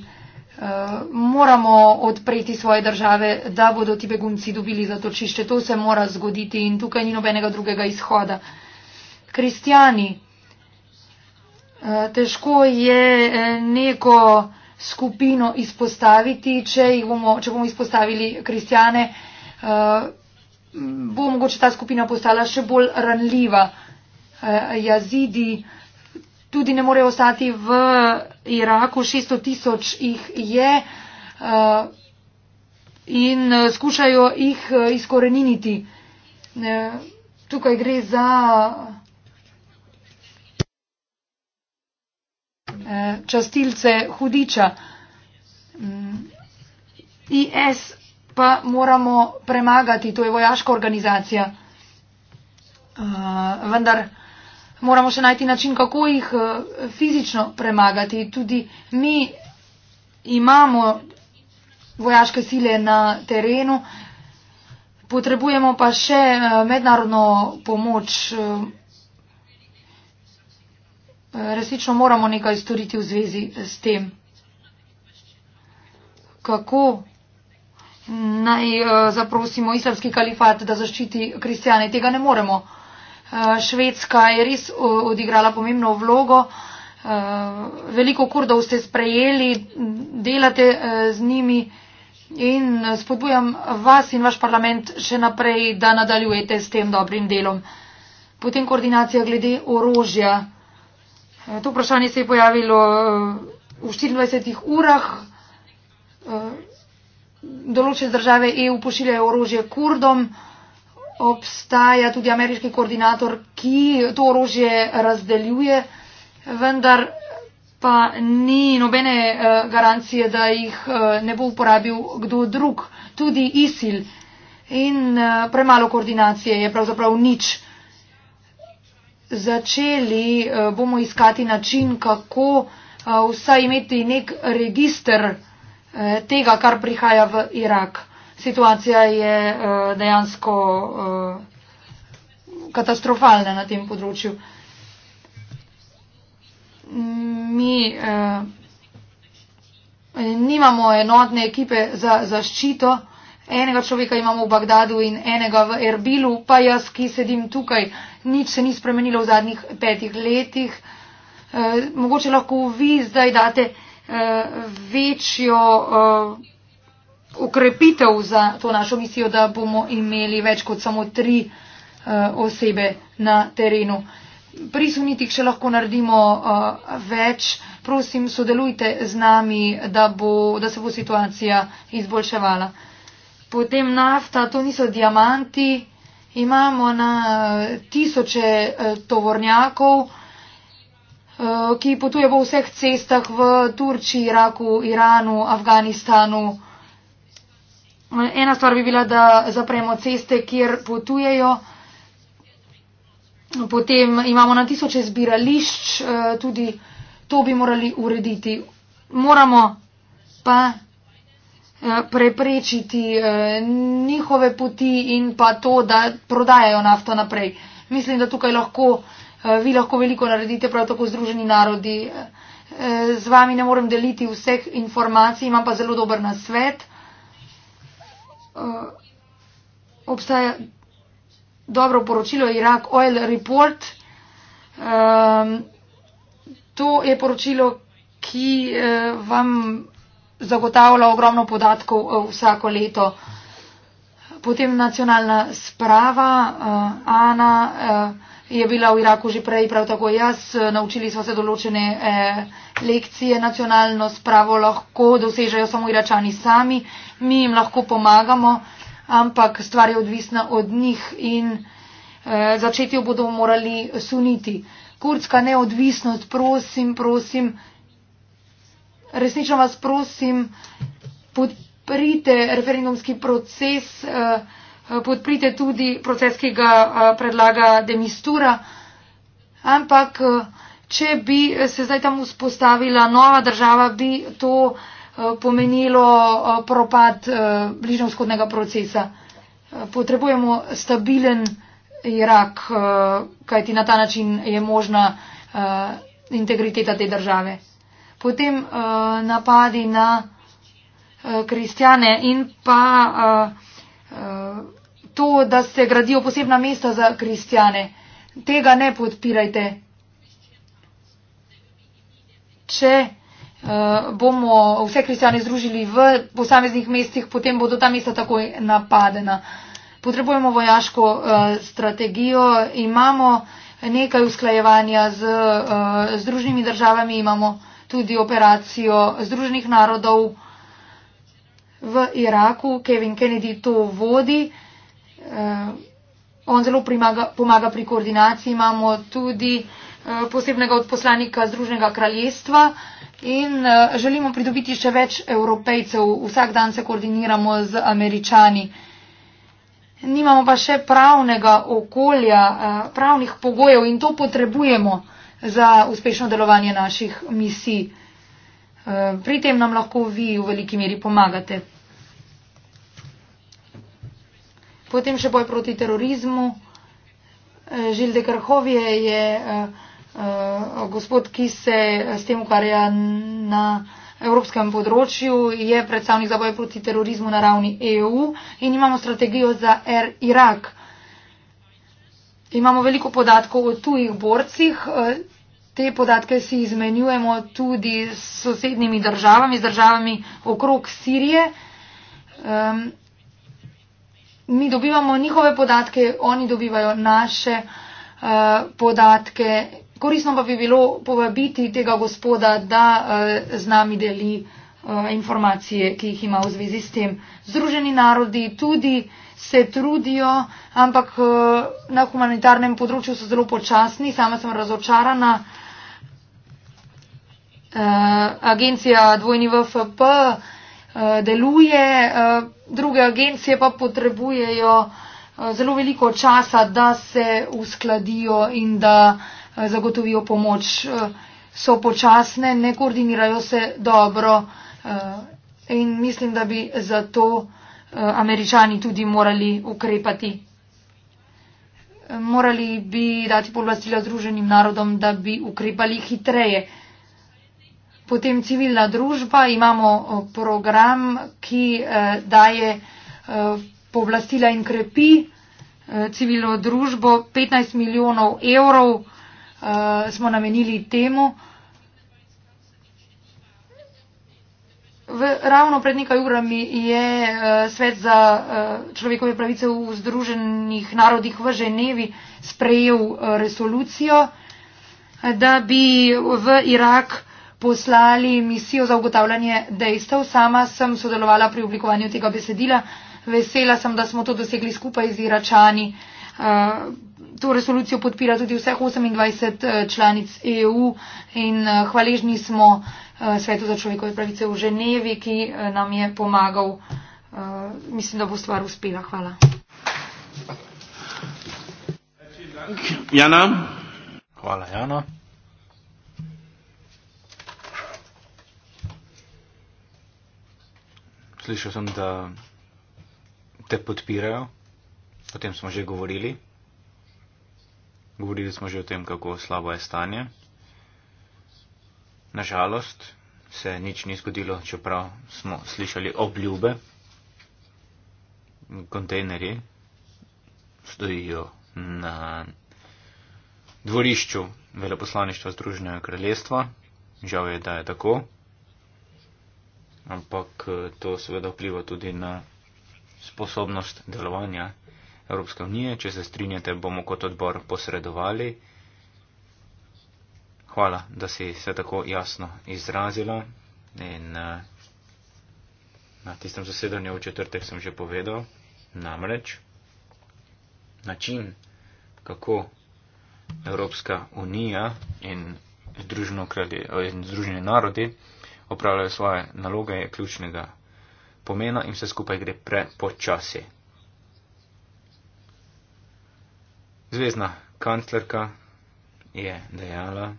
moramo odpreti svoje države, da bodo ti begunci dobili zatočišče. To se mora zgoditi in tukaj ni nobenega drugega izhoda. Kristijani, eh, težko je eh, neko skupino izpostaviti, če, bomo, če bomo izpostavili kristijane, eh, bo mogoče ta skupina postala še bolj ranljiva. Jazidi, tudi ne morejo ostati v Iraku, 600 tisoč jih je eh, in eh, skušajo jih eh, izkoreniniti. Tukaj gre za. častilce hudiča. Mm, IS pa moramo premagati, to je vojaška organizacija. Vendar moramo še najti način, kako jih eh, fizično premagati. Tudi mi imamo vojaške sile na terenu, potrebujemo pa še eh, mednarodno pomoč. Eh, resnično moramo nekaj storiti v zvezi s tem, kako naj zaprosimo islamski kalifat, da zaščiti kristijane. Tega ne moremo. Eh, Švedska je res eh, odigrala pomembno vlogo. Eh, Veliko kurdov ste sprejeli, delate z njimi in spodbujam vas in vaš parlament še naprej, da nadaljujete s tem dobrim delom. Potem koordinacija glede orožja. To vprašanje se je pojavilo v 24 urah. Določene države EU pošiljajo orožje kurdom obstaja tudi ameriški koordinator, ki to orožje razdeljuje, vendar pa ni nobene eh, garancije, da jih eh, ne bo uporabil kdo drug, tudi ISIL. In eh, premalo koordinacije je pravzaprav nič. Začeli bomo iskati način, kako vsaj imeti nek register tega, kar prihaja v Irak situacija je eh, dejansko eh, katastrofalna na tem področju. Mi eh, nimamo enotne ekipe za zaščito. Enega človeka imamo v Bagdadu in enega v Erbilu, pa jaz, ki sedim tukaj, nič se ni spremenilo v zadnjih petih letih. E, mogoče lahko vi zdaj date e, večjo. E, ukrepitev za to našo misijo, da bomo imeli več kot samo tri uh, osebe na terenu. Pri sunitih še lahko naredimo uh, več. Prosim, sodelujte z nami, da, bo, da se bo situacija izboljševala. Potem nafta, to niso diamanti. Imamo na eh, tisoče tovornjakov, ki potujejo po vseh cestah v Turčiji, Iraku, Iranu, Afganistanu. Ena stvar bi bila, da zapremo ceste, kjer potujejo. Potem imamo na tisoče zbirališč, eh, tudi to bi morali urediti. Moramo pa eh, preprečiti eh, njihove poti in pa to, da prodajajo nafto naprej. Mislim, da tukaj lahko, vi lahko veliko naredite, prav tako Združeni narodi. Z vami ne morem deliti vseh informacij, imam pa zelo dober nasvet uh, obstaja dobro poročilo Irak Oil Report. Um, to je poročilo, ki uh, vam zagotavlja ogromno podatkov uh, vsako leto. Potem nacionalna sprava, uh, Ana. Uh, je bila v Iraku že prej, prav tako jaz. Naučili smo se določene eh, lekcije nacionalno spravo, lahko dosežejo samo iračani sami, mi jim lahko pomagamo, ampak stvar je odvisna od njih in eh, začeti jo bodo morali suniti. Kurdska neodvisnost, prosim, prosim, resnično vas prosim, podprite referendumski proces. Eh, Eh, podprite tudi proces, ki ga eh, predlaga demistura. Ampak, eh, če bi se zdaj tam vzpostavila nova država, bi to pomenilo propad bližnjovzhodnega procesa. Potrebujemo stabilen Irak, kajti na ta način je možna integriteta te države. Potem napadi na kristjane in pa to, da se gradijo posebna mesta za kristjane. Tega ne podpirajte. Če uh, bomo vse kristjane združili v posameznih mestih, potem bodo ta mesta takoj napadena. Potrebujemo vojaško uh, strategijo, imamo nekaj usklajevanja z uh, eh, družnimi državami, imamo tudi operacijo Združenih narodov v Iraku. Kevin Kennedy to vodi. Uh, Eh, on zelo primaga, pomaga pri koordinaciji. Imamo tudi eh, posebnega odposlanika Združnega kraljestva in eh, želimo pridobiti še več evropejcev. Vsak dan se koordiniramo z američani. Nimamo pa še pravnega okolja, pravnih pogojev in to potrebujemo za uspešno delovanje naših misij. Pri tem nam lahko vi v veliki meri pomagate. potem še boj proti terorizmu. Eh, Žilde Krhovje je eh, eh, gospod, ki se s tem ukvarja na evropskem področju, je predstavnik za boj proti terorizmu na ravni EU in imamo strategijo za Air Irak. Imamo veliko podatkov o tujih borcih. Te podatke si izmenjujemo tudi s sosednjimi državami, z državami okrog Sirije mi dobivamo njihove podatke, oni dobivajo naše uh, podatke. Korisno pa bi bilo povabiti tega gospoda, da uh, z nami deli uh, informacije, ki jih ima v zvezi s tem. Združeni narodi tudi se trudijo, ampak uh, na humanitarnem področju so zelo počasni. Sama sem razočarana. Uh, agencija Dvojni VFP uh, deluje. Uh, druge agencije pa potrebujejo eh, zelo veliko časa, da se uskladijo in da eh, zagotovijo pomoč. Eh, so počasne, ne koordinirajo se dobro in mislim, da bi zato američani tudi morali ukrepati. Morali bi dati povlastila Združenim narodom, da bi ukrepali hitreje potem civilna družba, imamo eh, program, ki eh, daje eh, povlastila in krepi civilno družbo. 15 milijonov evrov smo namenili temu. V, ravno pred nekaj urami je Svet za človekove pravice v Združenih narodih v Ženevi sprejel resolucijo, da bi v Irak poslali misijo za ugotavljanje dejstev. Sama sem sodelovala pri oblikovanju tega besedila. Vesela sem, da smo to dosegli skupaj z Iračani. Eh, to resolucijo podpira tudi vseh 28 eh, članic EU in eh, hvaležni smo Svetu za človekove pravice v Ženevi, ki nam je pomagal. Mislim, da bo stvar uspela. Hvala. Jana. Hvala, Jana. slišal sem, da te podpirajo, o tem smo že govorili. Govorili smo že o tem, kako slabo je stanje. Nažalost se nič ni zgodilo, čeprav smo slišali obljube. Kontejnerji stojijo na dvorišču veleposlaništva Združenega kraljestva. Žal je, da je tako ampak eh, to seveda vpliva tudi na sposobnost delovanja Evropske unije. Če se strinjate, bomo kot odbor posredovali. Hvala, da si se tako jasno izrazila in eh, na tistem zasedanju v četrtek sem že povedal, namreč način, kako Evropska unija in Združene narode opravljajo svoje naloge, je ključnega pomena in vse skupaj gre prepočasi. Zvezdna kanclerka je dejala,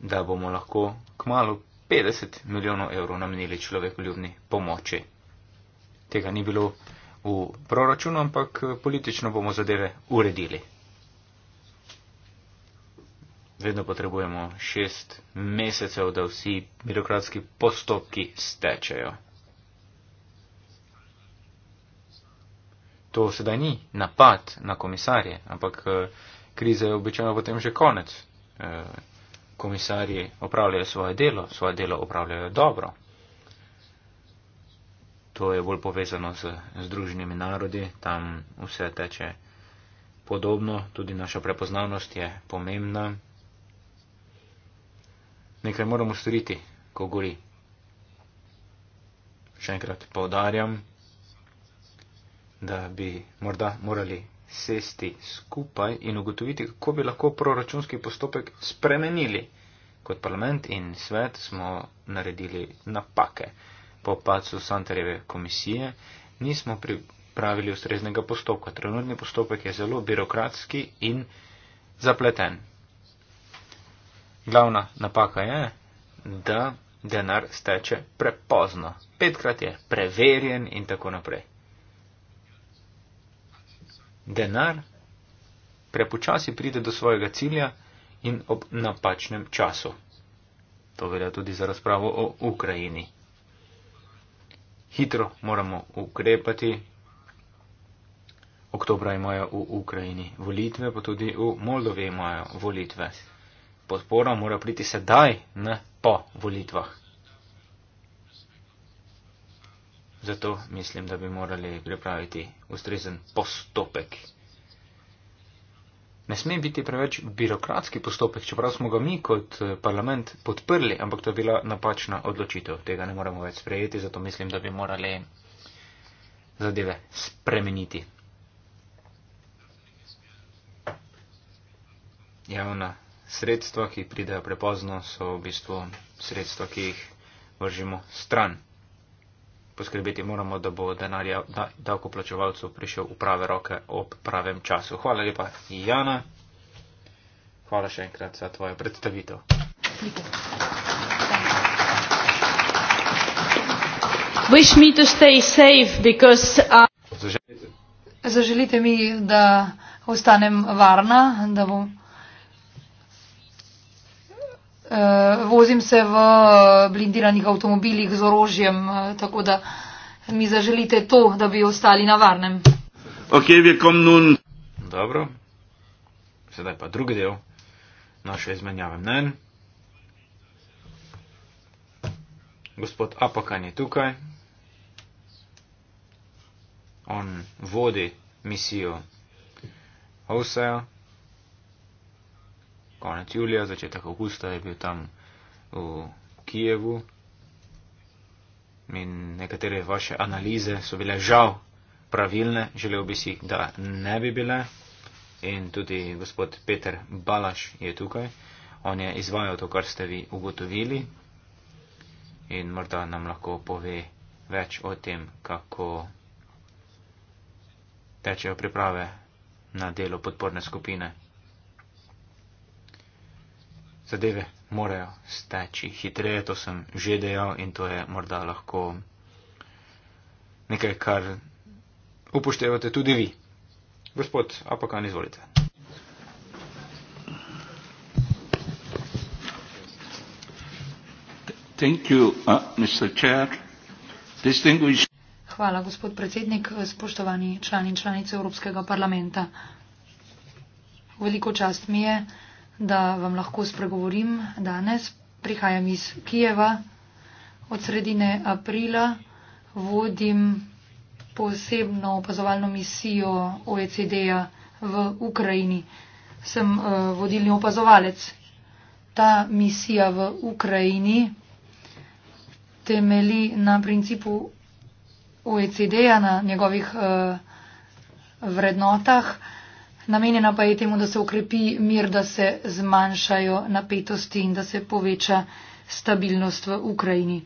da bomo lahko kmalo 50 milijonov evrov namenili človekoljubni pomoči. Tega ni bilo v proračunu, ampak politično bomo zadeve uredili vedno potrebujemo šest mesecev, da vsi birokratski postopki stečejo. To sedaj ni napad na komisarje, ampak eh, krize je običajno potem že konec. Eh, komisarji opravljajo svoje delo, svoje delo opravljajo dobro. To je bolj povezano z Združenimi narodi, tam vse teče podobno, tudi naša prepoznavnost je pomembna, nekaj moramo storiti, ko gori. Še enkrat povdarjam, da bi morda morali sesti skupaj in ugotoviti, kako bi lahko proračunski postopek spremenili. Kot parlament in svet smo naredili napake. Po opacu Santareve komisije nismo pripravili ustreznega postopka. Trenutni postopek je zelo birokratski in zapleten glavna napaka je, da denar steče prepozno. Petkrat je preverjen in tako naprej. Denar prepočasi pride do svojega cilja in ob napačnem času. To velja tudi za razpravo o Ukrajini. Hitro moramo ukrepati. Oktobra imajo v Ukrajini volitve, pa tudi v Moldovi imajo volitve podpora mora priti sedaj, ne po volitvah. Zato mislim, da bi morali pripraviti ustrezen postopek. Ne sme biti preveč birokratski postopek, čeprav smo ga mi kot eh, parlament podprli, ampak to je bila napačna odločitev. Tega ne moremo več sprejeti, zato mislim, da bi morali zadeve spremeniti. Javna sredstva, ki pridejo prepozno, so v bistvu sredstva, ki jih vržimo stran. Poskrbeti moramo, da bo denar da, davkoplačevalcev prišel v prave roke ob pravem času. Hvala lepa, Jana. Hvala še enkrat za tvojo predstavitev. Uh, Zaželite mi, da ostanem varna, da bom. Eh, vozim se v blindiranih avtomobilih z orožjem, eh, tako da mi zaželite to, da bi ostali na varnem. Ok, vi kom nun. Dobro, sedaj pa drugi del naše izmenjave mnen. Gospod Apakan je tukaj. On vodi misijo Osea konec julija, začetek avgusta je bil tam v Kijevu. In nekatere vaše analize so bile žal pravilne, želel bi si, da ne bi bile. In tudi gospod Peter Balaš je tukaj. On je izvajal to, kar ste vi ugotovili. In morda nam lahko pove več o tem, kako tečejo priprave na delo podporne skupine zadeve morajo steči hitreje, to sem že dejal in to je morda lahko nekaj, kar upoštevate tudi vi. Gospod Apakan, izvolite. Uh, Hvala, gospod predsednik, spoštovani člani in članice Evropskega parlamenta. Veliko čast mi je da vam lahko spregovorim danes. Prihajam iz Kijeva. Od sredine aprila vodim posebno opazovalno misijo OECD-ja v Ukrajini. Sem uh, vodilni opazovalec. Ta misija v Ukrajini temeli na principu OECD-ja, na njegovih uh, vrednotah. Namenjena pa je temu, da se ukrepi mir, da se zmanjšajo napetosti in da se poveča stabilnost v Ukrajini.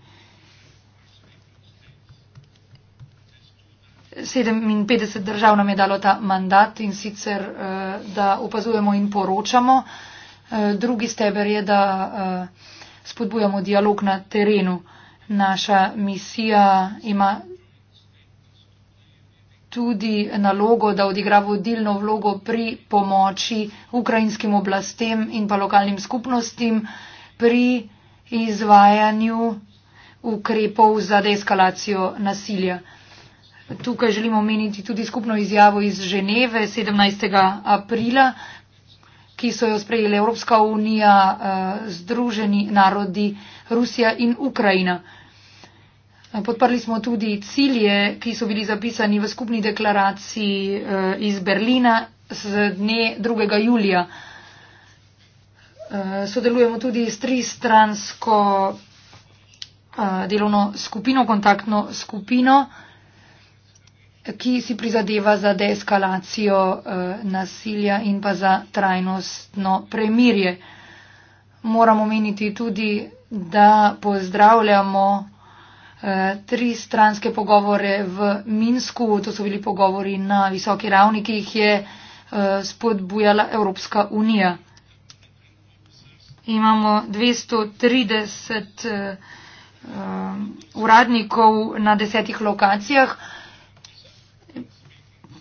57 držav nam je dalo ta mandat in sicer, eh, da opazujemo in poročamo. Eh, drugi steber je, da eh, spodbujamo dialog na terenu. Naša misija ima tudi nalogo, da odigra vodilno vlogo pri pomoči ukrajinskim oblastem in pa lokalnim skupnostim pri izvajanju ukrepov za deeskalacijo nasilja. Tukaj želimo omeniti tudi skupno izjavo iz Ženeve 17. aprila, ki so jo sprejeli Evropska unija, eh, Združeni narodi, Rusija in Ukrajina. Podprli smo tudi cilje, ki so bili zapisani v skupni deklaraciji eh, iz Berlina z dne 2. julija. Eh, sodelujemo tudi s tristransko eh, delovno skupino, kontaktno skupino, ki si prizadeva za deeskalacijo nasilja in pa za trajnostno premirje. Moramo meniti tudi, da pozdravljamo Eh, tri stranske pogovore v Minsku, to so bili pogovori na visoki ravni, ki jih je eh, spodbujala Evropska unija. Imamo 230 uh, eh, uradnikov na desetih lokacijah.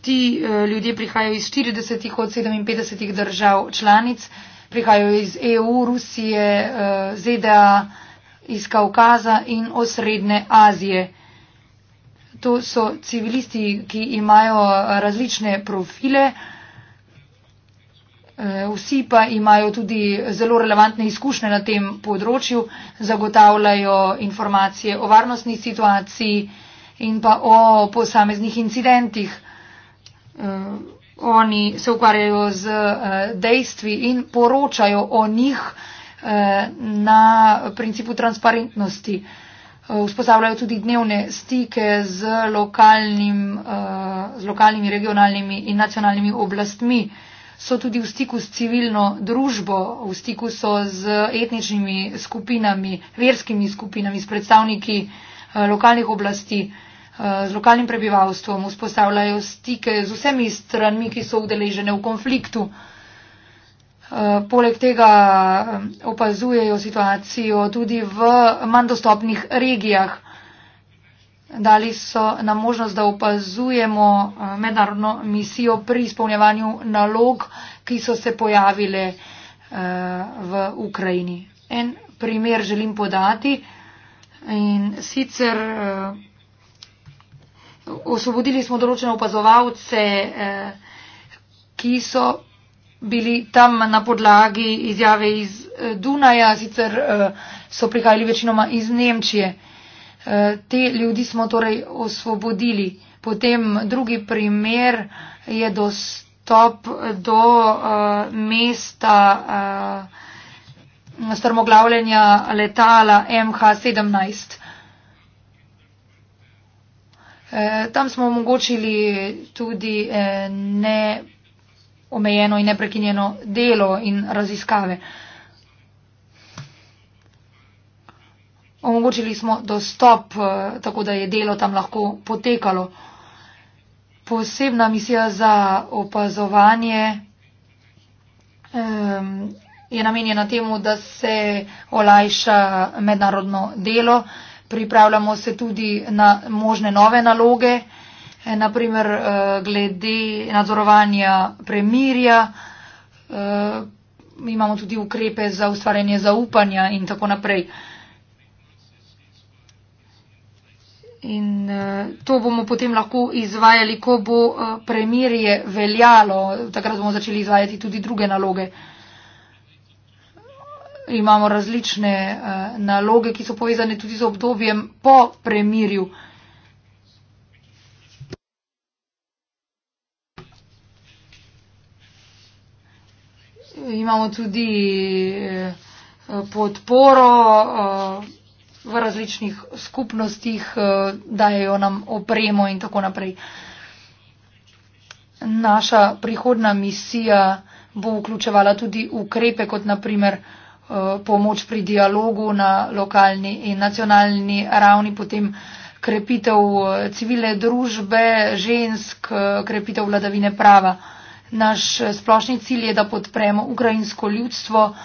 Ti uh, ljudje prihajajo iz 40 od 57 držav članic, prihajajo iz EU, Rusije, uh, ZDA, uh, iz Kaukaza in osrednje Azije. To so civilisti, ki imajo različne profile, e, vsi pa imajo tudi zelo relevantne izkušnje na tem področju, zagotavljajo informacije o varnostni situaciji in pa o posameznih incidentih. E, oni se ukvarjajo z e, dejstvi in poročajo o njih Eh, na principu transparentnosti. Eh, vzpostavljajo tudi dnevne stike z, lokalnim, eh, z lokalnimi, regionalnimi in nacionalnimi oblastmi. So tudi v stiku s civilno družbo, v stiku so z etničnimi skupinami, verskimi skupinami, s predstavniki lokalnih oblasti, z lokalnim prebivalstvom. Vzpostavljajo stike z vsemi stranmi, ki so udeležene v konfliktu. Eh, poleg tega eh, opazujejo situacijo tudi v manj dostopnih regijah. Dali so nam možnost, da opazujemo eh, mednarodno misijo pri izpolnjevanju nalog, ki so se pojavile v Ukrajini. En primer želim podati in sicer osvobodili smo določene opazovalce, ki so bili tam na podlagi izjave iz eh, Dunaja, sicer eh, so prihajali večinoma iz Nemčije. Eh, te ljudi smo torej osvobodili. Potem drugi primer je dostop do mesta strmoglavljanja letala MH17. Tam smo omogočili tudi ne omejeno in neprekinjeno delo in raziskave. Omogočili smo dostop, eh, tako da je delo tam lahko potekalo. Posebna misija za opazovanje um, je namenjena temu, da se olajša mednarodno delo. Pripravljamo se tudi na možne nove naloge. Eh, naprimer eh, glede nadzorovanja premirja, eh, imamo tudi ukrepe za ustvarjanje zaupanja in tako naprej. In to bomo potem lahko izvajali, ko bo premirje veljalo, takrat bomo začeli izvajati tudi druge naloge. Imamo različne naloge, ki so povezane tudi z obdobjem po premirju. imamo tudi eh, podporo eh, v različnih skupnostih, eh, dajejo nam opremo in tako naprej. Naša prihodna misija bo vključevala tudi ukrepe, kot naprimer pomoč pri dialogu na lokalni in nacionalni ravni, potem krepitev civilne družbe, žensk, krepitev vladavine prava. Naš eh, splošni cilj je, da podpremo ukrajinsko ljudstvo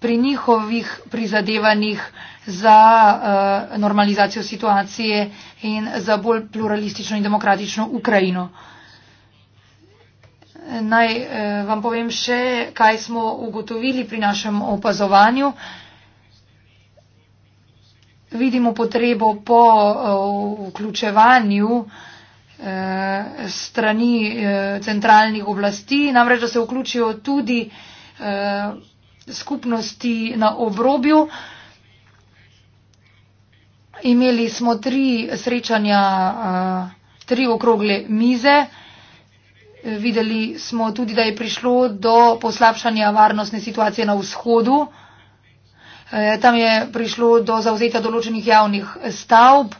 pri njihovih prizadevanjih za uh, normalizacijo situacije in za bolj pluralistično in demokratično Ukrajino. Naj uh, vam povem še, kaj smo ugotovili pri našem opazovanju. Vidimo potrebo po uh, vključevanju uh, eh, strani eh, centralnih oblasti, namreč da se vključijo tudi eh, skupnosti na obrobju. Imeli smo tri srečanja, eh, tri okrogle mize. Videli smo tudi, da je prišlo do poslabšanja varnostne situacije na vzhodu. Eh, tam je prišlo do zauzetja določenih javnih stavb,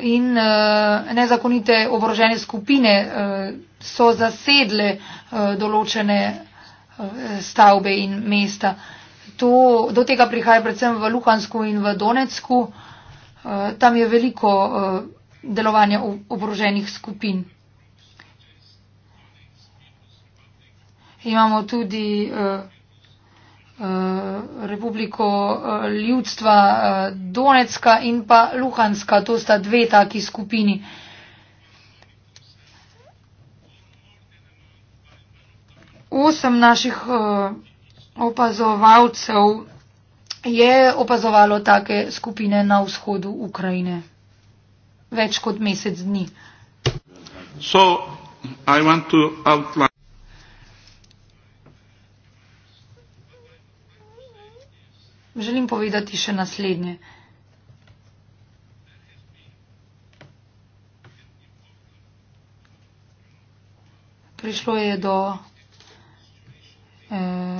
in uh, nezakonite oborožene skupine uh, so zasedle uh, določene uh, stavbe in mesta. To, do tega prihaja predvsem v Luhansku in v Donetsku. Uh, tam je veliko uh, delovanja oboroženih skupin. Imamo tudi uh, Eh, Republiko eh, ljudstva eh, Donetska in pa Luhanska. To sta dve taki skupini. Osem naših opazovalcev je opazovalo take skupine na vzhodu Ukrajine več kot mesec dni. So, I want to outline. želim povedati še naslednje. Prišlo je do eh,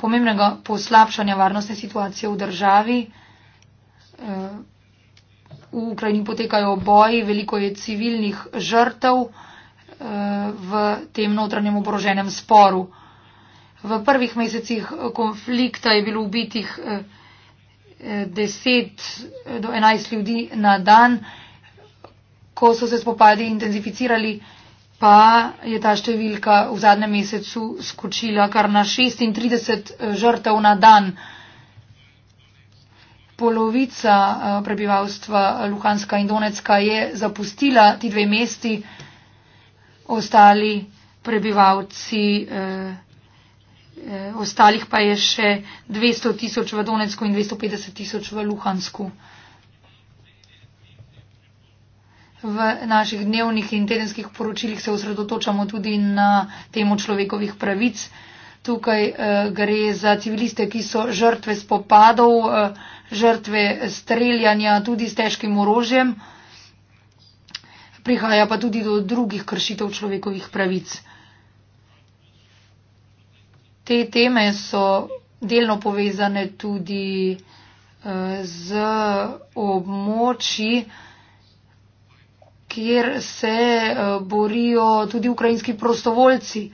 pomembnega poslabšanja varnostne situacije v državi. Eh, v Ukrajini potekajo boji, veliko je civilnih žrtev eh, v tem notranjem oboroženem sporu. Eh, V prvih mesecih konflikta je bilo ubitih 10 eh, eh, eh, do 11 ljudi na dan, ko so se spopadi intenzificirali, pa je ta številka v zadnjem mesecu skočila kar na 36 žrtev na dan. Polovica prebivalstva Luhanska in Donetska je zapustila ti dve mesti, ostali prebivalci. Eh, Eh, ostalih pa je še 200 tisoč v Donetsku in 250 tisoč v Luhansku. V naših dnevnih in tedenskih poročilih se osredotočamo tudi na temo človekovih pravic. Tukaj eh, gre za civiliste, ki so žrtve spopadov, eh, žrtve streljanja tudi s težkim orožjem. Prihaja pa tudi do drugih kršitev človekovih pravic. Te teme so delno povezane tudi eh, z območji, kjer se eh, borijo tudi ukrajinski prostovoljci.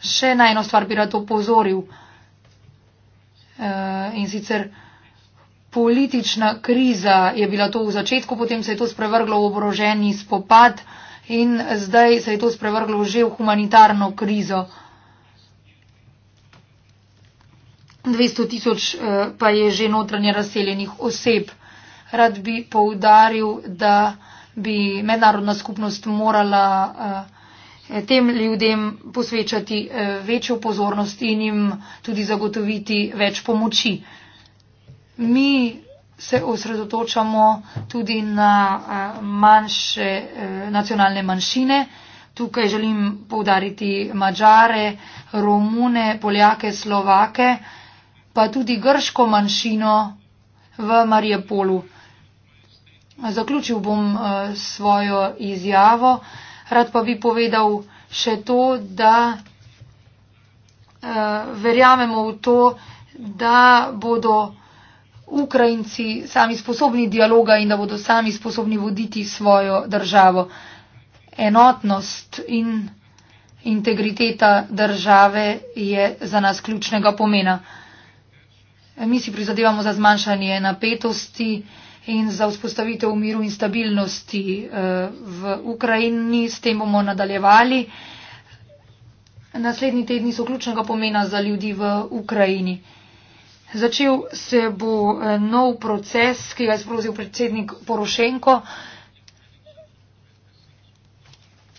Še na eno stvar bi rad opozoril. Eh, in sicer politična kriza je bila to v začetku, potem se je to sprevrglo v oboroženi spopad in zdaj se je to sprevrglo že v humanitarno krizo. 200 tisoč eh, pa je že notranje razseljenih oseb. Rad bi poudaril, da bi mednarodna skupnost morala eh, tem ljudem posvečati eh, večjo pozornost in jim tudi zagotoviti več pomoči. Mi se osredotočamo tudi na manjše nacionalne manjšine. Tukaj želim poudariti Mačare, Romune, Poljake, Slovake pa tudi grško manjšino v Marijepolu. Zaključil bom eh, svojo izjavo. Rad pa bi povedal še to, da eh, verjamemo v to, da bodo Ukrajinci sami sposobni dialoga in da bodo sami sposobni voditi svojo državo. Enotnost in integriteta države je za nas ključnega pomena. Mi si prizadevamo za zmanjšanje napetosti in za vzpostavitev miru in stabilnosti eh, v Ukrajini. S tem bomo nadaljevali. Naslednji tedni so ključnega pomena za ljudi v Ukrajini. Začel se bo eh, nov proces, ki ga je sprožil predsednik Porošenko.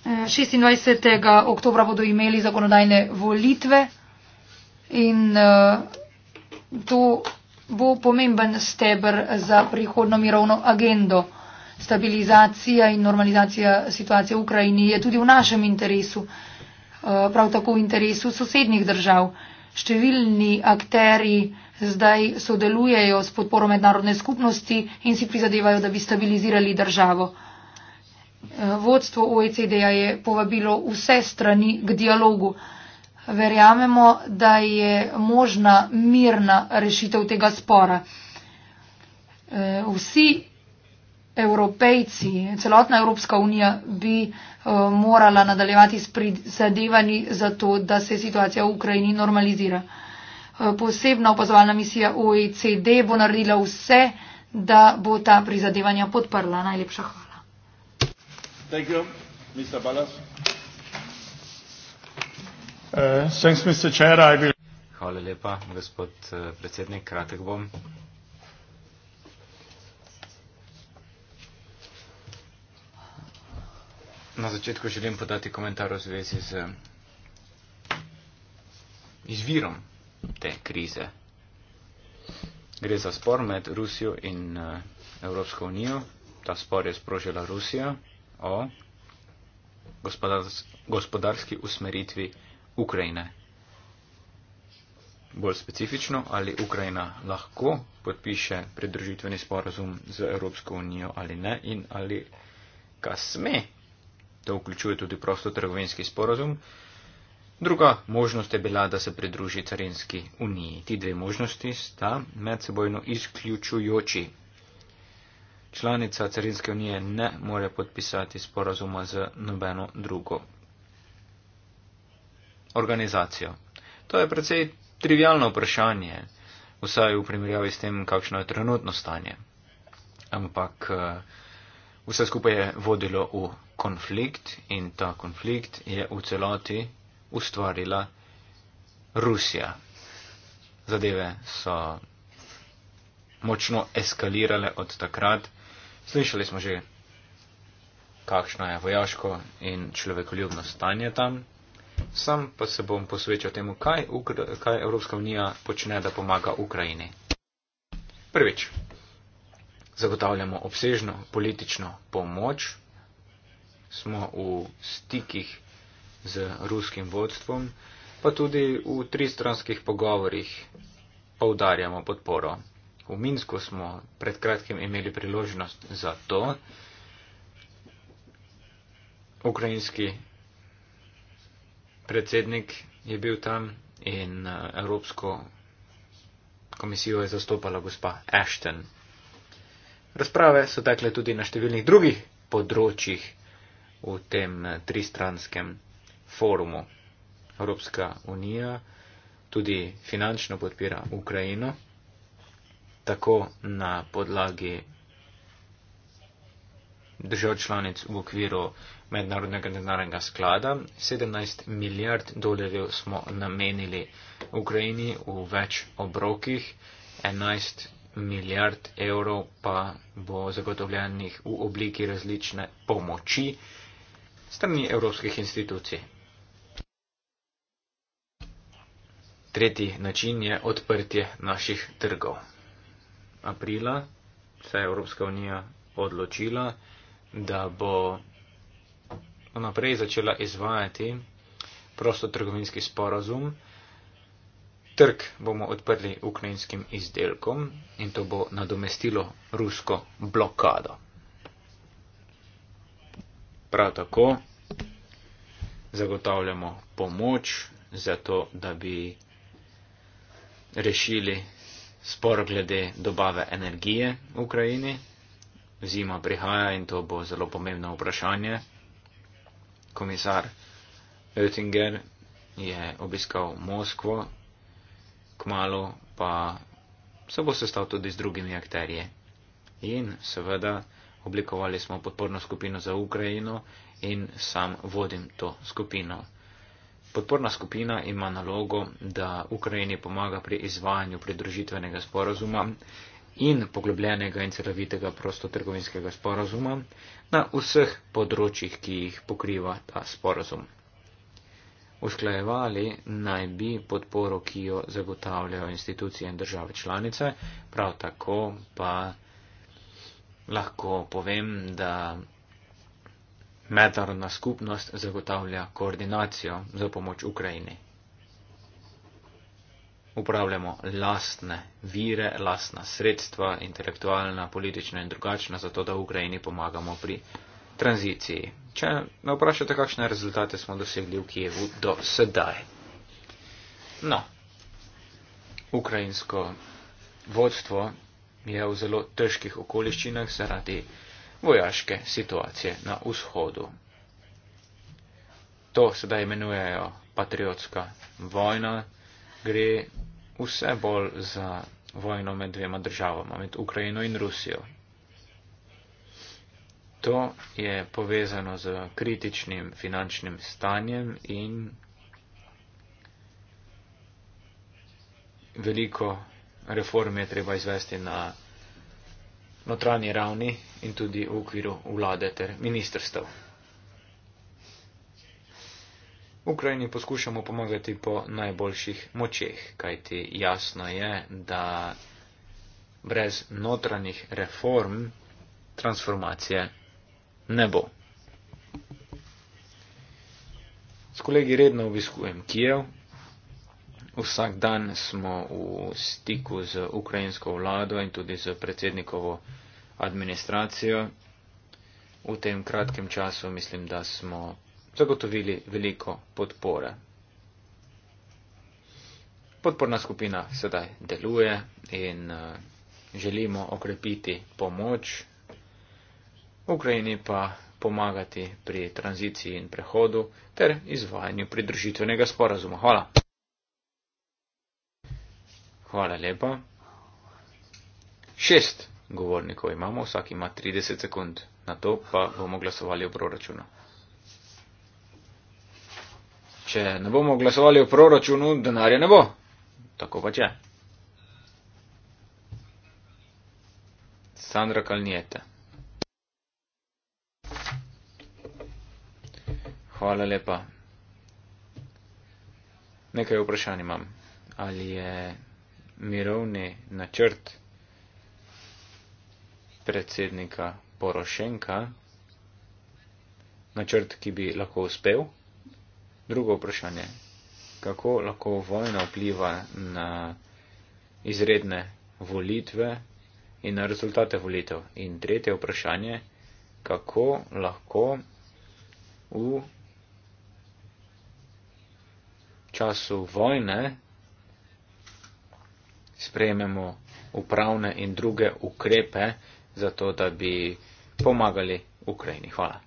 26. Eh, oktobra bodo imeli zakonodajne volitve in uh, to bo pomemben stebr za prihodno mirovno agendo. Stabilizacija in normalizacija situacije v Ukrajini je tudi v našem interesu, eh, prav tako v interesu sosednjih držav. Številni akteri zdaj sodelujejo s podporo mednarodne skupnosti in si prizadevajo, da bi stabilizirali državo. Eh, vodstvo OECD-ja je povabilo vse strani k dialogu verjamemo, da je možna mirna rešitev tega spora. E, vsi evropejci, celotna Evropska unija bi e, morala nadaljevati s prizadevanji za to, da se situacija v Ukrajini normalizira. E, posebna opazovalna misija OECD bo naredila vse, da bo ta prizadevanja podprla. Najlepša hvala. Thank you, Mr. Balas. Hvala lepa, gospod eh, predsednik, kratek bom. Na začetku želim podati komentar v zvezi z izvirom te krize. Gre za spor med Rusijo in eh, Evropsko unijo. Ta spor je sprožila Rusija o gospodarski usmeritvi Evropske unije Ukrajine. Bolj specifično, ali Ukrajina lahko podpiše pridružitveni sporazum z Evropsko unijo ali ne in ali ga sme, to vključuje tudi prostotrgovinski sporazum. Druga možnost je bila, da se pridruži carinski uniji. Ti dve možnosti sta medsebojno izključujoči. Članica carinske unije ne more podpisati sporazuma z nobeno drugo organizacijo? To je precej trivialno vprašanje, vsaj v primerjavi s tem, kakšno je trenutno stanje. Ampak eh, vse skupaj je vodilo v konflikt in ta konflikt je v celoti ustvarila Rusija. Zadeve so močno eskalirale od takrat. Slišali smo že, kakšno je vojaško in človekoljubno stanje tam sam pa se bom posvečal temu, kaj, Ukra kaj Evropska unija počne, da pomaga Ukrajini. Prvič, zagotavljamo obsežno politično pomoč, smo v stikih z ruskim vodstvom, pa tudi v tristranskih pogovorih poudarjamo podporo. V Minsku smo pred kratkim imeli priložnost za to. Ukrajinski predsednik je bil tam in uh, Evropsko komisijo je zastopala gospa Ashton. Razprave so tekle tudi na številnih drugih področjih v tem uh, tristranskem forumu. Evropska unija tudi finančno podpira Ukrajino, tako na podlagi držav članic v okviru Mednarodnega denarnega sklada. 17 milijard dolarjev smo namenili Ukrajini v več obrokih, 11 milijard evrov pa bo zagotovljenih v obliki različne pomoči strani evropskih institucij. Tretji način je odprtje naših trgov. Aprila se je Evropska unija odločila, da bo naprej začela izvajati prostotrgovinski sporazum. Trg bomo odprli ukrajinskim izdelkom in to bo nadomestilo rusko blokado. Prav tako zagotavljamo pomoč za to, da bi rešili spor glede dobave energije v Ukrajini. Zima prihaja in to bo zelo pomembno vprašanje komisar Oettinger je obiskal Moskvo, kmalo pa se bo sestal tudi z drugimi akterje. In seveda oblikovali smo podporno skupino za Ukrajino in sam vodim to skupino. Podporna skupina ima nalogo, da Ukrajini pomaga pri izvajanju pridružitvenega sporazuma in poglobljenega in celovitega prostotrgovinskega sporazuma na vseh področjih, ki jih pokriva ta sporazum. Usklajevali naj bi podporo, ki jo zagotavljajo institucije in države članice, prav tako pa lahko povem, da mednarodna skupnost zagotavlja koordinacijo za pomoč Ukrajini uporabljamo lastne vire, lastna sredstva, intelektualna, politična in drugačna, zato da Ukrajini pomagamo pri tranziciji. Če me vprašate, kakšne rezultate smo dosegli v Kijevu do sedaj. No, ukrajinsko vodstvo je v zelo težkih okoliščinah zaradi vojaške situacije na vzhodu. To sedaj imenujejo patriotska vojna, gre vse bolj za vojno med dvema državama, med Ukrajino in Rusijo. To je povezano z kritičnim finančnim stanjem in veliko reform je treba izvesti na notranji ravni in tudi v okviru vlade ter ministrstv. Ukrajini poskušamo pomagati po najboljših močeh, kajti jasno je, da brez notranjih reform transformacije ne bo. S kolegi redno obiskujem Kijev. Vsak dan smo v stiku z ukrajinsko vlado in tudi z predsednikovo administracijo. V tem kratkem času mislim, da smo zagotovili veliko podpore. Podporna skupina sedaj deluje in eh, želimo okrepiti pomoč Ukrajini pa pomagati pri tranziciji in prehodu ter izvajanju pridružitvenega sporazuma. Hvala. Hvala lepa. Šest govornikov imamo, vsak ima 30 sekund. Na to pa bomo glasovali o proračunu. Če ne bomo glasovali v proračunu, denarja ne bo. Tako pa če. Sandra Kalnijete. Hvala lepa. Nekaj vprašanj imam. Ali je mirovni načrt predsednika Porošenka načrt, ki bi lahko uspel? Drugo vprašanje. Kako lahko vojna vpliva na izredne volitve in na rezultate volitev? In tretje vprašanje. Kako lahko v času vojne sprejmemo upravne in druge ukrepe za to, da bi pomagali Ukrajini? Hvala.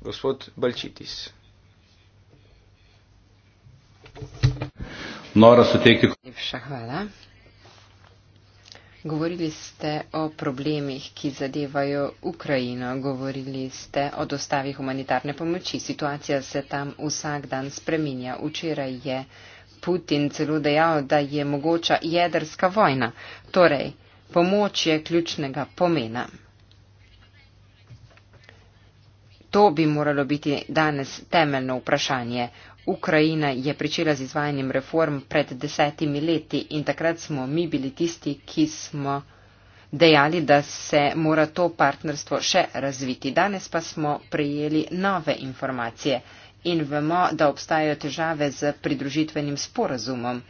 gospod Balčitis. Nora so te, ki. Lepša hvala. Govorili ste o problemih, ki zadevajo Ukrajino, govorili ste o dostavi humanitarne pomoči. Situacija se tam vsak dan spreminja. Včeraj je Putin celo dejal, da je mogoča jedrska vojna. Torej, pomoč je ključnega pomena. To bi moralo biti danes temeljno vprašanje. Ukrajina je pričela z izvajanjem reform pred desetimi leti in takrat smo mi bili tisti, ki smo dejali, da se mora to partnerstvo še razviti. Danes pa smo prejeli nove informacije in vemo, da obstajajo težave z pridružitvenim sporazumom.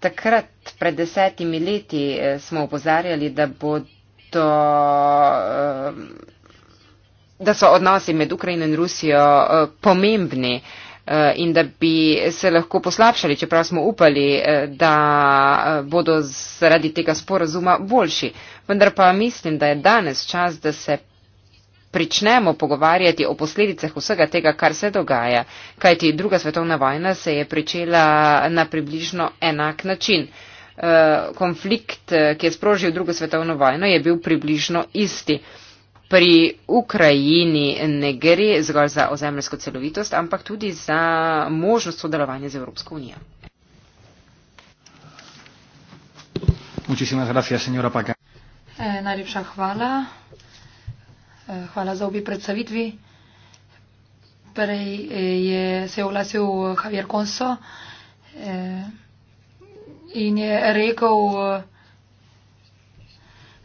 Takrat, pred desetimi leti, eh, smo upozarjali, da bodo. Uh, da so odnosi med Ukrajino in Rusijo eh, pomembni eh, in da bi se lahko poslabšali, čeprav smo upali, eh, da bodo zaradi tega sporazuma boljši. Vendar pa mislim, da je danes čas, da se pričnemo pogovarjati o posledicah vsega tega, kar se dogaja, kajti druga svetovna vojna se je pričela na približno enak način. Konflikt, ki je sprožil drugo svetovno vojno, je bil približno isti pri Ukrajini ne gre zgolj za ozemljsko celovitost, ampak tudi za možnost sodelovanja z Evropsko unijo. Eh, najlepša hvala. Eh, hvala za obi predstavitvi. Prej eh, je se oglasil Javier Konso in je rekel,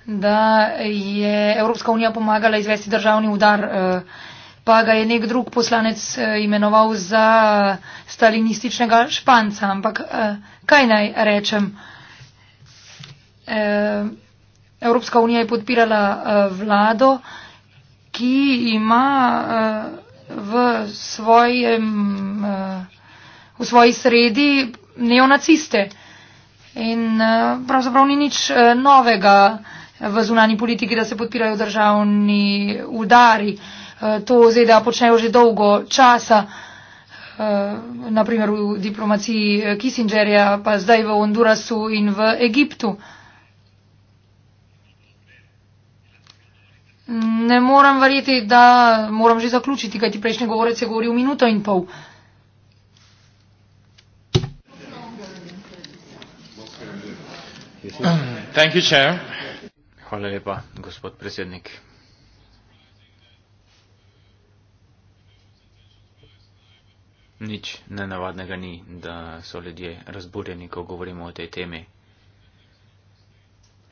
da je Evropska unija pomagala izvesti državni udar, eh, pa ga je nek drug poslanec eh, imenoval za stalinističnega španca. Ampak eh, kaj naj rečem? Evropska unija je podpirala vlado, ki ima v, svojem, v svoji sredi neonaciste. In pravzaprav ni nič novega v zunani politiki, da se podpirajo državni udari. Eh, to ZDA počnejo že dolgo časa, eh, naprimer v diplomaciji eh, Kissingerja, pa zdaj v Hondurasu in v Egiptu. Ne moram verjeti, da moram že zaključiti, kaj ti prejšnji govorec je govoril minuto in pol. Thank you, Chair. Hvala lepa, gospod predsednik. Nič nenavadnega ni, da so ljudje razburjeni, ko govorimo o tej temi.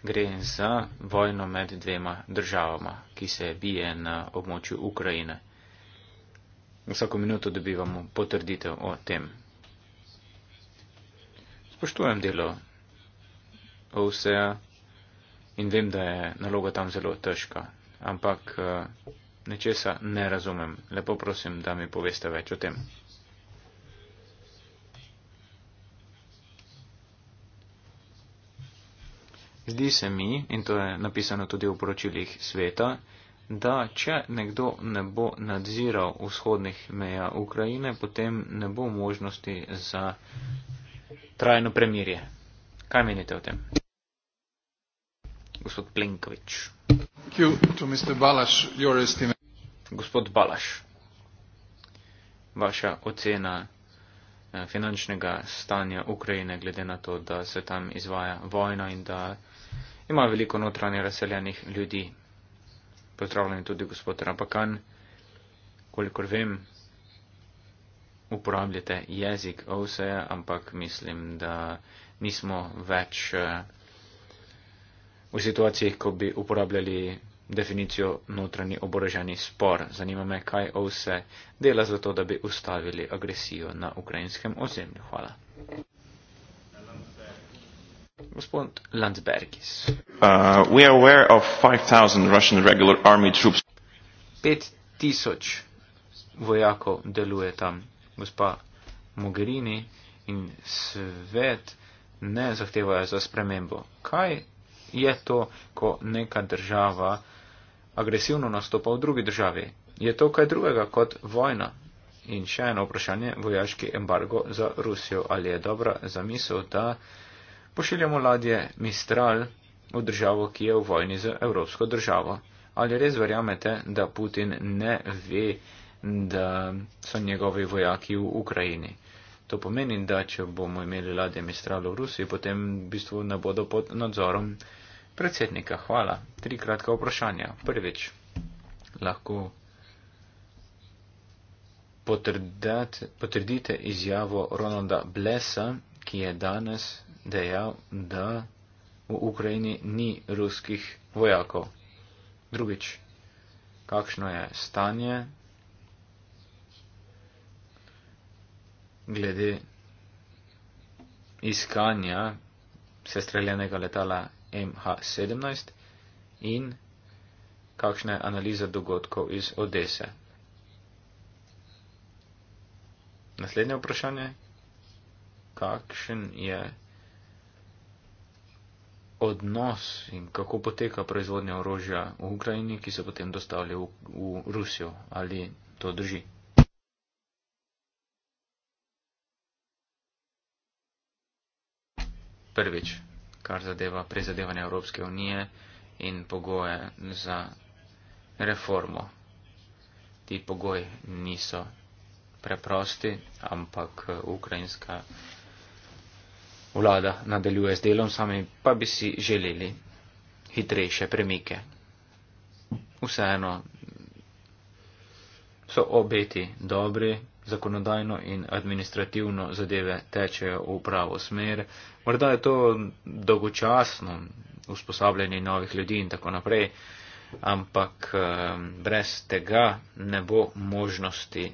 Gre za vojno med dvema državama, ki se bije na območju Ukrajine. Vsako minuto dobivamo potrditev o tem. Spoštujem delo OSEA, in vem, da je naloga tam zelo težka, ampak eh, nečesa ne razumem. Lepo prosim, da mi poveste več o tem. Zdi se mi, in to je napisano tudi v poročilih sveta, da če nekdo ne bo nadziral vzhodnih meja Ukrajine, potem ne bo možnosti za trajno premirje. Kaj menite o tem? gospod Plenković. Gospod Balaš, vaša ocena eh, finančnega stanja Ukrajine, glede na to, da se tam izvaja vojna in da ima veliko notranje razseljenih ljudi. Pozdravljen tudi gospod Rapakan. Kolikor vem, uporabljate jezik OSE, ampak mislim, da nismo več. Uh, v situacijah, ko bi uporabljali definicijo notranji oboroženi spor. Zanima me, kaj vse dela za to, da bi ustavili agresijo na ukrajinskem ozemlju. Hvala. Gospod Landsbergis. Uh, 5000 vojakov deluje tam, gospa Mogherini, in svet ne zahtevajo za spremembo. Kaj je to, ko neka država agresivno nastopa v drugi državi. Je to kaj drugega kot vojna? In še eno vprašanje, vojaški embargo za Rusijo. Ali je dobra zamisel, da pošiljamo ladje Mistral v državo, ki je v vojni z Evropsko državo? Ali res verjamete, da Putin ne ve, da so njegovi vojaki v Ukrajini? To pomeni, da če bomo imeli ladje Mistral v Rusiji, potem v bistvu ne bodo pod nadzorom Predsednika, hvala. Tri kratka vprašanja. Prvič, lahko potrdite izjavo Ronalda Blesa, ki je danes dejal, da v Ukrajini ni ruskih vojakov. Drugič, kakšno je stanje glede iskanja sestreljenega letala MH17 in kakšna je analiza dogodkov iz Odese. Naslednje vprašanje. Kakšen je odnos in kako poteka proizvodnja orožja v Ukrajini, ki se potem dostavlja v, v Rusijo? Ali to drži? Prvič, kar zadeva prizadevanje Evropske unije in pogoje za reformo. Ti pogoji niso preprosti, ampak eh, ukrajinska vlada nadaljuje z delom, sami pa bi si želeli hitrejše premike. Vseeno so obeti dobri zakonodajno in administrativno zadeve tečejo v pravo smer. Morda je to dolgočasno usposabljanje novih ljudi in tako naprej, ampak eh, brez tega ne bo možnosti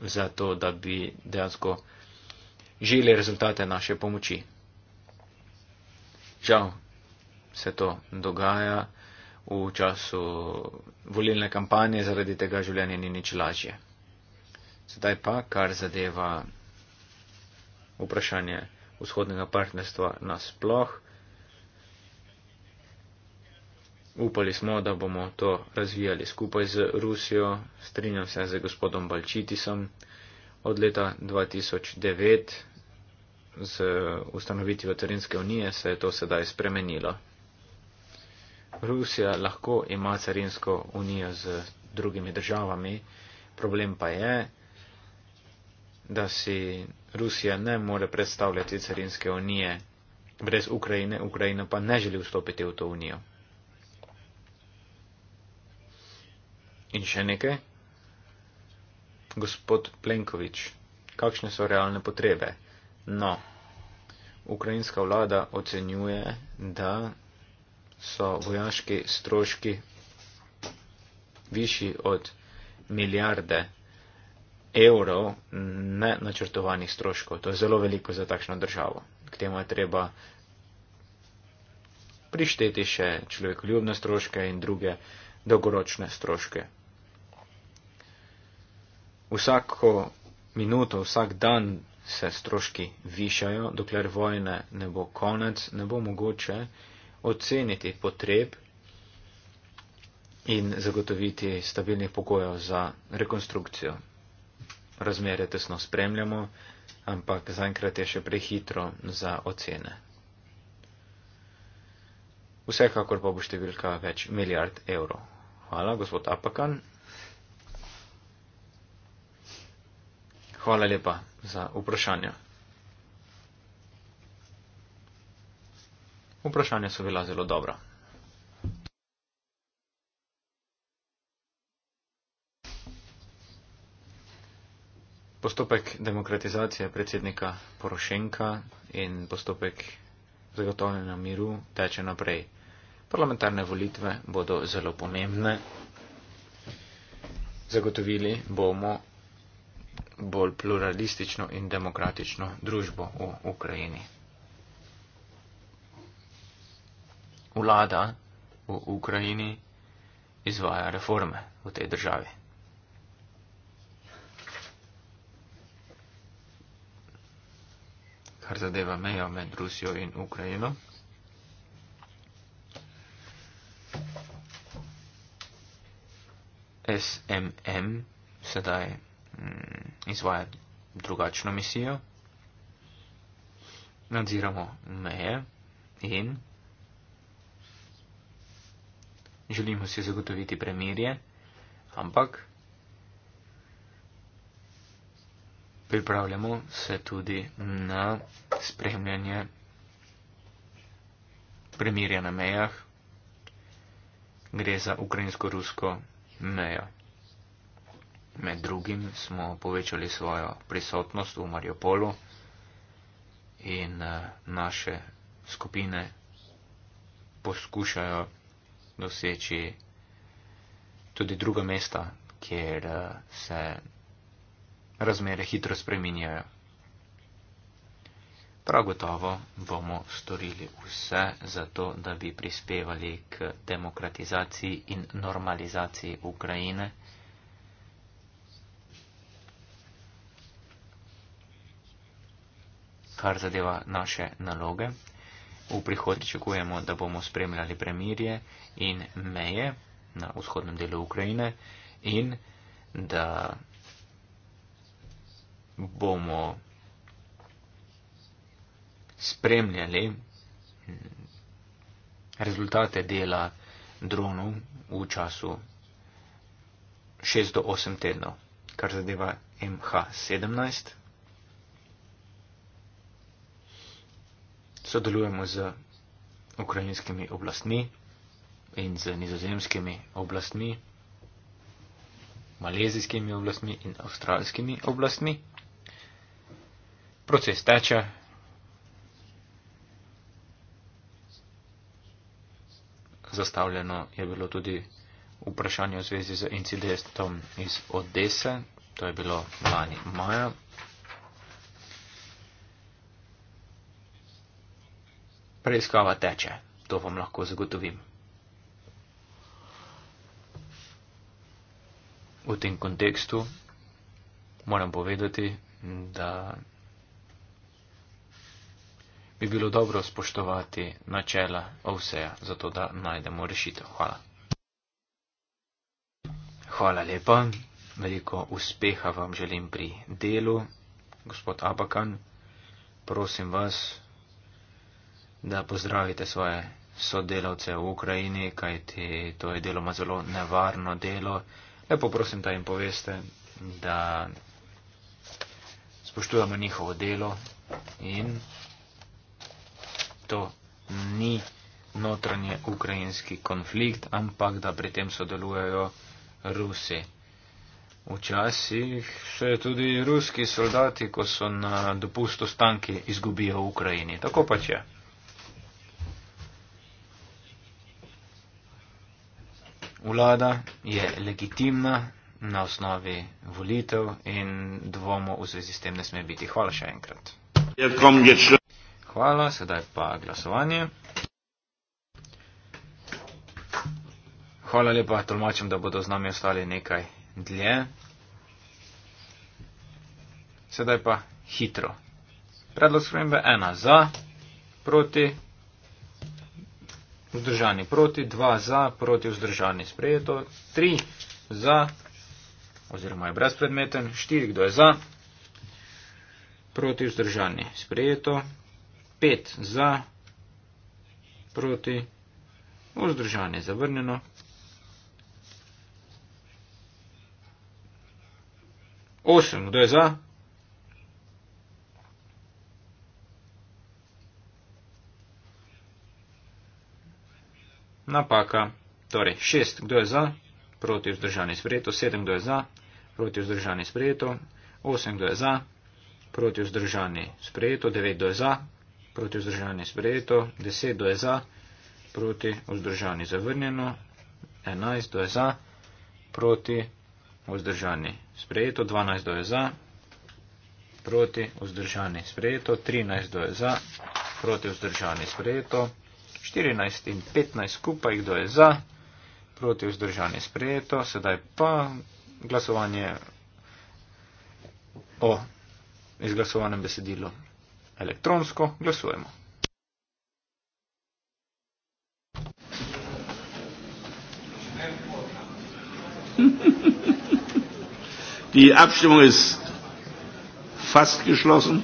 za to, da bi dejansko želi rezultate naše pomoči. Žal se to dogaja v času volilne kampanje, zaradi tega življenje ni nič lažje. Sedaj pa, kar zadeva vprašanje vzhodnega partnerstva nasploh, upali smo, da bomo to razvijali skupaj z Rusijo, strinjam se z gospodom Balčitisom, od leta 2009 z ustanovitvijo Carinske unije se je to sedaj spremenilo. Rusija lahko ima carinsko unijo z drugimi državami, problem pa je, da si Rusija ne more predstavljati carinske unije brez Ukrajine, Ukrajina pa ne želi vstopiti v to unijo. In še nekaj. Gospod Plenkovič, kakšne so realne potrebe? No, ukrajinska vlada ocenjuje, da so vojaški stroški višji od milijarde evrov ne načrtovanih stroškov. To je zelo veliko za takšno državo. K temu je treba prišteti še človekoljubne stroške in druge dolgoročne stroške. Vsako minuto, vsak dan se stroški višajo, dokler vojne ne bo konec, ne bo mogoče oceniti potreb in zagotoviti stabilnih pogojev za rekonstrukcijo razmere tesno spremljamo, ampak zaenkrat je še prehitro za ocene. Vsekakor pa bo številka več milijard evrov. Hvala, gospod Apakan. Hvala lepa za vprašanja. Vprašanja so bila zelo dobra. Postopek demokratizacije predsednika Porošenka in postopek zagotovljena miru teče naprej. Parlamentarne volitve bodo zelo pomembne. Zagotovili bomo bolj pluralistično in demokratično družbo v Ukrajini. Vlada v Ukrajini izvaja reforme v tej državi. kar zadeva mejo med Rusijo in Ukrajino. SMM sedaj mm, izvaja drugačno misijo. Nadziramo meje in želimo si zagotoviti premirje, ampak pripravljamo se tudi na spremljanje premirja na mejah. Gre za ukrajinsko-rusko mejo. Med drugim smo povečali svojo prisotnost v Mariupolu in eh, naše skupine poskušajo doseči tudi druga mesta, kjer eh, se razmere hitro spreminjajo. Prav gotovo bomo storili vse za to, da bi prispevali k demokratizaciji in normalizaciji Ukrajine. Kar zadeva naše naloge, v prihodnje kujemo, da bomo spremljali premirje in meje na vzhodnem delu Ukrajine in da bomo spremljali rezultate dela dronov v času 6 do 8 tednov, kar zadeva MH17. Sodelujemo z ukrajinskimi oblastmi in z nizozemskimi oblastmi, malezijskimi oblastmi in avstralskimi oblastmi proces teče. Zastavljeno je bilo tudi vprašanje v zvezi z incidentom iz Odese, to je bilo lani maja. Preiskava teče, to vam lahko zagotovim. V tem kontekstu moram povedati, da bi bilo dobro spoštovati načela Ovseja, zato da najdemo rešitev. Hvala. Hvala lepa, veliko uspeha vam želim pri delu, gospod Abakan. Prosim vas, da pozdravite svoje sodelavce v Ukrajini, kajti to je deloma zelo nevarno delo. Lepo prosim, da jim poveste, da spoštujemo njihovo delo in to ni notranje ukrajinski konflikt, ampak da pri tem sodelujejo Rusi. Včasih še tudi ruski soldati, ko so na dopustu stanki, izgubijo v Ukrajini. Tako pač je. Vlada je legitimna na osnovi volitev in dvomo v zvezi s tem ne sme biti. Hvala še enkrat. Hvala, sedaj pa glasovanje. Hvala lepa, tolmačem, da bodo z nami ostali nekaj dlje. Sedaj pa hitro. Predlog spremembe 1 za, proti, vzdržani proti, 2 za, proti, vzdržani sprejeto, 3 za, oziroma je brezpredmeten, 4 kdo je za, proti, vzdržani sprejeto. 5 za, proti, vzdržanje zavrnjeno. Osem, kdo je za? Napaka, torej šest, kdo je za? Proti vzdržani sprejeto, sedem, kdo je za? Proti vzdržani sprejeto, osem, kdo je za? Proti vzdržani sprejeto, devet, kdo je za? proti vzdržanju sprejeto, 10 do je za, proti vzdržanju zavrnjeno, 11 do je za, proti vzdržanju sprejeto, 12 do je za, proti vzdržanju sprejeto, 13 do je za, proti vzdržanju sprejeto, 14 in 15 skupaj kdo je za, proti vzdržanju sprejeto, sedaj pa glasovanje o izglasovanem besedilu elektronsko glasujemo. (laughs) Die Abstimmung ist fast geschlossen.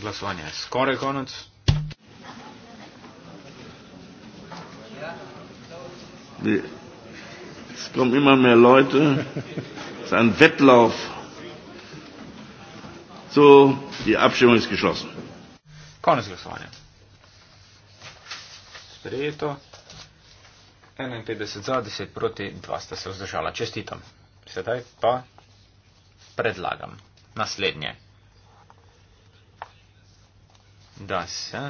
Glasovanje je skoraj konec. Es kommen immer mehr Leute. Es ist ein Wettlauf. So, die Abstimmung ist geschlossen. Konec glasovanja. Sprejeto. 51 za, 10 proti, 2 sta se vzdržala. Čestitam. Sedaj pa predlagam naslednje. Da se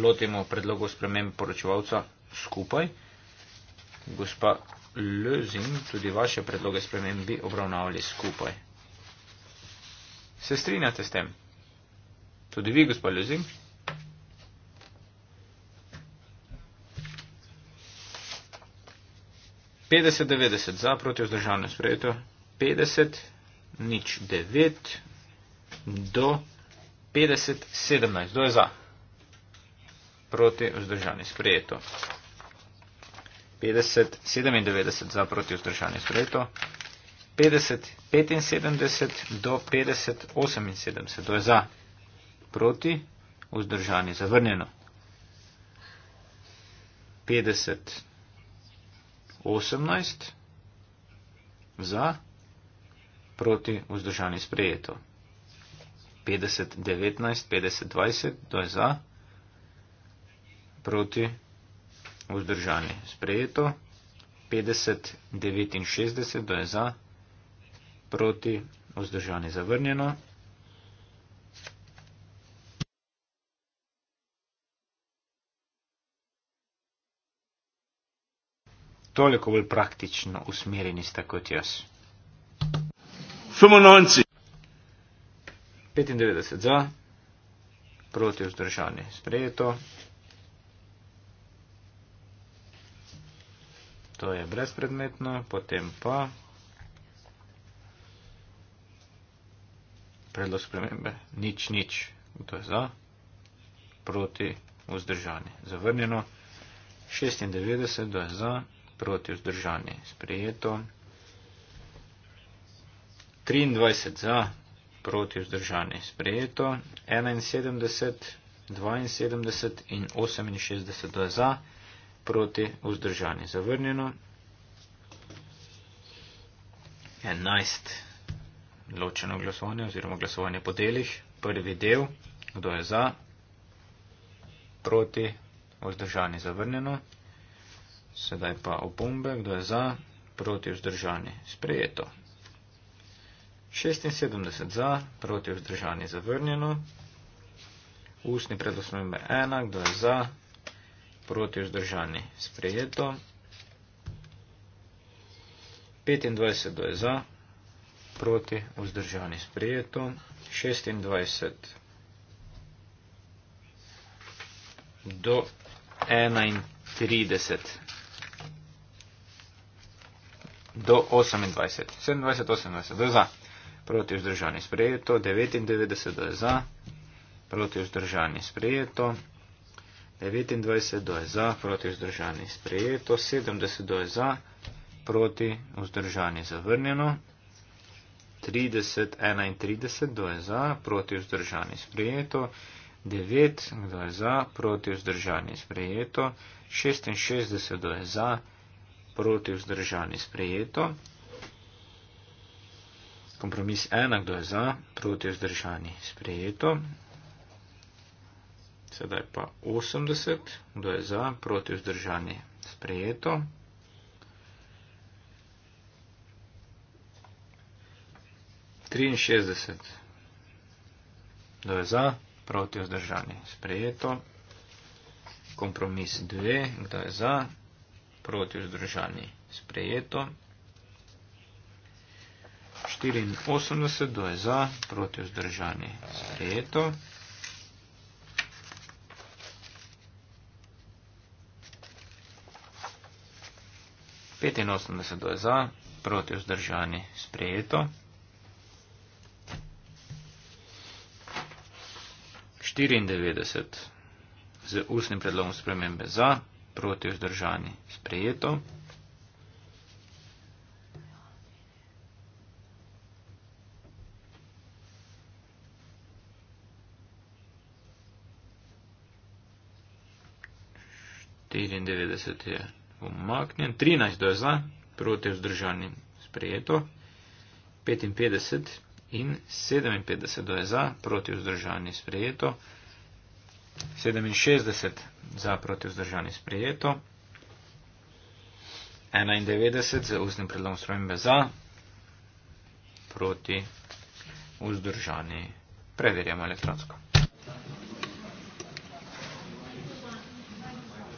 lotimo predlogov sprememb poročevalca skupaj. Gospa Lezin, tudi vaše predloge sprememb bi obravnavali skupaj. Se strinjate s tem? Tudi vi, gospod Ljuzin? Petdeset devetdeset za proti vzdržavnem sprejetju, petdeset nič devet do petdeset sedemnajst. Kdo je za proti vzdržavnem sprejetju? Petdeset sedemindevetdeset za proti vzdržavnem sprejetju, petdeset 75 do 50, 78, to je za, proti, vzdržani, zavrnjeno. 50, 18, za, proti, vzdržani, sprejeto. 50, 19, 50, 20, to je za, proti, vzdržani, sprejeto. 50, 69, to je za, proti, vzdržani, sprejeto proti, vzdržani zavrnjeno. Toliko bolj praktično usmerjeni ste kot jaz. Samo nonci. 95 za, proti vzdržani sprejeto. To je brezpredmetno, potem pa. predlog spremembe, nič, nič, kdo je za, proti, vzdržani, zavrnjeno, 96, kdo je za, proti, vzdržani, sprejeto, 23 za, proti, vzdržani, sprejeto, 71, 72 in 68, kdo je za, proti, vzdržani, zavrnjeno, 11 ločeno glasovanje oziroma glasovanje po delih. Prvi del, kdo je za, proti, vzdržani, zavrnjeno. Sedaj pa opombe, kdo je za, proti, vzdržani, sprejeto. 76 za, proti, vzdržani, zavrnjeno. Ustni predlog smembe 1, kdo je za, proti, vzdržani, sprejeto. 25 do je za, proti, vzdržani sprejeto, 26 do 31 do 28, 27, 28, do za, proti, vzdržani sprejeto, 99 do za, proti, vzdržani sprejeto, 29 do za, proti, vzdržani sprejeto, 70 do za, proti, vzdržani zavrnjeno. 30, 31, kdo je za, proti vzdržani sprejeto, 9, kdo je za, proti vzdržani sprejeto, 66, kdo je za, proti vzdržani sprejeto, kompromis 1, kdo je za, proti vzdržani sprejeto, sedaj pa 80, kdo je za, proti vzdržani sprejeto. 63. Kdo je za? Proti vzdržani. Sprejeto. Kompromis 2. Kdo je za? Proti vzdržani. Sprejeto. 84. Kdo je za? Proti vzdržani. Sprejeto. 85. Kdo je za? Proti vzdržani. Sprejeto. 94 z ustnim predlogom spremembe za, proti vzdržani sprejeto. je umaknjen, 13 do je za, proti vzdržanim sprejeto, 55 in 57 je za, proti vzdržani sprejeto, 67 za, proti vzdržani sprejeto, 91 za ustnim predlogom spremembe za, proti vzdržani. Preverjamo elektronsko.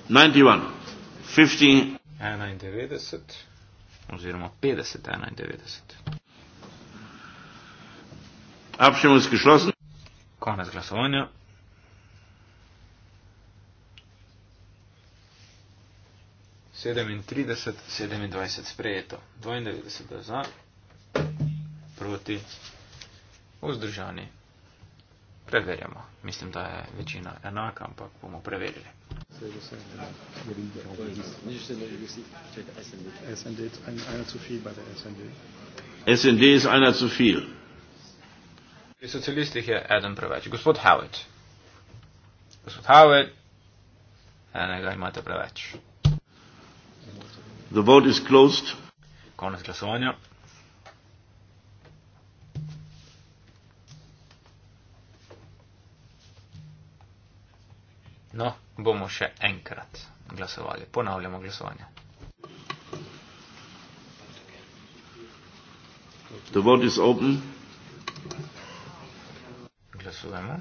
91, 50. 91 oziroma 50, 91. Abstimmungsgeschlossen. Konrad Glasovanja. Sedemintrideset, sedemindvajset sprejeto, dvajindevetdeset za, proti, vzdržani. Preverjamo. Mislim, da je večina enaka, ampak bomo preverili. SND je ena zu viel. SND je ena zu viel pri socialistih je eden preveč. Gospod Howard. Gospod Howard, enega imate preveč. The vote is closed. Konec glasovanja. No, bomo še enkrat glasovali. Ponavljamo glasovanje. The vote is open. Glasujemo.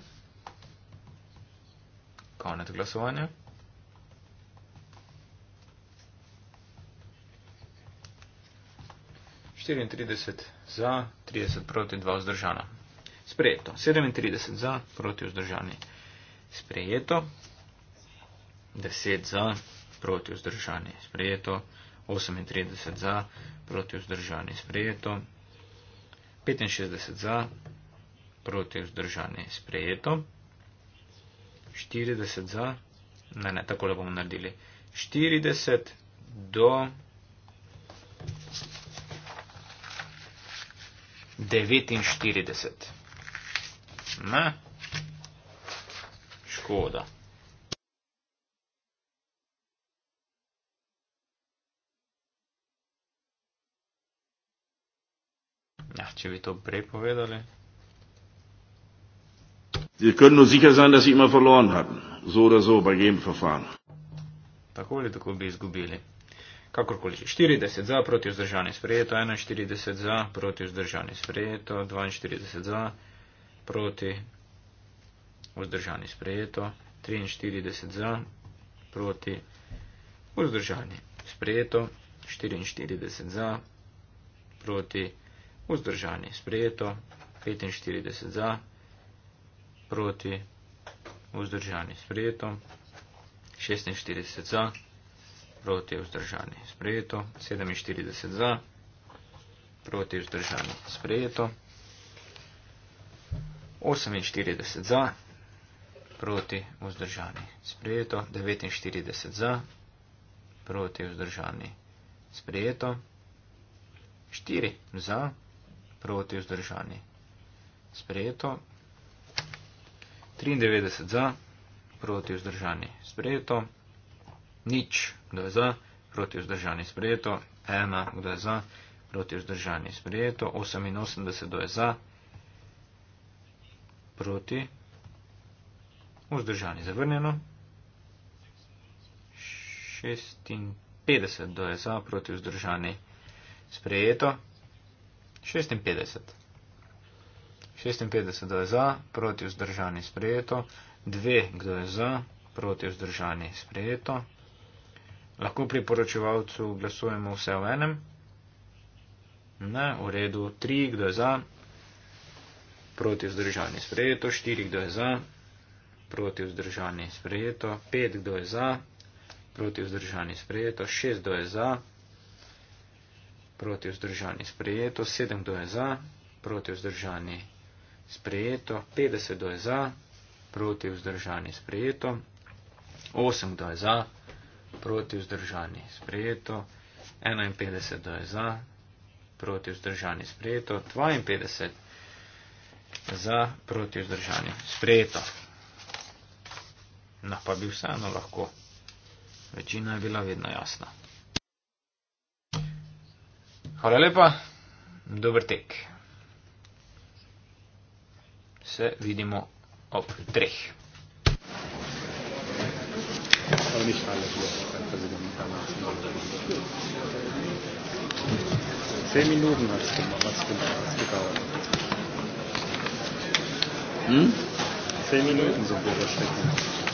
Konec glasovanja. Štiriintrideset za, trideset proti, dva vzdržana. Sprejeto. Sedemintrideset za, proti vzdržani. Sprejeto. Deset za, proti vzdržani. Sprejeto. Osemintrideset za, proti vzdržani. Sprejeto. Petinšestdeset za, proti vzdržanje sprejeto. 40 za, ne, ne, tako le bomo naredili. 40 do 49. Ne, škoda. Ja, če bi to prej povedali. Sie können nur sicher sein, dass Sie immer verloren hatten. So oder so, bei jedem Verfahren. Tako ali tako bi izgubili. Kakorkoli, 40 za proti vzdržani sprejeto, 41 za proti vzdržani sprejeto, 42 za proti vzdržani sprejeto, 43 za proti vzdržani sprejeto, 44 za proti vzdržani sprejeto, 45 za proti vzdržani sprejeto proti, vzdržani sprejeto, 46 za, proti, vzdržani sprejeto, 47 za, proti, vzdržani sprejeto, 48 za, proti, vzdržani sprejeto, 49 za, proti, vzdržani sprejeto, 4 za, proti, vzdržani sprejeto, 93 za, proti vzdržani sprejeto, nič, kdo je za, proti vzdržani sprejeto, ena, kdo je za, proti vzdržani sprejeto, 88, kdo je za, proti vzdržani zavrnjeno, 56, kdo je za, proti vzdržani sprejeto, 56. 56 kdo je za, proti vzdržani sprejeto, 2 kdo je za, proti vzdržani sprejeto. Lahko pri poročevalcu glasujemo vse v enem. Ne, v redu 3 kdo je za, proti vzdržani sprejeto, 4 kdo je za, proti vzdržani sprejeto, 5 kdo je za, proti vzdržani sprejeto, 6 kdo je za, proti vzdržani sprejeto, 7 kdo je za, proti vzdržani sprejeto sprejeto, 50 do je za, proti vzdržani sprejeto, 8 do je za, proti vzdržani sprejeto, 51 do je za, proti vzdržani sprejeto, 52 za, proti vzdržani sprejeto. No, pa bi vseeno lahko. Večina je bila vedno jasna. Hvala lepa, dober tek se vidimo ob treh. Zehn Minuten hat es gedauert. Zehn hm? Minuten so gut erschreckend.